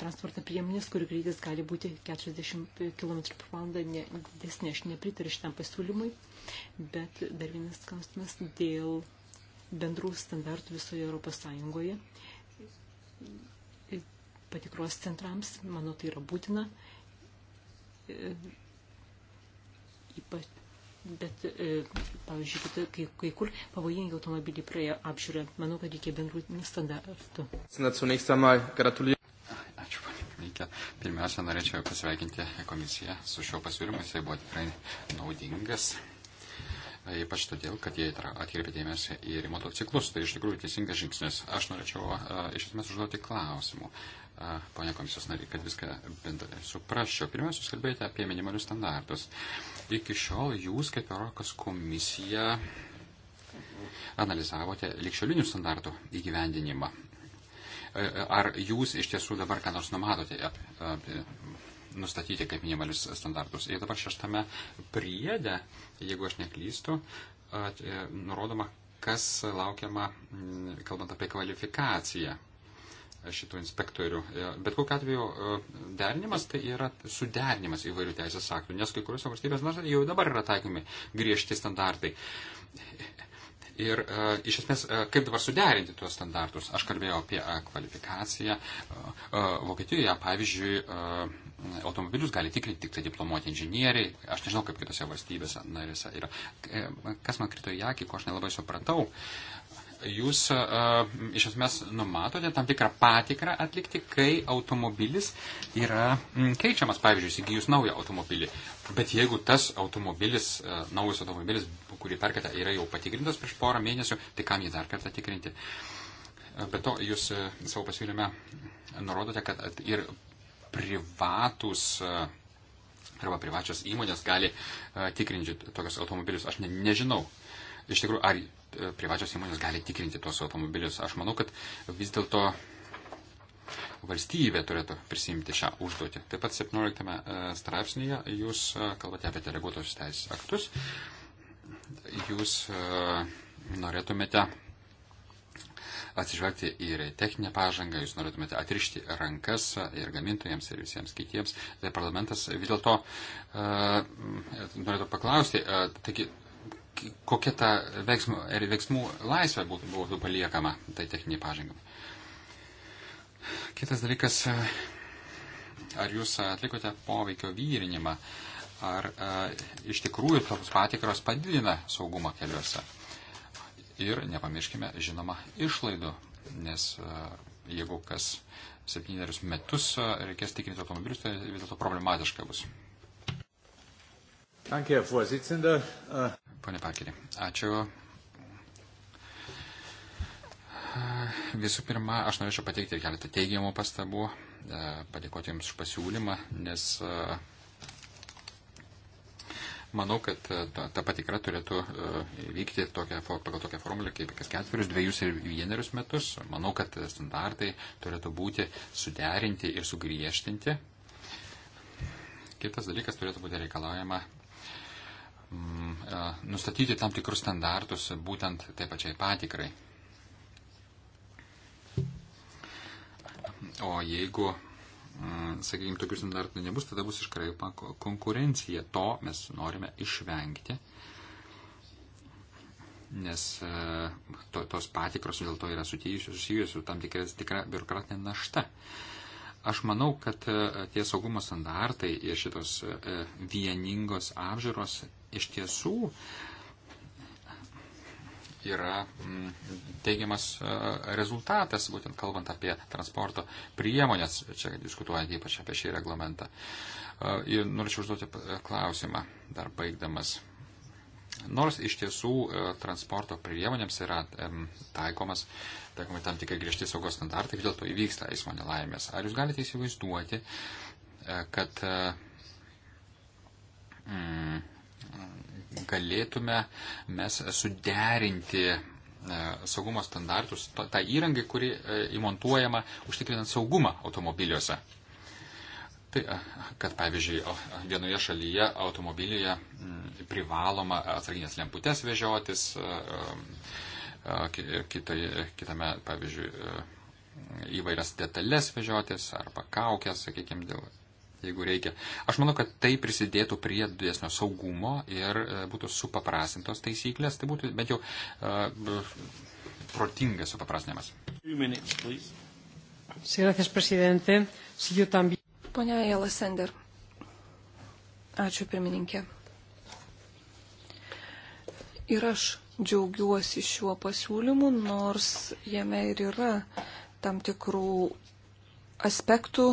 transporto priemonės, kurių greitis gali būti 40 km per valandą, ne, desnė, aš nepritariu šitam pasiūlymui, bet dar vienas klausimas dėl bendrų standartų visoje Europos Sąjungoje patikros centrams, manau, tai yra būtina. E, ypač, bet, e, pavyzdžiui, kita, kai, kai kur pavojingi automobiliai praėjo apžiūrę, manau, kad reikia bendrų standartų. Ačiū, panė Mikė. Pirmiausia, norėčiau pasveikinti komisiją su šiuo pasiūlymu, jisai buvo tikrai naudingas ypač todėl, kad jie atkirpė dėmesį ir motociklus. Tai iš tikrųjų teisingas žingsnis. Aš norėčiau a, iš esmės užduoti klausimų, a, ponia komisijos nariai, kad viską bendrai suprasčiau. Pirmiausia, jūs kalbėjote apie minimalius standartus. Iki šiol jūs, kaip Europos komisija, analizavote likščiolinių standartų įgyvendinimą. E, e, ar jūs iš tiesų dabar ką nors numatote apie, apie nustatyti kaip minimalius standartus. Ir dabar šeštame priedė jeigu aš neklystu, e, nurodoma, kas laukiama, kalbant apie kvalifikaciją šitų inspektorių. E, bet kokiu atveju e, derinimas tai yra suderinimas įvairių teisės aktų, nes kai kuriuose valstybės nors jau dabar yra taikomi griežti standartai. Ir a, e, iš esmės, a, e, kaip dabar suderinti tuos standartus? Aš kalbėjau apie a, e, kvalifikaciją. A, a, Vokietijoje, pavyzdžiui, a, automobilius gali tikrinti tik tai diplomuoti inžinieriai. Aš nežinau, kaip kitose valstybėse narėse yra. Kas man krito į akį, ko aš nelabai supratau. Jūs a, iš esmės numatote tam tikrą patikrą atlikti, kai automobilis yra m, keičiamas, pavyzdžiui, įsigijus naują automobilį. Bet jeigu tas automobilis, e, naujas automobilis, kurį perkate, yra jau patikrintas prieš porą mėnesių, tai kam jį dar kartą tikrinti? E, be to, jūs e, savo pasiūlyme nurodote, kad ir privatus arba privačios įmonės gali tikrinti tokius automobilius. Aš ne, nežinau, iš tikrųjų, ar privačios įmonės gali tikrinti tuos automobilius. Aš manau, kad vis dėlto valstybė turėtų prisimti šią užduotį. Taip pat 17 e, straipsnėje jūs e, kalbate apie deleguotus teisės aktus. Jūs e, norėtumėte atsižvelgti ir techninę pažangą, jūs norėtumėte atrišti rankas ir gamintojams, ir visiems kitiems. Tai parlamentas vis dėlto norėtų paklausti, taigi, kokia ta veiksmų, veiksmų laisvė būtų, būtų paliekama tai techniniai pažangai. Kitas dalykas, e, ar jūs atlikote poveikio vyrinimą, ar a, e, iš tikrųjų tos patikros padidina saugumą keliuose. Ir nepamirškime, žinoma, išlaidų, nes a, e, jeigu kas septynerius metus a, reikės tikrinti automobilius, tai vis dėlto problematiška bus. Danke, Herr Vorsitzender. Äh, Pone Parkerį, ačiū Visų pirma, aš norėčiau pateikti keletą teigiamų pastabų, e, padėkoti Jums už pasiūlymą, nes e, manau, kad e, ta patikra turėtų vykti tokia, pagal tokią formulę kaip kas ketverius, dviejus ir vienerius metus. Manau, kad standartai turėtų būti suderinti ir sugriežtinti. Kitas dalykas turėtų būti reikalaujama mm, nustatyti tam tikrus standartus būtent taip pačiai patikrai. O jeigu, mm, sakykime, tokių standartų nebus, tada bus iškraipa konkurencija. To mes norime išvengti, nes e, to, tos patikros vis dėlto yra susijusios su tam tikra, tikra biurokratinė našta. Aš manau, kad e, tie saugumo standartai ir šitos e, vieningos apžiūros iš tiesų uh, yra mm, teigiamas e, rezultatas, būtent kalbant apie transporto priemonės, čia diskutuojant ypač apie šį reglamentą. Ir e, norėčiau užduoti e, klausimą, dar baigdamas. Nors iš tiesų transporto priemonėms yra taikomas, taikomi tam tikrai griežti saugos standartai, dėl to įvyksta eismo nelaimės. Ar jūs galite įsivaizduoti, kad mm, galėtume mes suderinti e, saugumo standartus, tą įrangą, kuri e, įmontuojama užtikrinant saugumą automobiliuose. Tai, e, kad pavyzdžiui, vienoje šalyje automobilyje privaloma atsarginės lemputės vežiotis, kitai, kitame, pavyzdžiui, įvairias detalės vežiotis arba kaukės, sakykime, dėl jeigu reikia. Aš manau, kad tai prisidėtų prie didesnio saugumo ir e, būtų supaprastintos taisyklės, tai būtų bent jau uh, protingas supaprastinimas. Pone Jela Sender. Ačiū pirmininkė. Ir aš džiaugiuosi šiuo pasiūlymu, nors jame ir yra tam tikrų aspektų,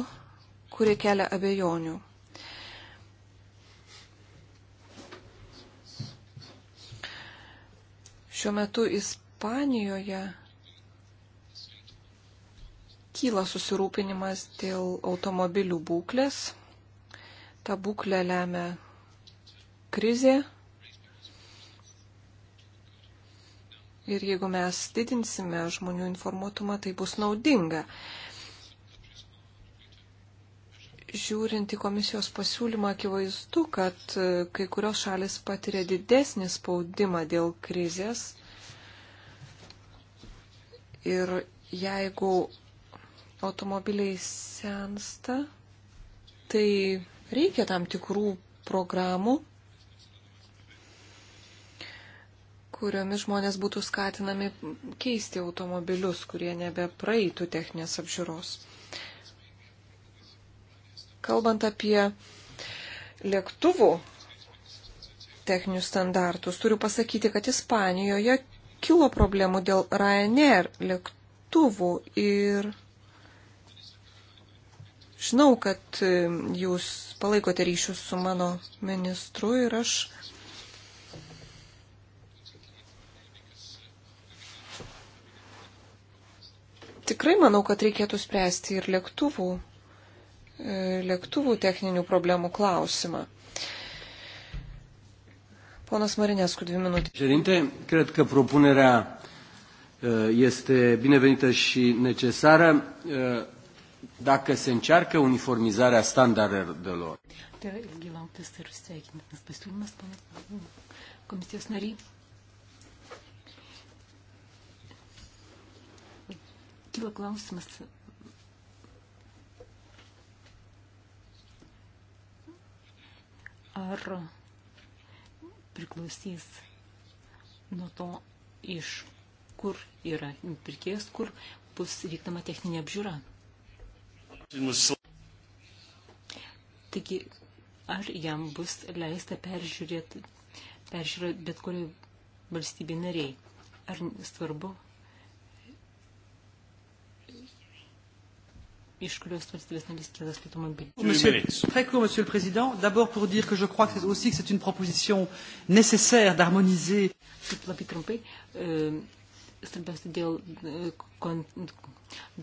kurie kelia abejonių. Šiuo metu Ispanijoje kyla susirūpinimas dėl automobilių būklės. Ta būklė lemia krizė. Ir jeigu mes didinsime žmonių informuotumą, tai bus naudinga. Žiūrint į komisijos pasiūlymą, akivaizdu, kad e, kai kurios šalis patiria didesnį spaudimą dėl krizės. Ir jeigu automobiliai sensta, tai reikia tam tikrų programų, kuriomis žmonės būtų skatinami keisti automobilius, kurie nebepraeitų techninės apžiūros. Kalbant apie lėktuvų techninius standartus, turiu pasakyti, kad Ispanijoje kilo problemų dėl Ryanair lėktuvų ir žinau, kad e, jūs palaikote ryšius su mano ministru ir aš tikrai manau, kad reikėtų spręsti ir lėktuvų E, lėktuvų techninių problemų klausimą. Ponas Marinescu, dvi minutės. Žerinte, cred că propunerea e, este binevenită și necesară e, dacă se încearcă uniformizarea standardelor. Tai yra ilgi lauktas ir sveikintinas pasiūlymas, panas komisijos nariai. Kilo klausimas, ar priklausys nuo to, iš kur yra pirkėjas, kur bus vykdama techninė apžiūra. Taigi, ar jam bus leista peržiūrėti peržiūrą bet kuriai valstybė nariai? Ar svarbu, iš kurios valstybės narys kyla skirtumai bei. Taip labai trumpai, e, svarbiausia dėl e,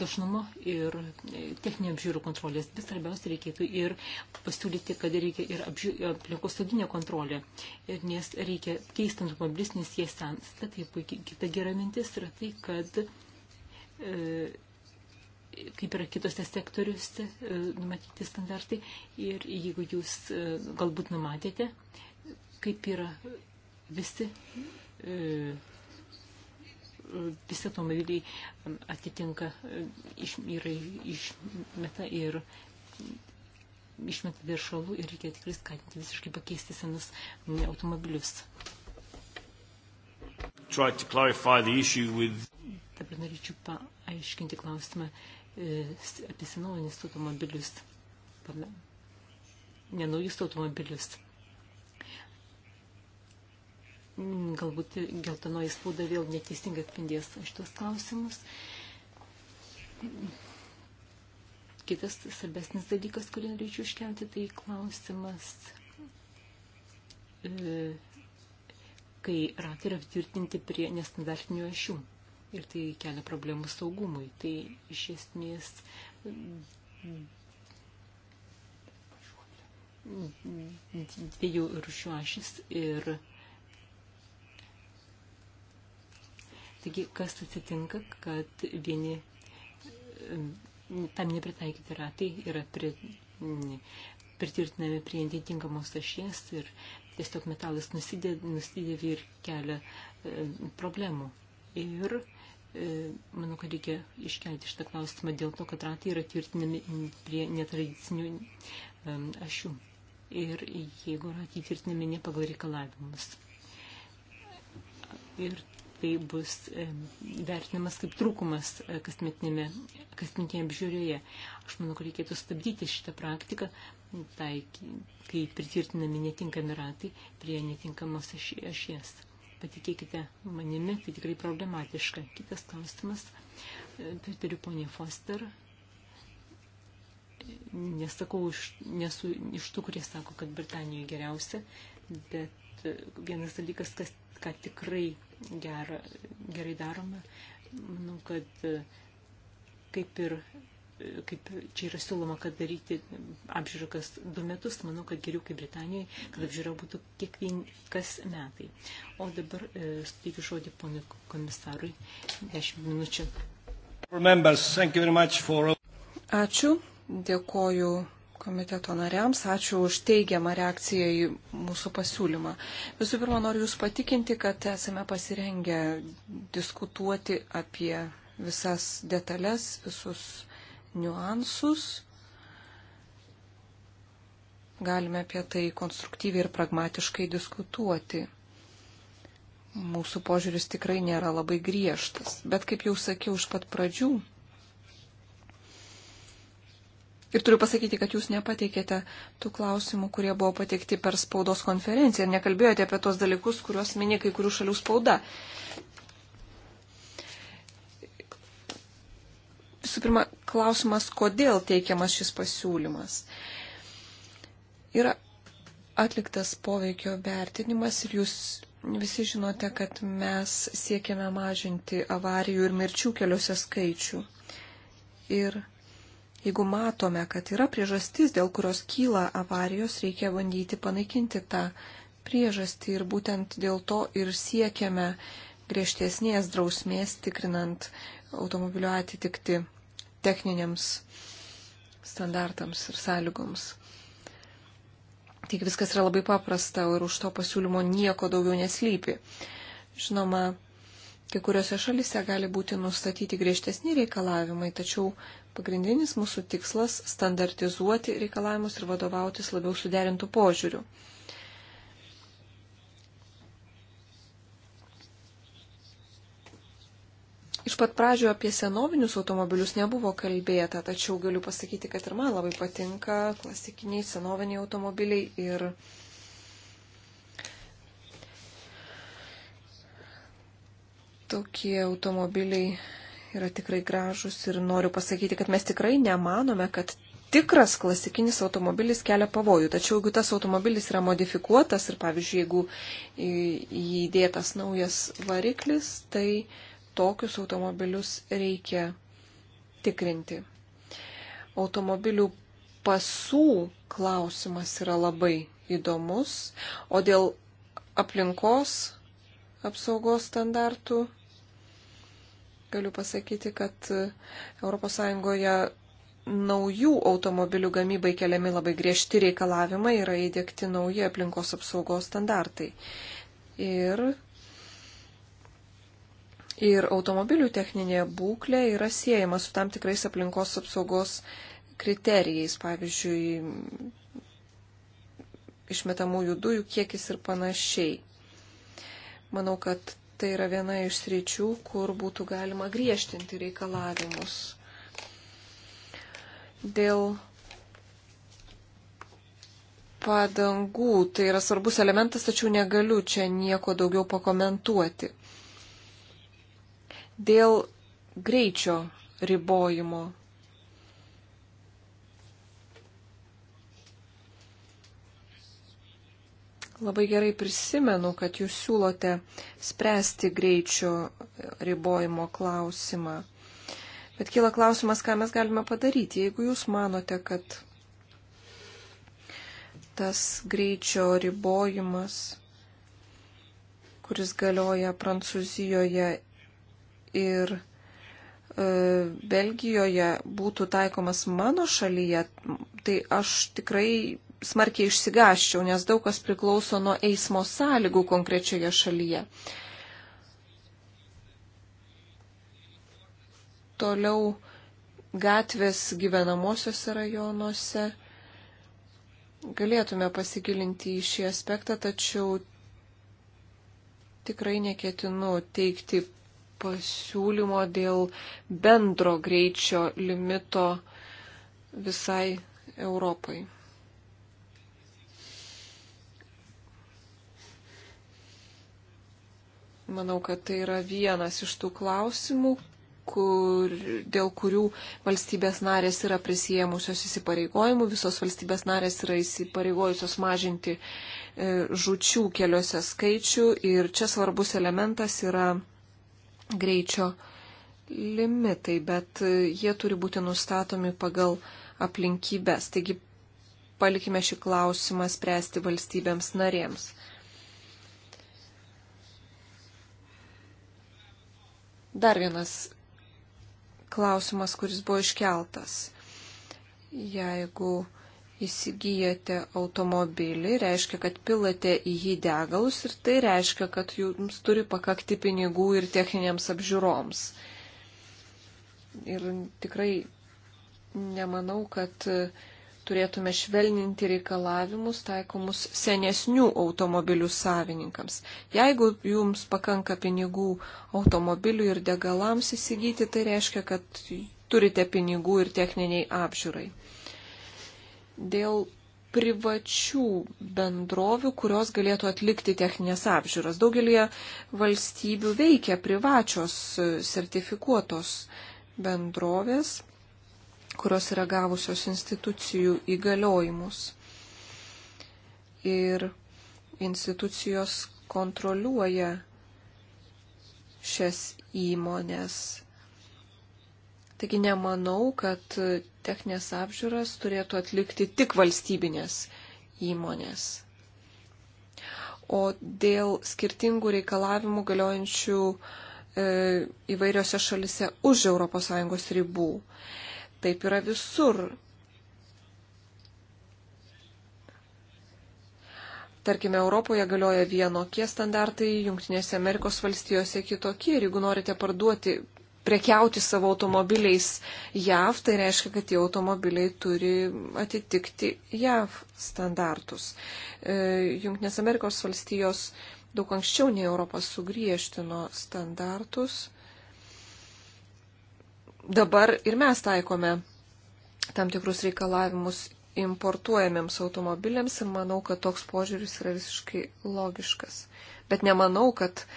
dažnumo ir e, techninio apžiūrų kontrolės. Vis svarbiausia reikėtų ir pasiūlyti, kad reikia ir aplinkos sauginio kontrolė, ir nes reikia keisti automobilis, nes jie sensta. Tai puikiai kita gera mintis yra tai, kad e, kaip yra kitose sektoriuose e, numatyti standartai ir jeigu jūs e, galbūt numatėte, kaip yra visi, e, visi automobiliai atitinka, iš, yra išmeta ir išmeta viršalų ir reikia tikrai skatinti visiškai pakeisti senus automobilius. Dabar norėčiau paaiškinti klausimą E, apie senovinis automobilius, nenaujus automobilius. Mm, galbūt geltonoji spauda vėl neteisingai atspindės šitos klausimus. Kitas svarbesnis dalykas, kurį norėčiau iškelti, tai klausimas, e, kai ratai yra tvirtinti prie nestandartinių ašių ir tai kelia problemų saugumui. Tai iš esmės dviejų rušių ašis ir taigi kas atsitinka, kad vieni tam nepritaikyti ratai yra pri, pritvirtinami prie atitinkamos ašies ir tiesiog metalas nusidėvi ir kelia e, problemų. Ir E, manau, kad reikia iškelti šitą klausimą dėl to, kad ratai yra tvirtinami prie netradicinių e, ašių. Ir jeigu ratai tvirtinami ne pagal reikalavimus. Ir tai bus e, vertinamas kaip trūkumas kasmetinėje apžiūrėje. Aš manau, kad reikėtų stabdyti šitą praktiką, tai, kai pritvirtinami netinkami ratai prie netinkamos ašies. Aš patikėkite manimi, tai tikrai problematiška. Kitas klausimas, e, pritariu poniai Foster, nesakau, iš, nesu iš tų, kurie sako, kad Britanijoje geriausia, bet e, vienas dalykas, kas, ką tikrai gera, gerai daroma, manau, kad e, kaip ir kaip čia yra siūloma, kad daryti apžiūrą kas du metus, manau, kad geriau kaip Britanijoje, kad apžiūra būtų kiekvien kas metai. O dabar e, suteikiu žodį ponui komisarui. Dešimt minučių. Ačiū. Dėkoju komiteto nariams. Ačiū už teigiamą reakciją į mūsų pasiūlymą. Visų pirma, noriu Jūs patikinti, kad esame pasirengę diskutuoti apie visas detalės, visus niuansus. Galime apie tai konstruktyviai ir pragmatiškai diskutuoti. Mūsų požiūris tikrai nėra labai griežtas, bet kaip jau sakiau iš pat pradžių. Ir turiu pasakyti, kad jūs nepateikėte tų klausimų, kurie buvo pateikti per spaudos konferenciją ir nekalbėjote apie tos dalykus, kuriuos mini kai kurių šalių spauda. visų pirma, klausimas, kodėl teikiamas šis pasiūlymas. Yra atliktas poveikio vertinimas ir jūs visi žinote, kad mes siekiame mažinti avarijų ir mirčių keliuose skaičių. Ir jeigu matome, kad yra priežastis, dėl kurios kyla avarijos, reikia bandyti panaikinti tą priežastį ir būtent dėl to ir siekiame griežtesnės drausmės tikrinant automobilio atitikti techniniams standartams ir sąlygoms. Taigi viskas yra labai paprasta ir už to pasiūlymo nieko daugiau neslypi. Žinoma, kai kuriuose šalise gali būti nustatyti griežtesni reikalavimai, tačiau pagrindinis mūsų tikslas - standartizuoti reikalavimus ir vadovautis labiau suderintų požiūrių. Iš pat pradžio apie senovinius automobilius nebuvo kalbėta, tačiau galiu pasakyti, kad ir man labai patinka klasikiniai senoviniai automobiliai ir tokie automobiliai yra tikrai gražus ir noriu pasakyti, kad mes tikrai nemanome, kad tikras klasikinis automobilis kelia pavojų. Tačiau jeigu tas automobilis yra modifikuotas ir, pavyzdžiui, jeigu įdėtas naujas variklis, tai tokius automobilius reikia tikrinti. Automobilių pasų klausimas yra labai įdomus, o dėl aplinkos apsaugos standartų galiu pasakyti, kad ES naujų automobilių gamybai keliami labai griežti reikalavimai, yra įdėkti nauji aplinkos apsaugos standartai. Ir ir automobilių techninė būklė yra siejama su tam tikrais aplinkos apsaugos kriterijais, pavyzdžiui, išmetamųjų dujų kiekis ir panašiai. Manau, kad tai yra viena iš sričių, kur būtų galima griežtinti reikalavimus. Dėl padangų tai yra svarbus elementas, tačiau negaliu čia nieko daugiau pakomentuoti dėl greičio ribojimo. Labai gerai prisimenu, kad jūs siūlote spręsti greičio ribojimo klausimą. Bet kyla klausimas, ką mes galime padaryti, jeigu jūs manote, kad tas greičio ribojimas, kuris galioja Prancūzijoje ir e, Belgijoje būtų taikomas mano šalyje, tai aš tikrai smarkiai išsigaščiau, nes daug kas priklauso nuo eismo sąlygų konkrečioje šalyje. Toliau gatvės gyvenamosiose rajonuose. Galėtume pasigilinti į šį aspektą, tačiau tikrai neketinu teikti pasiūlymo dėl bendro greičio limito visai Europai. Manau, kad tai yra vienas iš tų klausimų, kur, dėl kurių valstybės narės yra prisijėmusios įsipareigojimų. Visos valstybės narės yra įsipareigojusios mažinti e, žučių keliuose skaičių. Ir čia svarbus elementas yra greičio limitai, bet jie turi būti nustatomi pagal aplinkybės. Taigi palikime šį klausimą spręsti valstybėms narėms. Dar vienas klausimas, kuris buvo iškeltas. Jeigu įsigijate automobilį, reiškia, kad pilate į jį degalus ir tai reiškia, kad jums turi pakakti pinigų ir techninėms apžiūroms. Ir tikrai nemanau, kad turėtume švelninti reikalavimus taikomus senesnių automobilių savininkams. Jeigu jums pakanka pinigų automobilių ir degalams įsigyti, tai reiškia, kad turite pinigų ir techniniai apžiūrai dėl privačių bendrovių, kurios galėtų atlikti techninės apžiūras. Daugelie valstybių veikia privačios sertifikuotos bendrovės, kurios yra gavusios institucijų įgaliojimus. Ir institucijos kontroliuoja šias įmonės. Taigi nemanau, kad techninės apžiūras turėtų atlikti tik valstybinės įmonės. O dėl skirtingų reikalavimų galiojančių e, įvairiose šalise už ES ribų. Taip yra visur. Tarkime, Europoje galioja vienokie standartai, Junktinėse Amerikos valstijose kitokie. Ir jeigu norite parduoti prekiauti savo automobiliais JAV, tai reiškia, kad tie automobiliai turi atitikti JAV standartus. E, Junktinės Amerikos valstijos daug anksčiau nei Europas sugriežtino standartus. Dabar ir mes taikome tam tikrus reikalavimus importuojamiems automobiliams ir manau, kad toks požiūris yra visiškai logiškas bet nemanau, kad e,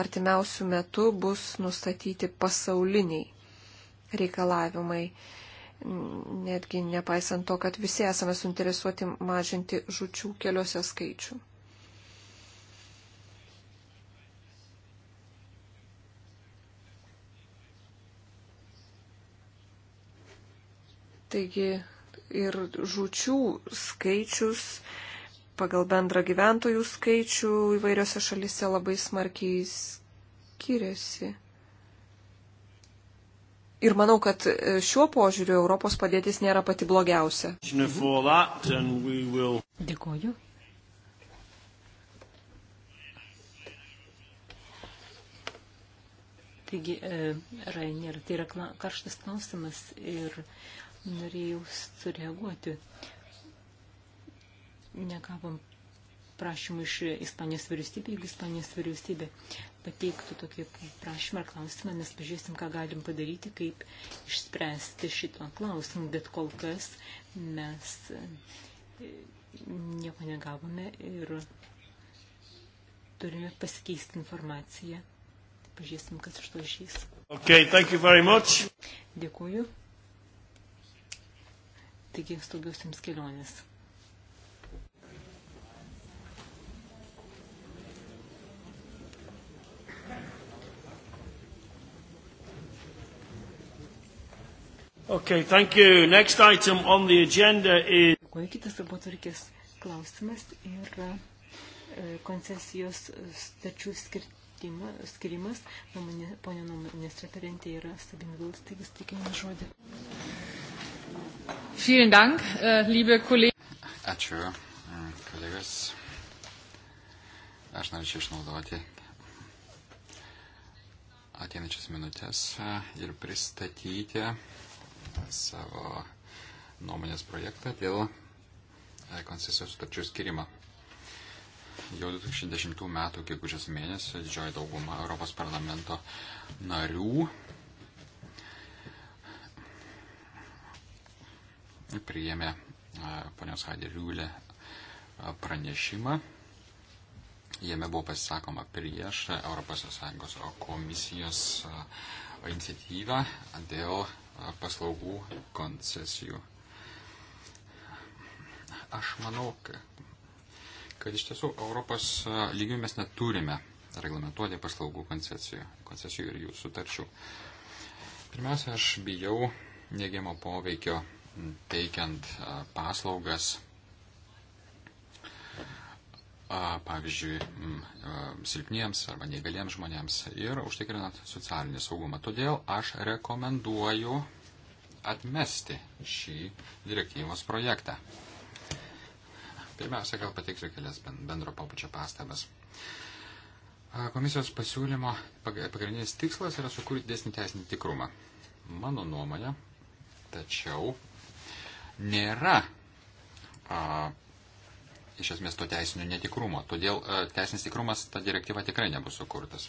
artimiausių metų bus nustatyti pasauliniai reikalavimai, netgi nepaisant to, kad visi esame suinteresuoti mažinti žučių keliuose skaičių. Taigi ir žučių skaičius pagal bendrą gyventojų skaičių įvairiose šalise labai smarkiai skiriasi. Ir manau, kad e, šiuo požiūriu Europos padėtis nėra pati blogiausia. Dėkoju. Taigi, e, Rainer, tai yra karštas klausimas ir norėjau sureaguoti. E, negavom prašymų iš Ispanijos vyriausybė, jeigu Ispanijos vyriausybė pateiktų tokį prašymą ar klausimą, mes pažiūrėsim, ką galim padaryti, kaip išspręsti šitą klausimą, bet kol kas mes e, nieko negavome ir turime pasikeisti informaciją. Pažiūrėsim, kas iš to išės. Okay, thank you very much. Dėkuoju. Taigi, saugiausiams kelionės. Okay, thank you. Next item on the agenda is... Kitas darbotvarkės klausimas yra e, koncesijos stačių skirimas. Ponė nuomonės referentė yra Sabina Vilas, taigi stikime žodį. Vielen Dank, äh, liebe Kollegen. Ačiū, e, kolegos. Aš norėčiau išnaudoti ateinančias minutės e, ir pristatyti savo nuomonės projektą dėl e, koncesijos sutarčių skirimą. Jau 2010 m. gegužės mėnesį didžioji dauguma Europos parlamento narių e, priėmė e, ponios Hadiriulė pranešimą. Jame buvo pasisakoma prieš ES komisijos iniciatyvą dėl paslaugų koncesijų. Aš manau, kad iš tiesų Europos lygių mes neturime reglamentuoti paslaugų koncesijų, koncesijų ir jų sutarčių. Pirmiausia, aš bijau neigiamo poveikio teikiant paslaugas pavyzdžiui, silpniems arba neįgaliems žmonėms ir užtikrinant socialinį saugumą. Todėl aš rekomenduoju atmesti šį direktyvos projektą. Pirmiausia, gal pateiksiu kelias bendro papučio pastabas. Komisijos pasiūlymo pagrindinis tikslas yra sukurti dėsnį teisinį tikrumą. Mano nuomonė, tačiau nėra a, iš esmės to teisinio netikrumo. Todėl e, teisinis tikrumas ta direktyva tikrai nebus sukurtas.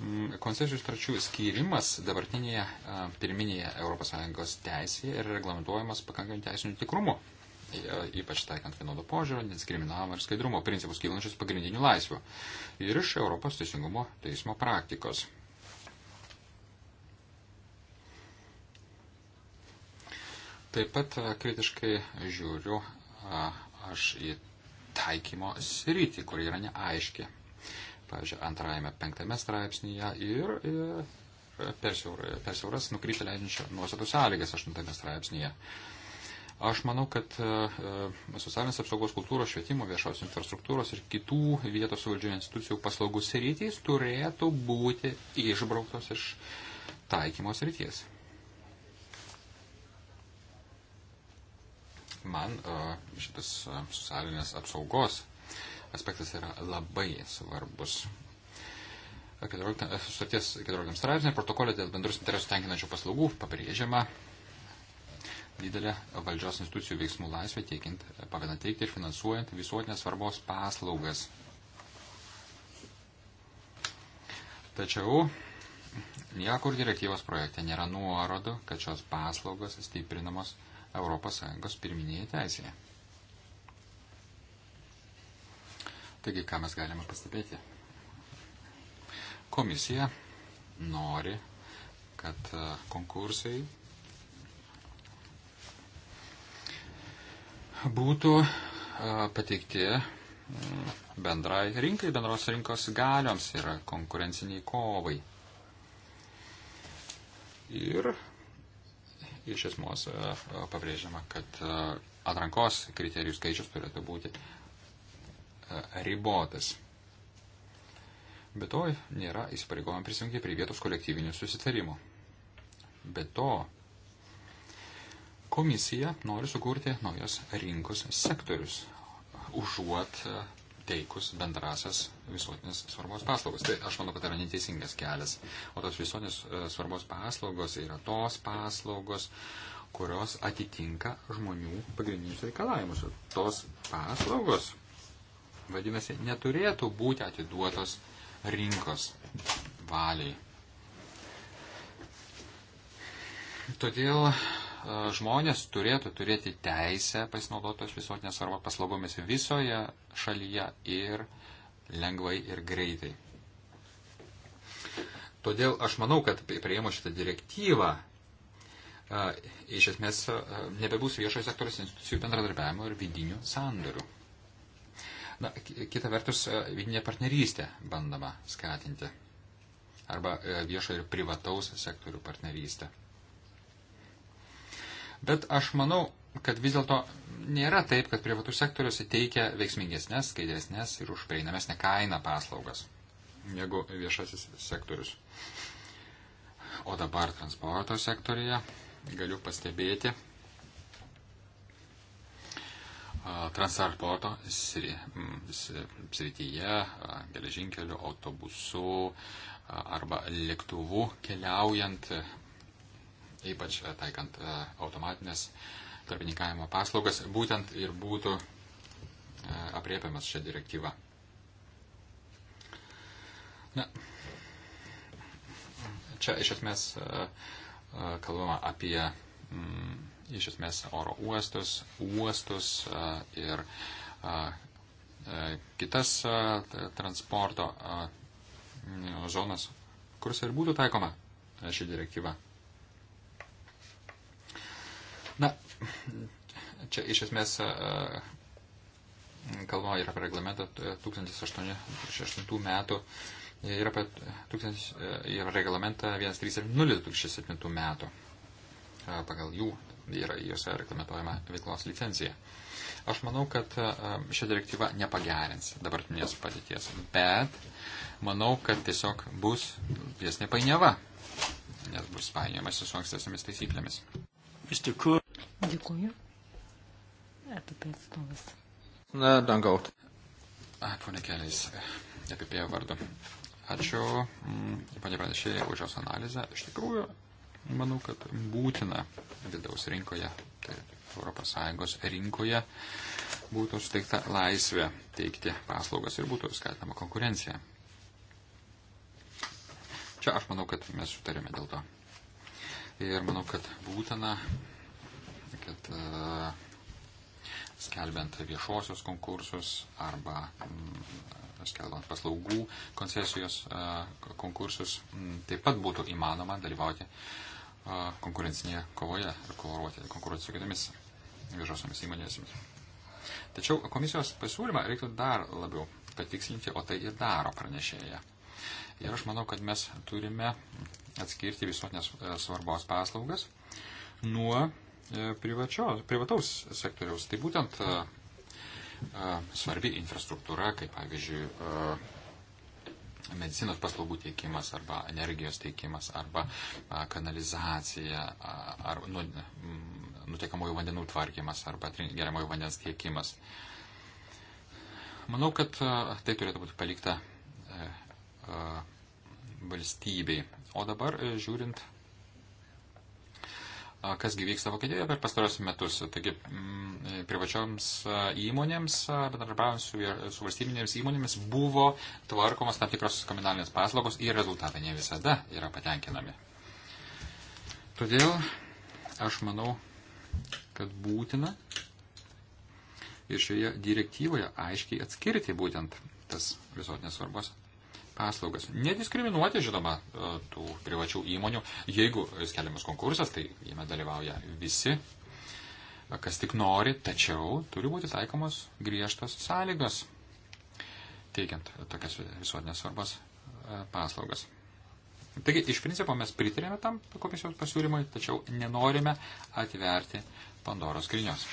Mm, Koncesijų starčių skyrimas dabartinėje e, pirminėje ES teisėje yra reglamentuojamas pakankamai teisiniu tikrumu, e, ypač taikant vienodo požiūrio, diskriminavimo ir skaidrumo principus kylančius pagrindinių laisvių ir iš Europos teisingumo teismo praktikos. Taip pat e, kritiškai žiūriu e, aš į taikymo sritį, kur yra neaiški. Pavyzdžiui, antrajame penktame straipsnėje ir, e, ir persiauras nukrypti leidžiančio nuostatų sąlygas aštuntame straipsnėje. Aš manau, kad socialinės apsaugos kultūros, švietimo, viešos infrastruktūros ir kitų vietos valdžių institucijų paslaugų sritys turėtų būti išbrauktos iš taikymos ryties. man e, šitas e, socialinės apsaugos aspektas yra labai svarbus. 14, e, sutarties 14 straipsnė protokolė dėl bendrus interesų tenkinančių paslaugų pabrėžiama didelė valdžios institucijų veiksmų laisvė teikiant, pavadant teikti ir finansuojant visuotinės svarbos paslaugas. Tačiau niekur direktyvos projekte nėra nuorodų, kad šios paslaugos stiprinamos ES pirminėje teisėje. Taigi, ką mes galime pastebėti? Komisija nori, kad e, konkursai būtų e, pateikti mm, bendrai rinkai, bendros rinkos galioms ir konkurenciniai kovai. Ir iš esmės e, e, pabrėžiama, kad e, atrankos kriterijų skaičius turėtų būti ribotas. Be to, nėra įsipareigojama prisijungti prie vietos kolektyvinių susitarimų. Be to, komisija nori sukurti naujos rinkos sektorius, užuot teikus bendrasias visuotinės svarbos paslaugas. Tai aš manau, kad tai yra neteisingas kelias. O tos visuotinės e, svarbos paslaugos yra tos paslaugos, kurios atitinka žmonių pagrindinius reikalavimus. Tos paslaugos, vadinasi, neturėtų būti atiduotos rinkos valiai. Todėl žmonės turėtų turėti teisę pasinaudotos visuotinės arba paslaugomis visoje šalyje ir lengvai ir greitai. Todėl aš manau, kad prieimu šitą direktyvą, iš esmės nebebūs viešojo sektoriaus institucijų bendradarbiavimo ir vidinių sandorių. Na, kita vertus, vidinė partnerystė bandama skatinti arba viešo ir privataus sektorių partnerystę. Bet aš manau, kad vis dėlto nėra taip, kad privatus sektorius teikia veiksmingesnės, skaidresnės ir už prieinamesnę kainą paslaugas negu viešasis sektorius. O dabar transporto sektorija galiu pastebėti transporto srityje, geležinkeliu, autobusu arba lėktuvu keliaujant ypač e, taikant e, automatinės tarpininkavimo paslaugas, būtent ir būtų e, apriepiamas šią direktyvą. Na, čia iš esmės kalbama apie mm, iš esmės oro uostus, uostus ir kitas transporto zonas, kuris ir būtų taikoma ši direktyva. Na, čia iš esmės e, kalbama ir apie reglamentą 1008 e, metų. Ir apie 1000, ir e, reglamentą 1370 metų. Pagal jų yra jose reglamentuojama veiklos licencija. Aš manau, kad ši direktyva nepagerins dabartinės padėties, bet manau, kad tiesiog bus didesnė painiava, nes bus painiamasi su ankstesnėmis taisyklėmis. Dėkuoju. EPP atstovas. Na, dangau. Pone Keliais, EPP vardu. Ačiū, mm, panė pranešėjai, už jos analizę. Iš tikrųjų, manau, kad būtina vidaus rinkoje, tai ES rinkoje, būtų suteikta laisvė teikti paslaugas ir būtų skatinama konkurencija. Čia aš manau, kad mes sutarėme dėl to. Ir manau, kad būtina kad e, skelbiant viešuosius konkursus arba mm, skelbant paslaugų koncesijos e, konkursus mm, taip pat būtų įmanoma dalyvauti e, konkurencinėje kovoje ir kovoruoti, konkuruoti su kitomis viešosiomis įmonėsimis. Tačiau komisijos pasiūlymą reiktų dar labiau patikslinti, o tai ir daro pranešėja. Ir aš manau, kad mes turime atskirti visuotinės svarbos paslaugas nuo E, privačio, privataus sektoriaus. Tai būtent a, e, a, e, svarbi infrastruktūra, kaip pavyzdžiui, a, medicinos paslaugų teikimas arba energijos teikimas arba a, kanalizacija ar nu, nutekamųjų vandenų tvarkymas arba geriamojų vandens tiekimas. Manau, kad a, tai turėtų būti palikta a, a, valstybei. O dabar žiūrint kasgi vyksta Vokietijoje per pastarosius metus. Taigi mm, privačioms įmonėms, bendradarbiavant su, su valstybinėmis įmonėmis, buvo tvarkomas tam tikros komunalinės paslaugos ir rezultatai ne visada yra patenkinami. Todėl aš manau, kad būtina ir šioje direktyvoje aiškiai atskirti būtent tas visuotinės svarbos paslaugas. Nediskriminuoti, žinoma, e, tų privačių įmonių. Jeigu skeliamas konkursas, tai jame dalyvauja visi, e, kas tik nori, tačiau turi būti taikomos griežtos sąlygos, teikiant tokias visuotinės svarbos e, paslaugas. Taigi, iš principo mes pritarėme tam komisijos pasiūlymui, tačiau nenorime atverti Pandoros skrynios.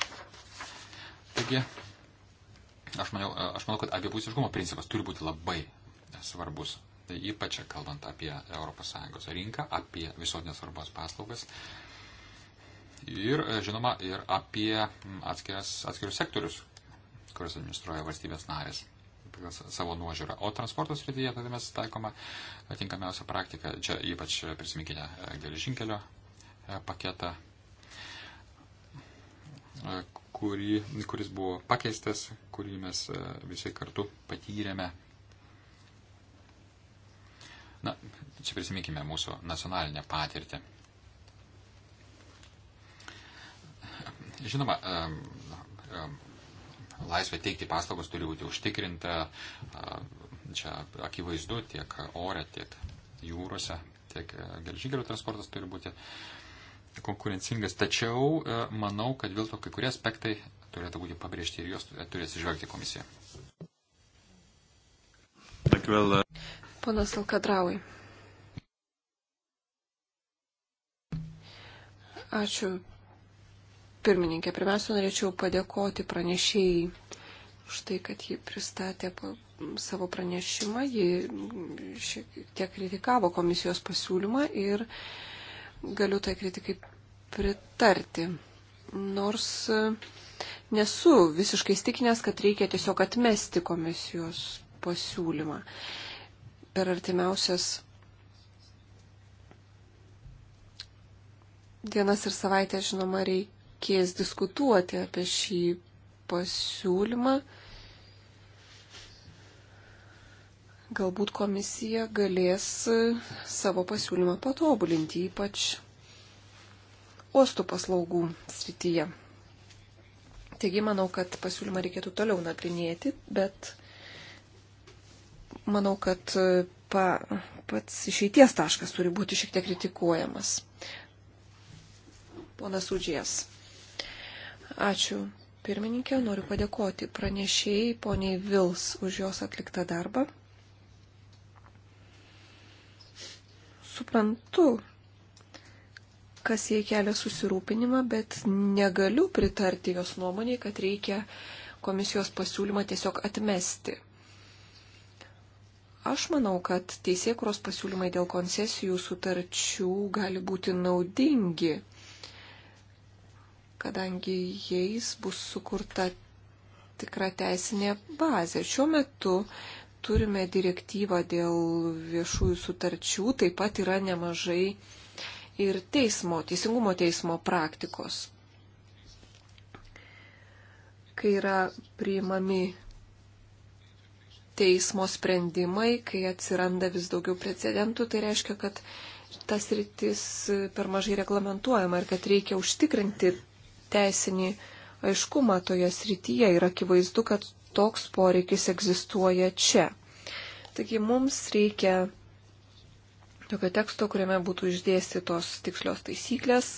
Taigi, aš, maniau, aš manau, kad abipusiškumo principas turi būti labai svarbus. Tai ypač kalbant apie ES rinką, apie visuotinės svarbos paslaugas ir, e, žinoma, ir apie atskiras, atskirius sektorius, kuriuos administruoja valstybės narės savo nuožiūrą. O transporto srityje tada mes taikoma tinkamiausia praktika. Čia ypač prisiminkite e, geležinkelio e, paketą, kurį, kuris buvo pakeistas, kurį mes visi kartu patyrėme Na, čia prisiminkime mūsų nacionalinę patirtį. Žinoma, laisvė teikti paslaugos turi būti užtikrinta, čia akivaizdu tiek ore, tiek jūrose, tiek e, geležinkelių transportas turi būti konkurencingas. Tačiau e, manau, kad vėl to kai kurie aspektai turėtų būti pabrėžti ir juos turės išvelgti komisija. Dankjewel. Ponas Alkadraui. Ačiū. Pirmininkė, pirmiausia, norėčiau padėkoti pranešėjai už tai, kad ji pristatė savo pranešimą. Ji šiek tiek kritikavo komisijos pasiūlymą ir galiu tai kritikai pritarti. Nors nesu visiškai stikinęs, kad reikia tiesiog atmesti komisijos pasiūlymą per artimiausias dienas ir savaitę, žinoma, reikės diskutuoti apie šį pasiūlymą. Galbūt komisija galės savo pasiūlymą patobulinti, ypač uostų paslaugų srityje. Taigi manau, kad pasiūlymą reikėtų toliau nagrinėti, bet manau, kad e, pa, pats išeities taškas turi būti šiek tiek kritikuojamas. Ponas Udžijas. Ačiū. Pirmininkė, noriu padėkoti pranešėjai poniai Vils už jos atliktą darbą. Suprantu, kas jai kelia susirūpinimą, bet negaliu pritarti jos nuomonėje, kad reikia komisijos pasiūlymą tiesiog atmesti. Aš manau, kad teisėkuros pasiūlymai dėl koncesijų sutarčių gali būti naudingi, kadangi jais bus sukurta tikra teisinė bazė. Šiuo metu turime direktyvą dėl viešųjų sutarčių, taip pat yra nemažai ir teismo, teisingumo teismo praktikos. Kai yra priimami teismo sprendimai, kai atsiranda vis daugiau precedentų, tai reiškia, kad tas rytis e, per mažai reglamentuojama ir kad reikia užtikrinti teisinį aiškumą toje srityje ir akivaizdu, kad toks poreikis egzistuoja čia. Taigi mums reikia tokio teksto, kuriame būtų išdėstytos tikslios taisyklės,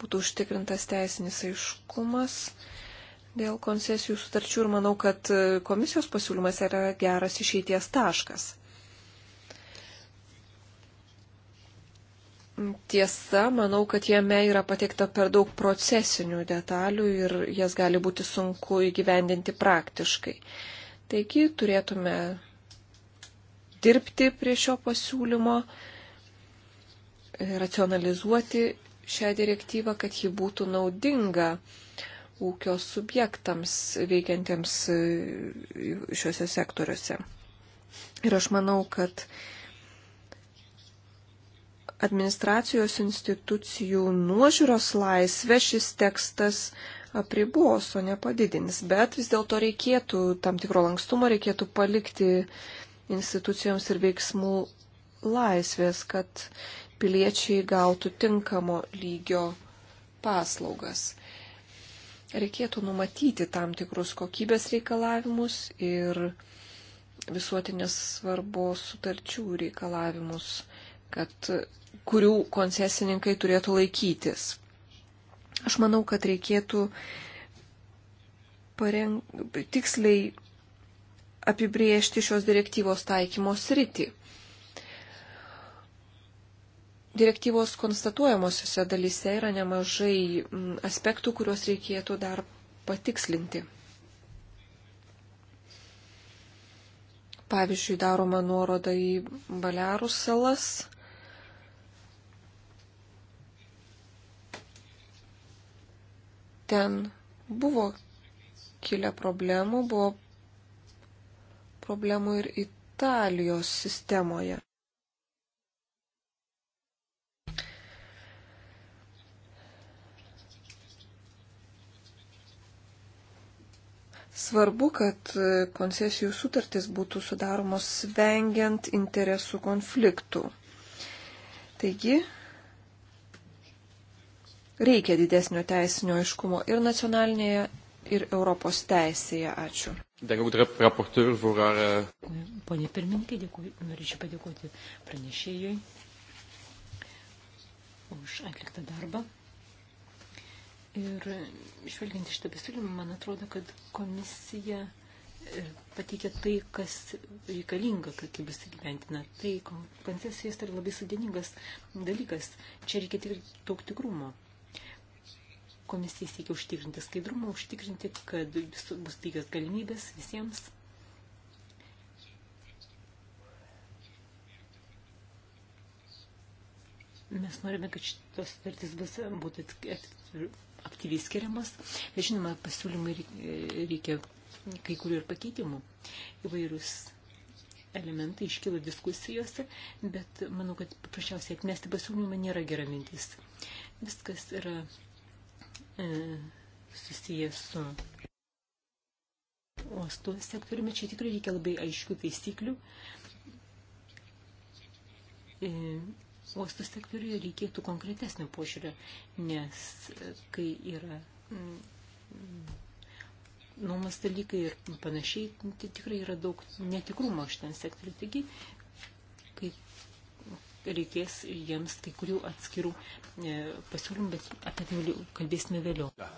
būtų užtikrintas teisinis aiškumas dėl koncesijų sutarčių ir manau, kad e, komisijos pasiūlymas yra geras išeities taškas. Tiesa, manau, kad jame yra pateikta per daug procesinių detalių ir jas gali būti sunku įgyvendinti praktiškai. Taigi turėtume dirbti prie šio pasiūlymo, racionalizuoti šią direktyvą, kad ji būtų naudinga ūkio subjektams veikiantiems e, šiuose sektoriuose. Ir aš manau, kad administracijos institucijų nuožiūros laisvę šis tekstas apribos, o ne padidins. Bet vis dėlto reikėtų tam tikro lankstumo, reikėtų palikti institucijoms ir veiksmų laisvės, kad piliečiai gautų tinkamo lygio paslaugas reikėtų numatyti tam tikrus kokybės reikalavimus ir visuotinės svarbos sutarčių reikalavimus, kad, kurių koncesininkai turėtų laikytis. Aš manau, kad reikėtų pareng... tiksliai apibriežti šios direktyvos taikymo sritį direktyvos konstatuojamosiose dalyse yra nemažai mm, aspektų, kuriuos reikėtų dar patikslinti. Pavyzdžiui, daroma nuoroda į Balearų salas. Ten buvo kilę problemų, buvo problemų ir Italijos sistemoje. Svarbu, kad koncesijų sutartys būtų sudaromos vengiant interesų konfliktų. Taigi, reikia didesnio teisinio aiškumo ir nacionalinėje, ir Europos teisėje. Ačiū. Eh, Pone pirmininkai, dėkui, norėčiau padėkoti pranešėjui už atliktą darbą. Ir išvelgiant iš tą pasiūlymą, man atrodo, kad komisija e, pateikia tai, kas reikalinga, kad jį tai bus įgyventina. Tai koncesijos tai yra labai sudėningas dalykas. Čia reikia tik daug tikrumo. Komisija siekia užtikrinti skaidrumą, užtikrinti, kad bus teikios galimybės visiems. Mes norime, kad šitos sutartys būtų atvir, aktyviai skiriamas. Bet žinoma, pasiūlymai reikia kai kurių ir pakeitimų. Įvairūs elementai iškilo diskusijose, bet manau, kad paprasčiausiai atmesti pasiūlymą nėra gera mintis. Viskas yra e, susijęs su uostų sektoriumi. Čia tikrai reikia labai aiškių taisyklių. E, uostų sektoriuje reikėtų konkretesnio požiūrio, nes e, kai yra mm, nuomas dalykai ir panašiai, tai tikrai yra daug netikrumo šitam sektoriu. Taigi, kai reikės jiems kai kurių atskirų e, pasiūlymų, bet apie tai kalbėsime vėliau. Da.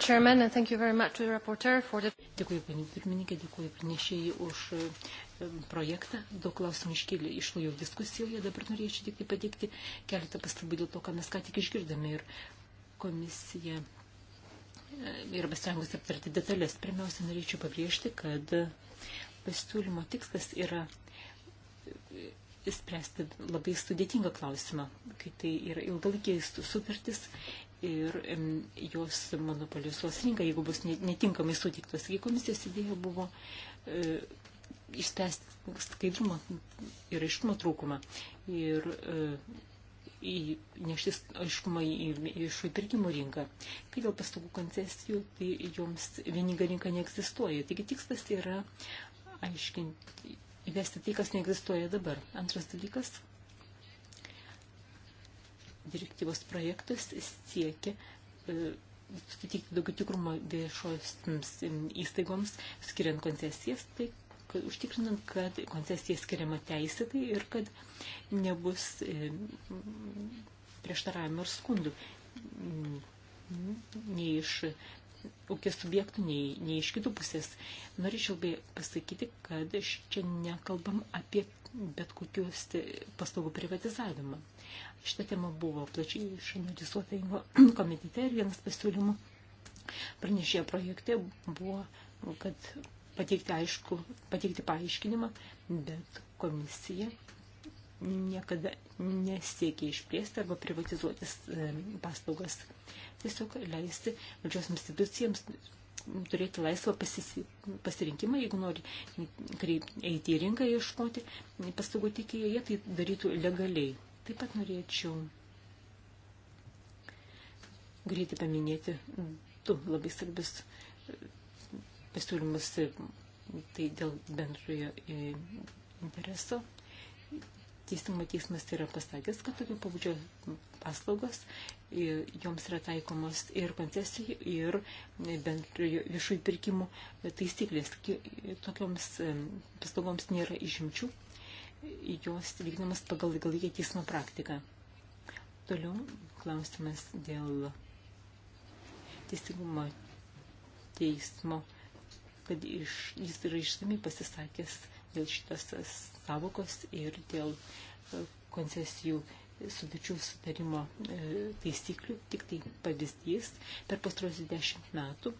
Chairman, and thank you very much to the Rapporteur for the... Dėkuoju, panė pirmininkė, dėkuoju pranešėjai už projektą. Daug klausimų iškėlė išlojau diskusijoje, dabar norėčiau tik tai pateikti keletą pastabų dėl to, ką mes ką tik išgirdome ir komisija yra pasirengusi aptarti detalės. Pirmiausia, norėčiau pabrėžti, kad pasiūlymo tikslas yra spręsti labai sudėtingą klausimą, kai tai yra ilgalaikiai sutartis ir jos monopolizuos rinką, jeigu bus netinkamai sutiktos. Taigi komisijos idėja buvo e, išspręsti skaidrumą ir aiškumo trūkumą. Ir e, įnešti aiškumą į viešųjų pirkimų rinką. Kai dėl paslaugų koncesijų, tai joms vieninga rinka neegzistuoja. Taigi tikslas yra aiškinti, įvesti tai, kas neegzistuoja dabar. Antras dalykas direktyvos projektas siekia e, suteikti daugiau tikrumo viešosioms įstaigoms, skiriant koncesijas, tai kad, užtikrinant, kad koncesija skiriama teisėtai ir kad nebus e, prieštaravimų ir skundų nei iš ūkio subjektų, nei, nei iš kitų pusės. Norėčiau pasakyti, kad čia nekalbam apie bet kokius e, paslaugų privatizavimą. Šitą temą buvo plačiai išanalizuota komitete ir vienas pasiūlymų pranešėjo projekte buvo, kad pateikti aišku, pateikti paaiškinimą, bet komisija niekada nesiekia išplėsti arba privatizuotis e, paslaugas. Tiesiog leisti valdžios institucijams turėti laisvą pasisi, pasirinkimą, jeigu nori kreip, eiti į rinką ieškoti paslaugų tikėjai, jie tai darytų legaliai. Taip pat norėčiau greitai paminėti du labai svarbius pasiūlymus, tai dėl bendrojo e, intereso. Teisingumo teismas yra pasakęs, kad tokio pabudžio paslaugos e, joms yra taikomos ir koncesijų, ir bendrojo viešųjų pirkimų taisyklės. Tokioms e, paslaugoms nėra išimčių jos vykdomas pagal ilgalaikę teismo praktiką. Toliau klausimas dėl teisingumo teismo, kad iš, jis yra išsamiai pasisakęs dėl šitos savokos ir dėl e, koncesijų sudačių sudarimo e, taisyklių, tik tai pavyzdys, per pastarosius dešimt metų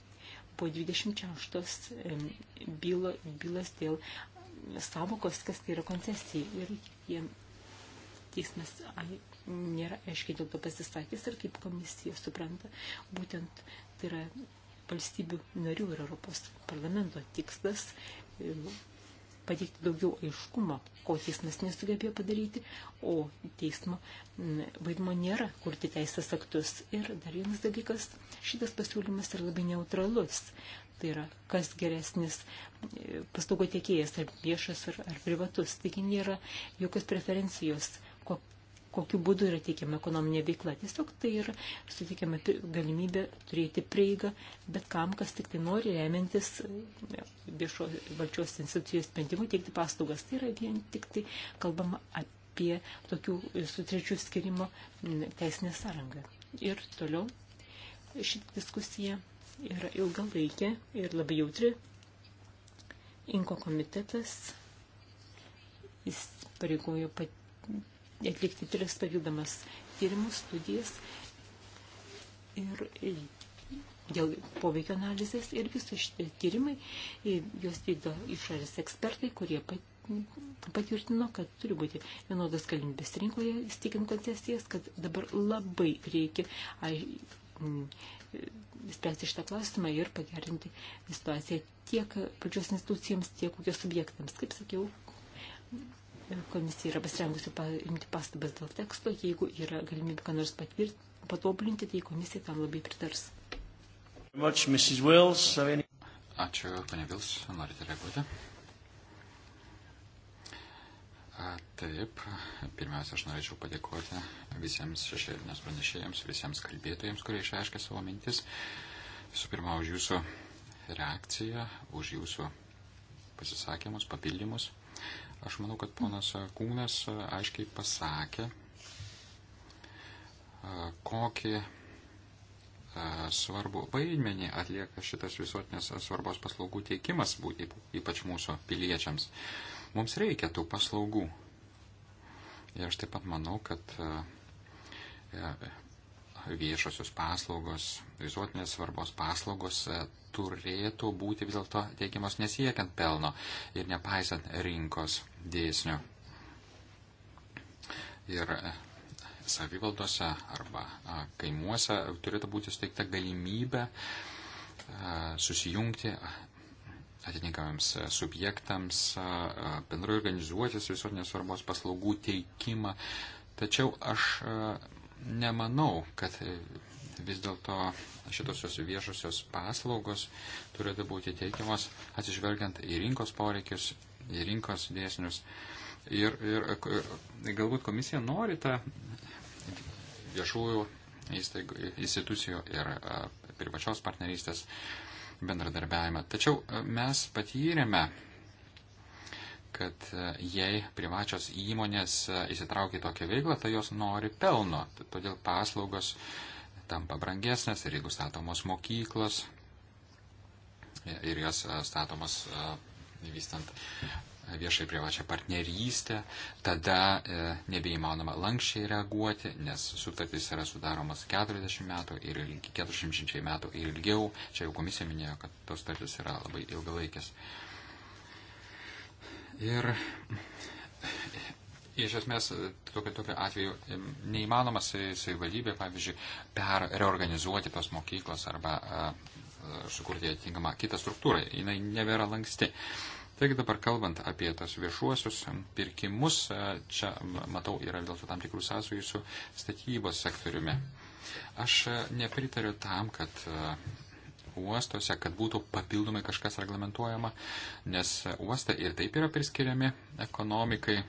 buvo 26 bylo, bylas dėl savokos, kas tai yra koncesija. Ir jie teismas ai, nėra aiškiai dėl to pasisakęs ir kaip komisija supranta, būtent tai yra valstybių narių ir Europos parlamento tikslas e, pateikti daugiau aiškumo, ko teismas nesugebėjo padaryti, o teismo vaidmo nėra kurti teisės aktus. Ir dar vienas dalykas, šitas pasiūlymas yra labai neutralus tai yra kas geresnis paslaugų tiekėjas, ar viešas, ar, ar privatus. Taigi nėra jokios preferencijos, ko, kokiu būdu yra teikiama ekonominė veikla. Tiesiog tai yra suteikiama galimybė turėti prieigą, bet kam, kas tik tai nori remiantis viešo valdžios institucijos sprendimu teikti paslaugas. Tai yra vien tik tai kalbama apie tokių sutrečių skirimo teisinę sąrangą. Ir toliau šitą diskusiją yra ilgalaikė ir labai jautri. Inko komitetas įsipareigojo atlikti tris papildomas tyrimus, studijas ir dėl poveikio analizės ir visi šitie tyrimai, juos vykdo išorės ekspertai, kurie patvirtino, kad turi būti vienodas galimybės rinkoje, stikint koncesijas, kad dabar labai reikia ai, spręsti šitą klausimą ir pagerinti situaciją tiek pačios institucijams, tiek ūkio subjektams. Kaip sakiau, komisija yra pasirengusi paimti pastabas dėl teksto, jeigu yra galimybė ką nors patvirt, patobulinti, tai komisija tam labai pritars. Ačiū, ponia Vils, norite reaguoti? Taip, pirmiausia, aš norėčiau padėkoti visiems šešėlinės pranešėjams, visiems kalbėtojams, kurie išreiškė savo mintis. Visų pirma, už jūsų reakciją, už jūsų pasisakymus, papildymus. Aš manau, kad ponas Kūnas aiškiai pasakė, kokį svarbu vaidmenį atlieka šitas visuotinės svarbos paslaugų teikimas, ypač mūsų piliečiams. Mums reikia tų paslaugų. Ir aš taip pat manau, kad e, e, viešosios paslaugos, visuotinės svarbos paslaugos e, turėtų būti vis dėlto teikiamos nesiekiant pelno ir nepaisant rinkos dėsnių. Ir savivaldose arba kaimuose turėtų būti suteikta galimybė susijungti atitinkamiems e, subjektams, e, e, bendrai organizuotis visuotinės svarbos paslaugų teikimą. Tačiau aš nemanau, kad vis dėlto šitosios viešosios paslaugos turėtų būti teikiamos atsižvelgiant į rinkos poreikius, į rinkos dėsnius. Ir, ir, ir galbūt komisija nori tą viešųjų įstaigų, institucijų ir privačios partnerystės uh, bendradarbiavimą. Tačiau e, mes patyrėme, kad e, jei privačios įmonės e, įsitraukia į tokią veiklą, tai jos nori pelno. Todėl paslaugos tampa brangesnės ir jeigu statomos mokyklos ir jos statomos vystant viešai privačią partnerystę, tada e, nebeįmanoma lankščiai reaguoti, nes sutartys yra sudaromas 40 metų ir 400 metų ir ilgiau. Čia jau komisija minėjo, kad tos sutartys yra labai ilgalaikės. Ir iš esmės tokiu, tokiu atveju neįmanomas savivaldybė, pavyzdžiui, per reorganizuoti tos mokyklos arba a, sukurti atitinkamą kitą struktūrą. Jis nebėra lanksti. A, Taigi dabar kalbant apie tas viešuosius pirkimus, e, čia matau yra dėl to tam tikrų sąsajų su statybos sektoriumi. Aš e, nepritariu tam, kad e, uostuose, kad būtų papildomai kažkas reglamentuojama, nes uostai ir taip yra priskiriami ekonomikai.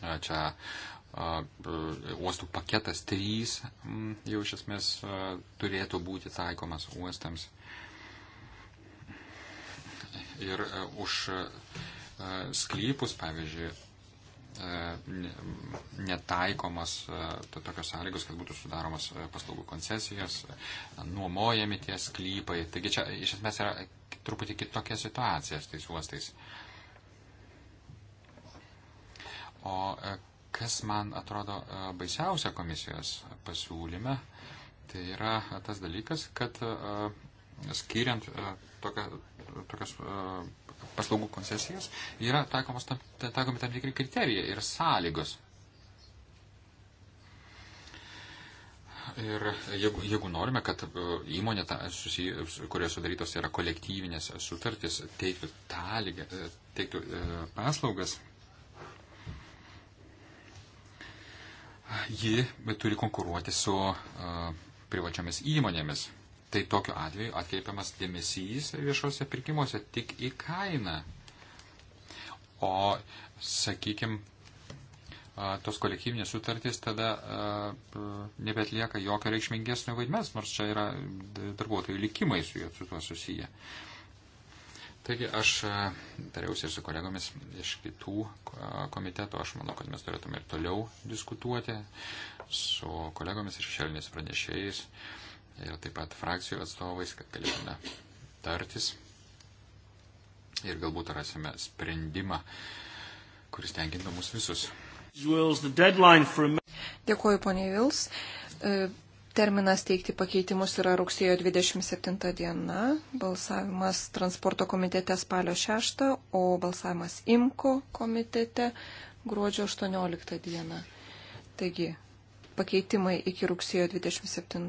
Čia uostų paketas 3 jau iš esmės turėtų būti taikomas uostams ir e, už e, sklypus, pavyzdžiui, e, netaikomas to, tokios sąlygos, kad būtų sudaromas paslaugų koncesijos, nuomojami tie sklypai. Taigi čia iš esmės yra truputį kitokia situacija su tais uostais. O kas man atrodo baisiausia komisijos pasiūlyme, tai yra tas dalykas, kad skiriant tokia, tokias e, paslaugų koncesijas, yra taikomas tam, taikomi tam tikri kriterijai ir sąlygos. Ir jeigu, jeigu norime, kad e, įmonė, ta, susi, kurioje sudarytos yra kolektyvinės sutartys, teiktų, talygę, e, teiktų paslaugas, ji turi konkuruoti su privačiomis įmonėmis tai tokiu atveju atkreipiamas dėmesys viešuose pirkimuose tik į kainą. O, sakykime, tos kolektyvinės sutartys tada nebetlieka jokio reikšmingesnio vaidmens, nors čia yra darbuotojų likimai su juo su tuo susiję. Taigi aš tariausi ir su kolegomis iš kitų komitetų, aš manau, kad mes turėtume ir toliau diskutuoti su kolegomis ir šešėlinės pranešėjais. Uh, ir taip pat frakcijų atstovais, kad galėtume tartis ir galbūt rasime sprendimą, kuris tenkintų mus visus. Dėkuoju, ponė Vils. E, terminas teikti pakeitimus yra rugsėjo 27 diena, balsavimas transporto komitete spalio 6, o balsavimas IMKO komitete gruodžio 18 diena. Taigi, pakeitimai iki rugsėjo 27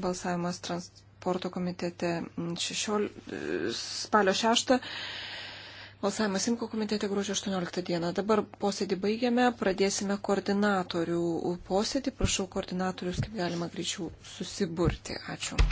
balsavimas transporto komitete šešiol, spalio 6. Balsavimas Simko komitete gruodžio 18 dieną. Dabar posėdį baigiame, pradėsime koordinatorių posėdį. Prašau koordinatorius, kaip galima greičiau susiburti. Ačiū.